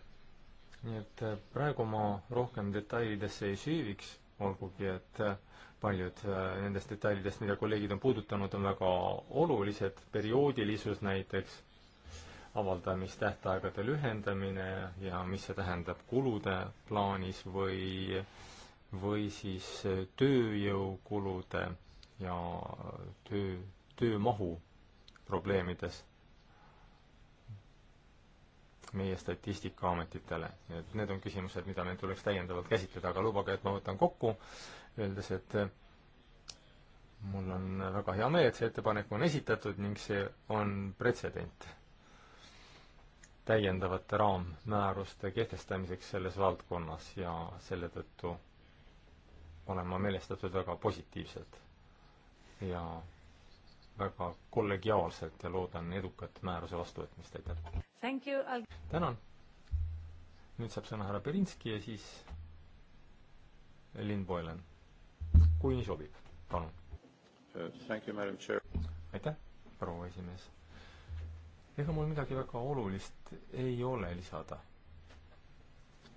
nii et äh, praegu ma rohkem detailidesse ei süüviks, olgugi et äh, paljud äh, nendest detailidest, mida kolleegid on puudutanud, on väga olulised, perioodilisus näiteks avaldamistähtaegade lühendamine ja mis see tähendab kulude plaanis või, või siis tööjõukulude ja töö, töömahu probleemides meie statistikaametitele. et need on küsimused, mida meil tuleks täiendavalt käsitleda, aga lubage, et ma võtan kokku, öeldes, et mul on väga hea meel, et see ettepanek on esitatud ning see on pretsedent täiendavate raammääruste kehtestamiseks selles valdkonnas ja selle tõttu olen ma meelestatud väga positiivselt ja väga kollegiaalselt ja loodan edukat määruse vastuvõtmist, aitäh! tänan! nüüd saab sõna härra Berinski ja siis Lynn Boylan. kui nii sobib, palun. aitäh, proua esimees ega mul midagi väga olulist ei ole lisada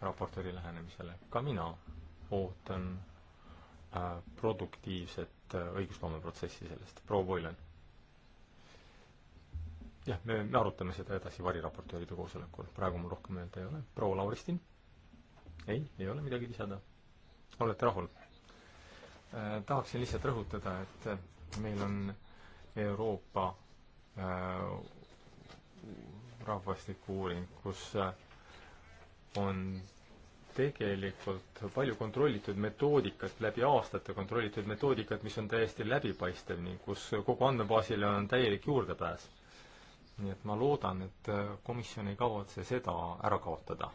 raportööri lähenemisele. ka mina ootan äh, produktiivset äh, õigusloomeprotsessi sellest. proua Boylan. jah, me, me arutame seda edasi variraportööride koosolekul, praegu mul rohkem öelda ei ole. proua Lauristin? ei, ei ole midagi lisada. olete rahul äh,? tahaksin lihtsalt rõhutada, et äh, meil on Euroopa äh, rahvastikuuuring, kus äh, on tegelikult palju kontrollitud metoodikat, läbi aastate kontrollitud metoodikat, mis on täiesti läbipaistev ning kus kogu andmebaasile on täielik juurdepääs. nii et ma loodan, et äh, komisjon ei kavatse seda ära kaotada.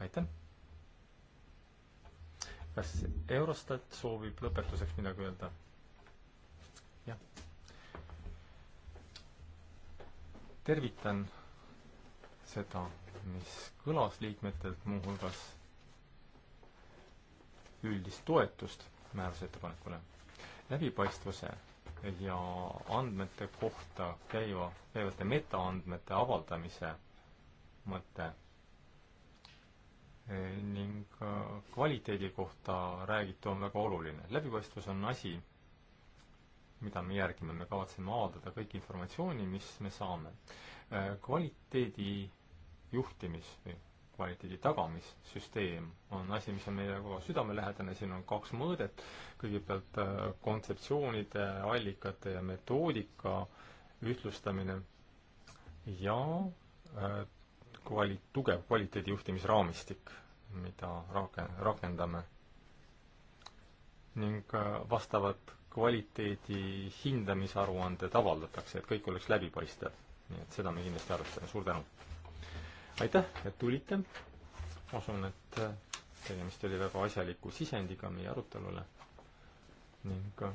aitäh! kas Eurostat soovib lõpetuseks midagi öelda? jah. tervitan seda, mis kõlas liikmetelt, muuhulgas üldist toetust määrusettepanekule. läbipaistvuse ja andmete kohta käiva, käivate metaandmete avaldamise mõte ning kvaliteedi kohta räägitu on väga oluline. läbipaistvus on asi, mida me järgime, me kavatseme avaldada kõik informatsiooni, mis me saame. Äh, kvaliteedi juhtimis või kvaliteedi tagamissüsteem on asi, mis on meile ka südamelähedane, siin on kaks mõõdet, kõigepealt äh, kontseptsioonide, allikate ja metoodika ühtlustamine ja äh, kvali-, tugev kvaliteedijuhtimisraamistik, mida rak-, rakendame. ning vastavad kvaliteedi hindamisaruanded avaldatakse, et kõik oleks läbipaistev. nii et seda me kindlasti arvestame, suur tänu! aitäh, et tulite, ma usun, et äh, tegemist oli väga asjaliku sisendiga meie arutelule ning äh,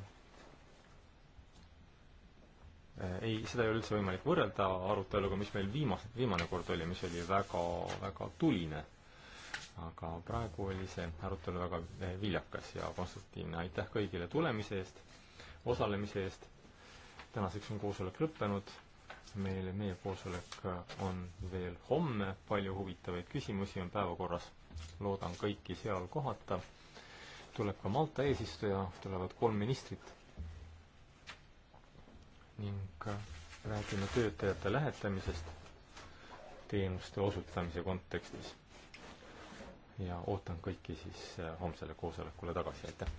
äh, ei, seda ei ole üldse võimalik võrrelda aruteluga, mis meil viimase, viimane kord oli, mis oli väga, väga tuline aga praegu oli see arutelu väga eh, viljakas ja konstruktiivne. aitäh kõigile tulemise eest, osalemise eest. tänaseks on koosolek lõppenud. meil, meie koosolek eh, on veel homme, palju huvitavaid küsimusi on päevakorras. loodan kõiki seal kohata. tuleb ka Malta eesistuja, tulevad kolm ministrit. ning eh, räägime töötajate lähetamisest teenuste osutamise kontekstis ja ootan kõiki siis eh, homsele koosolekule tagasi, aitäh!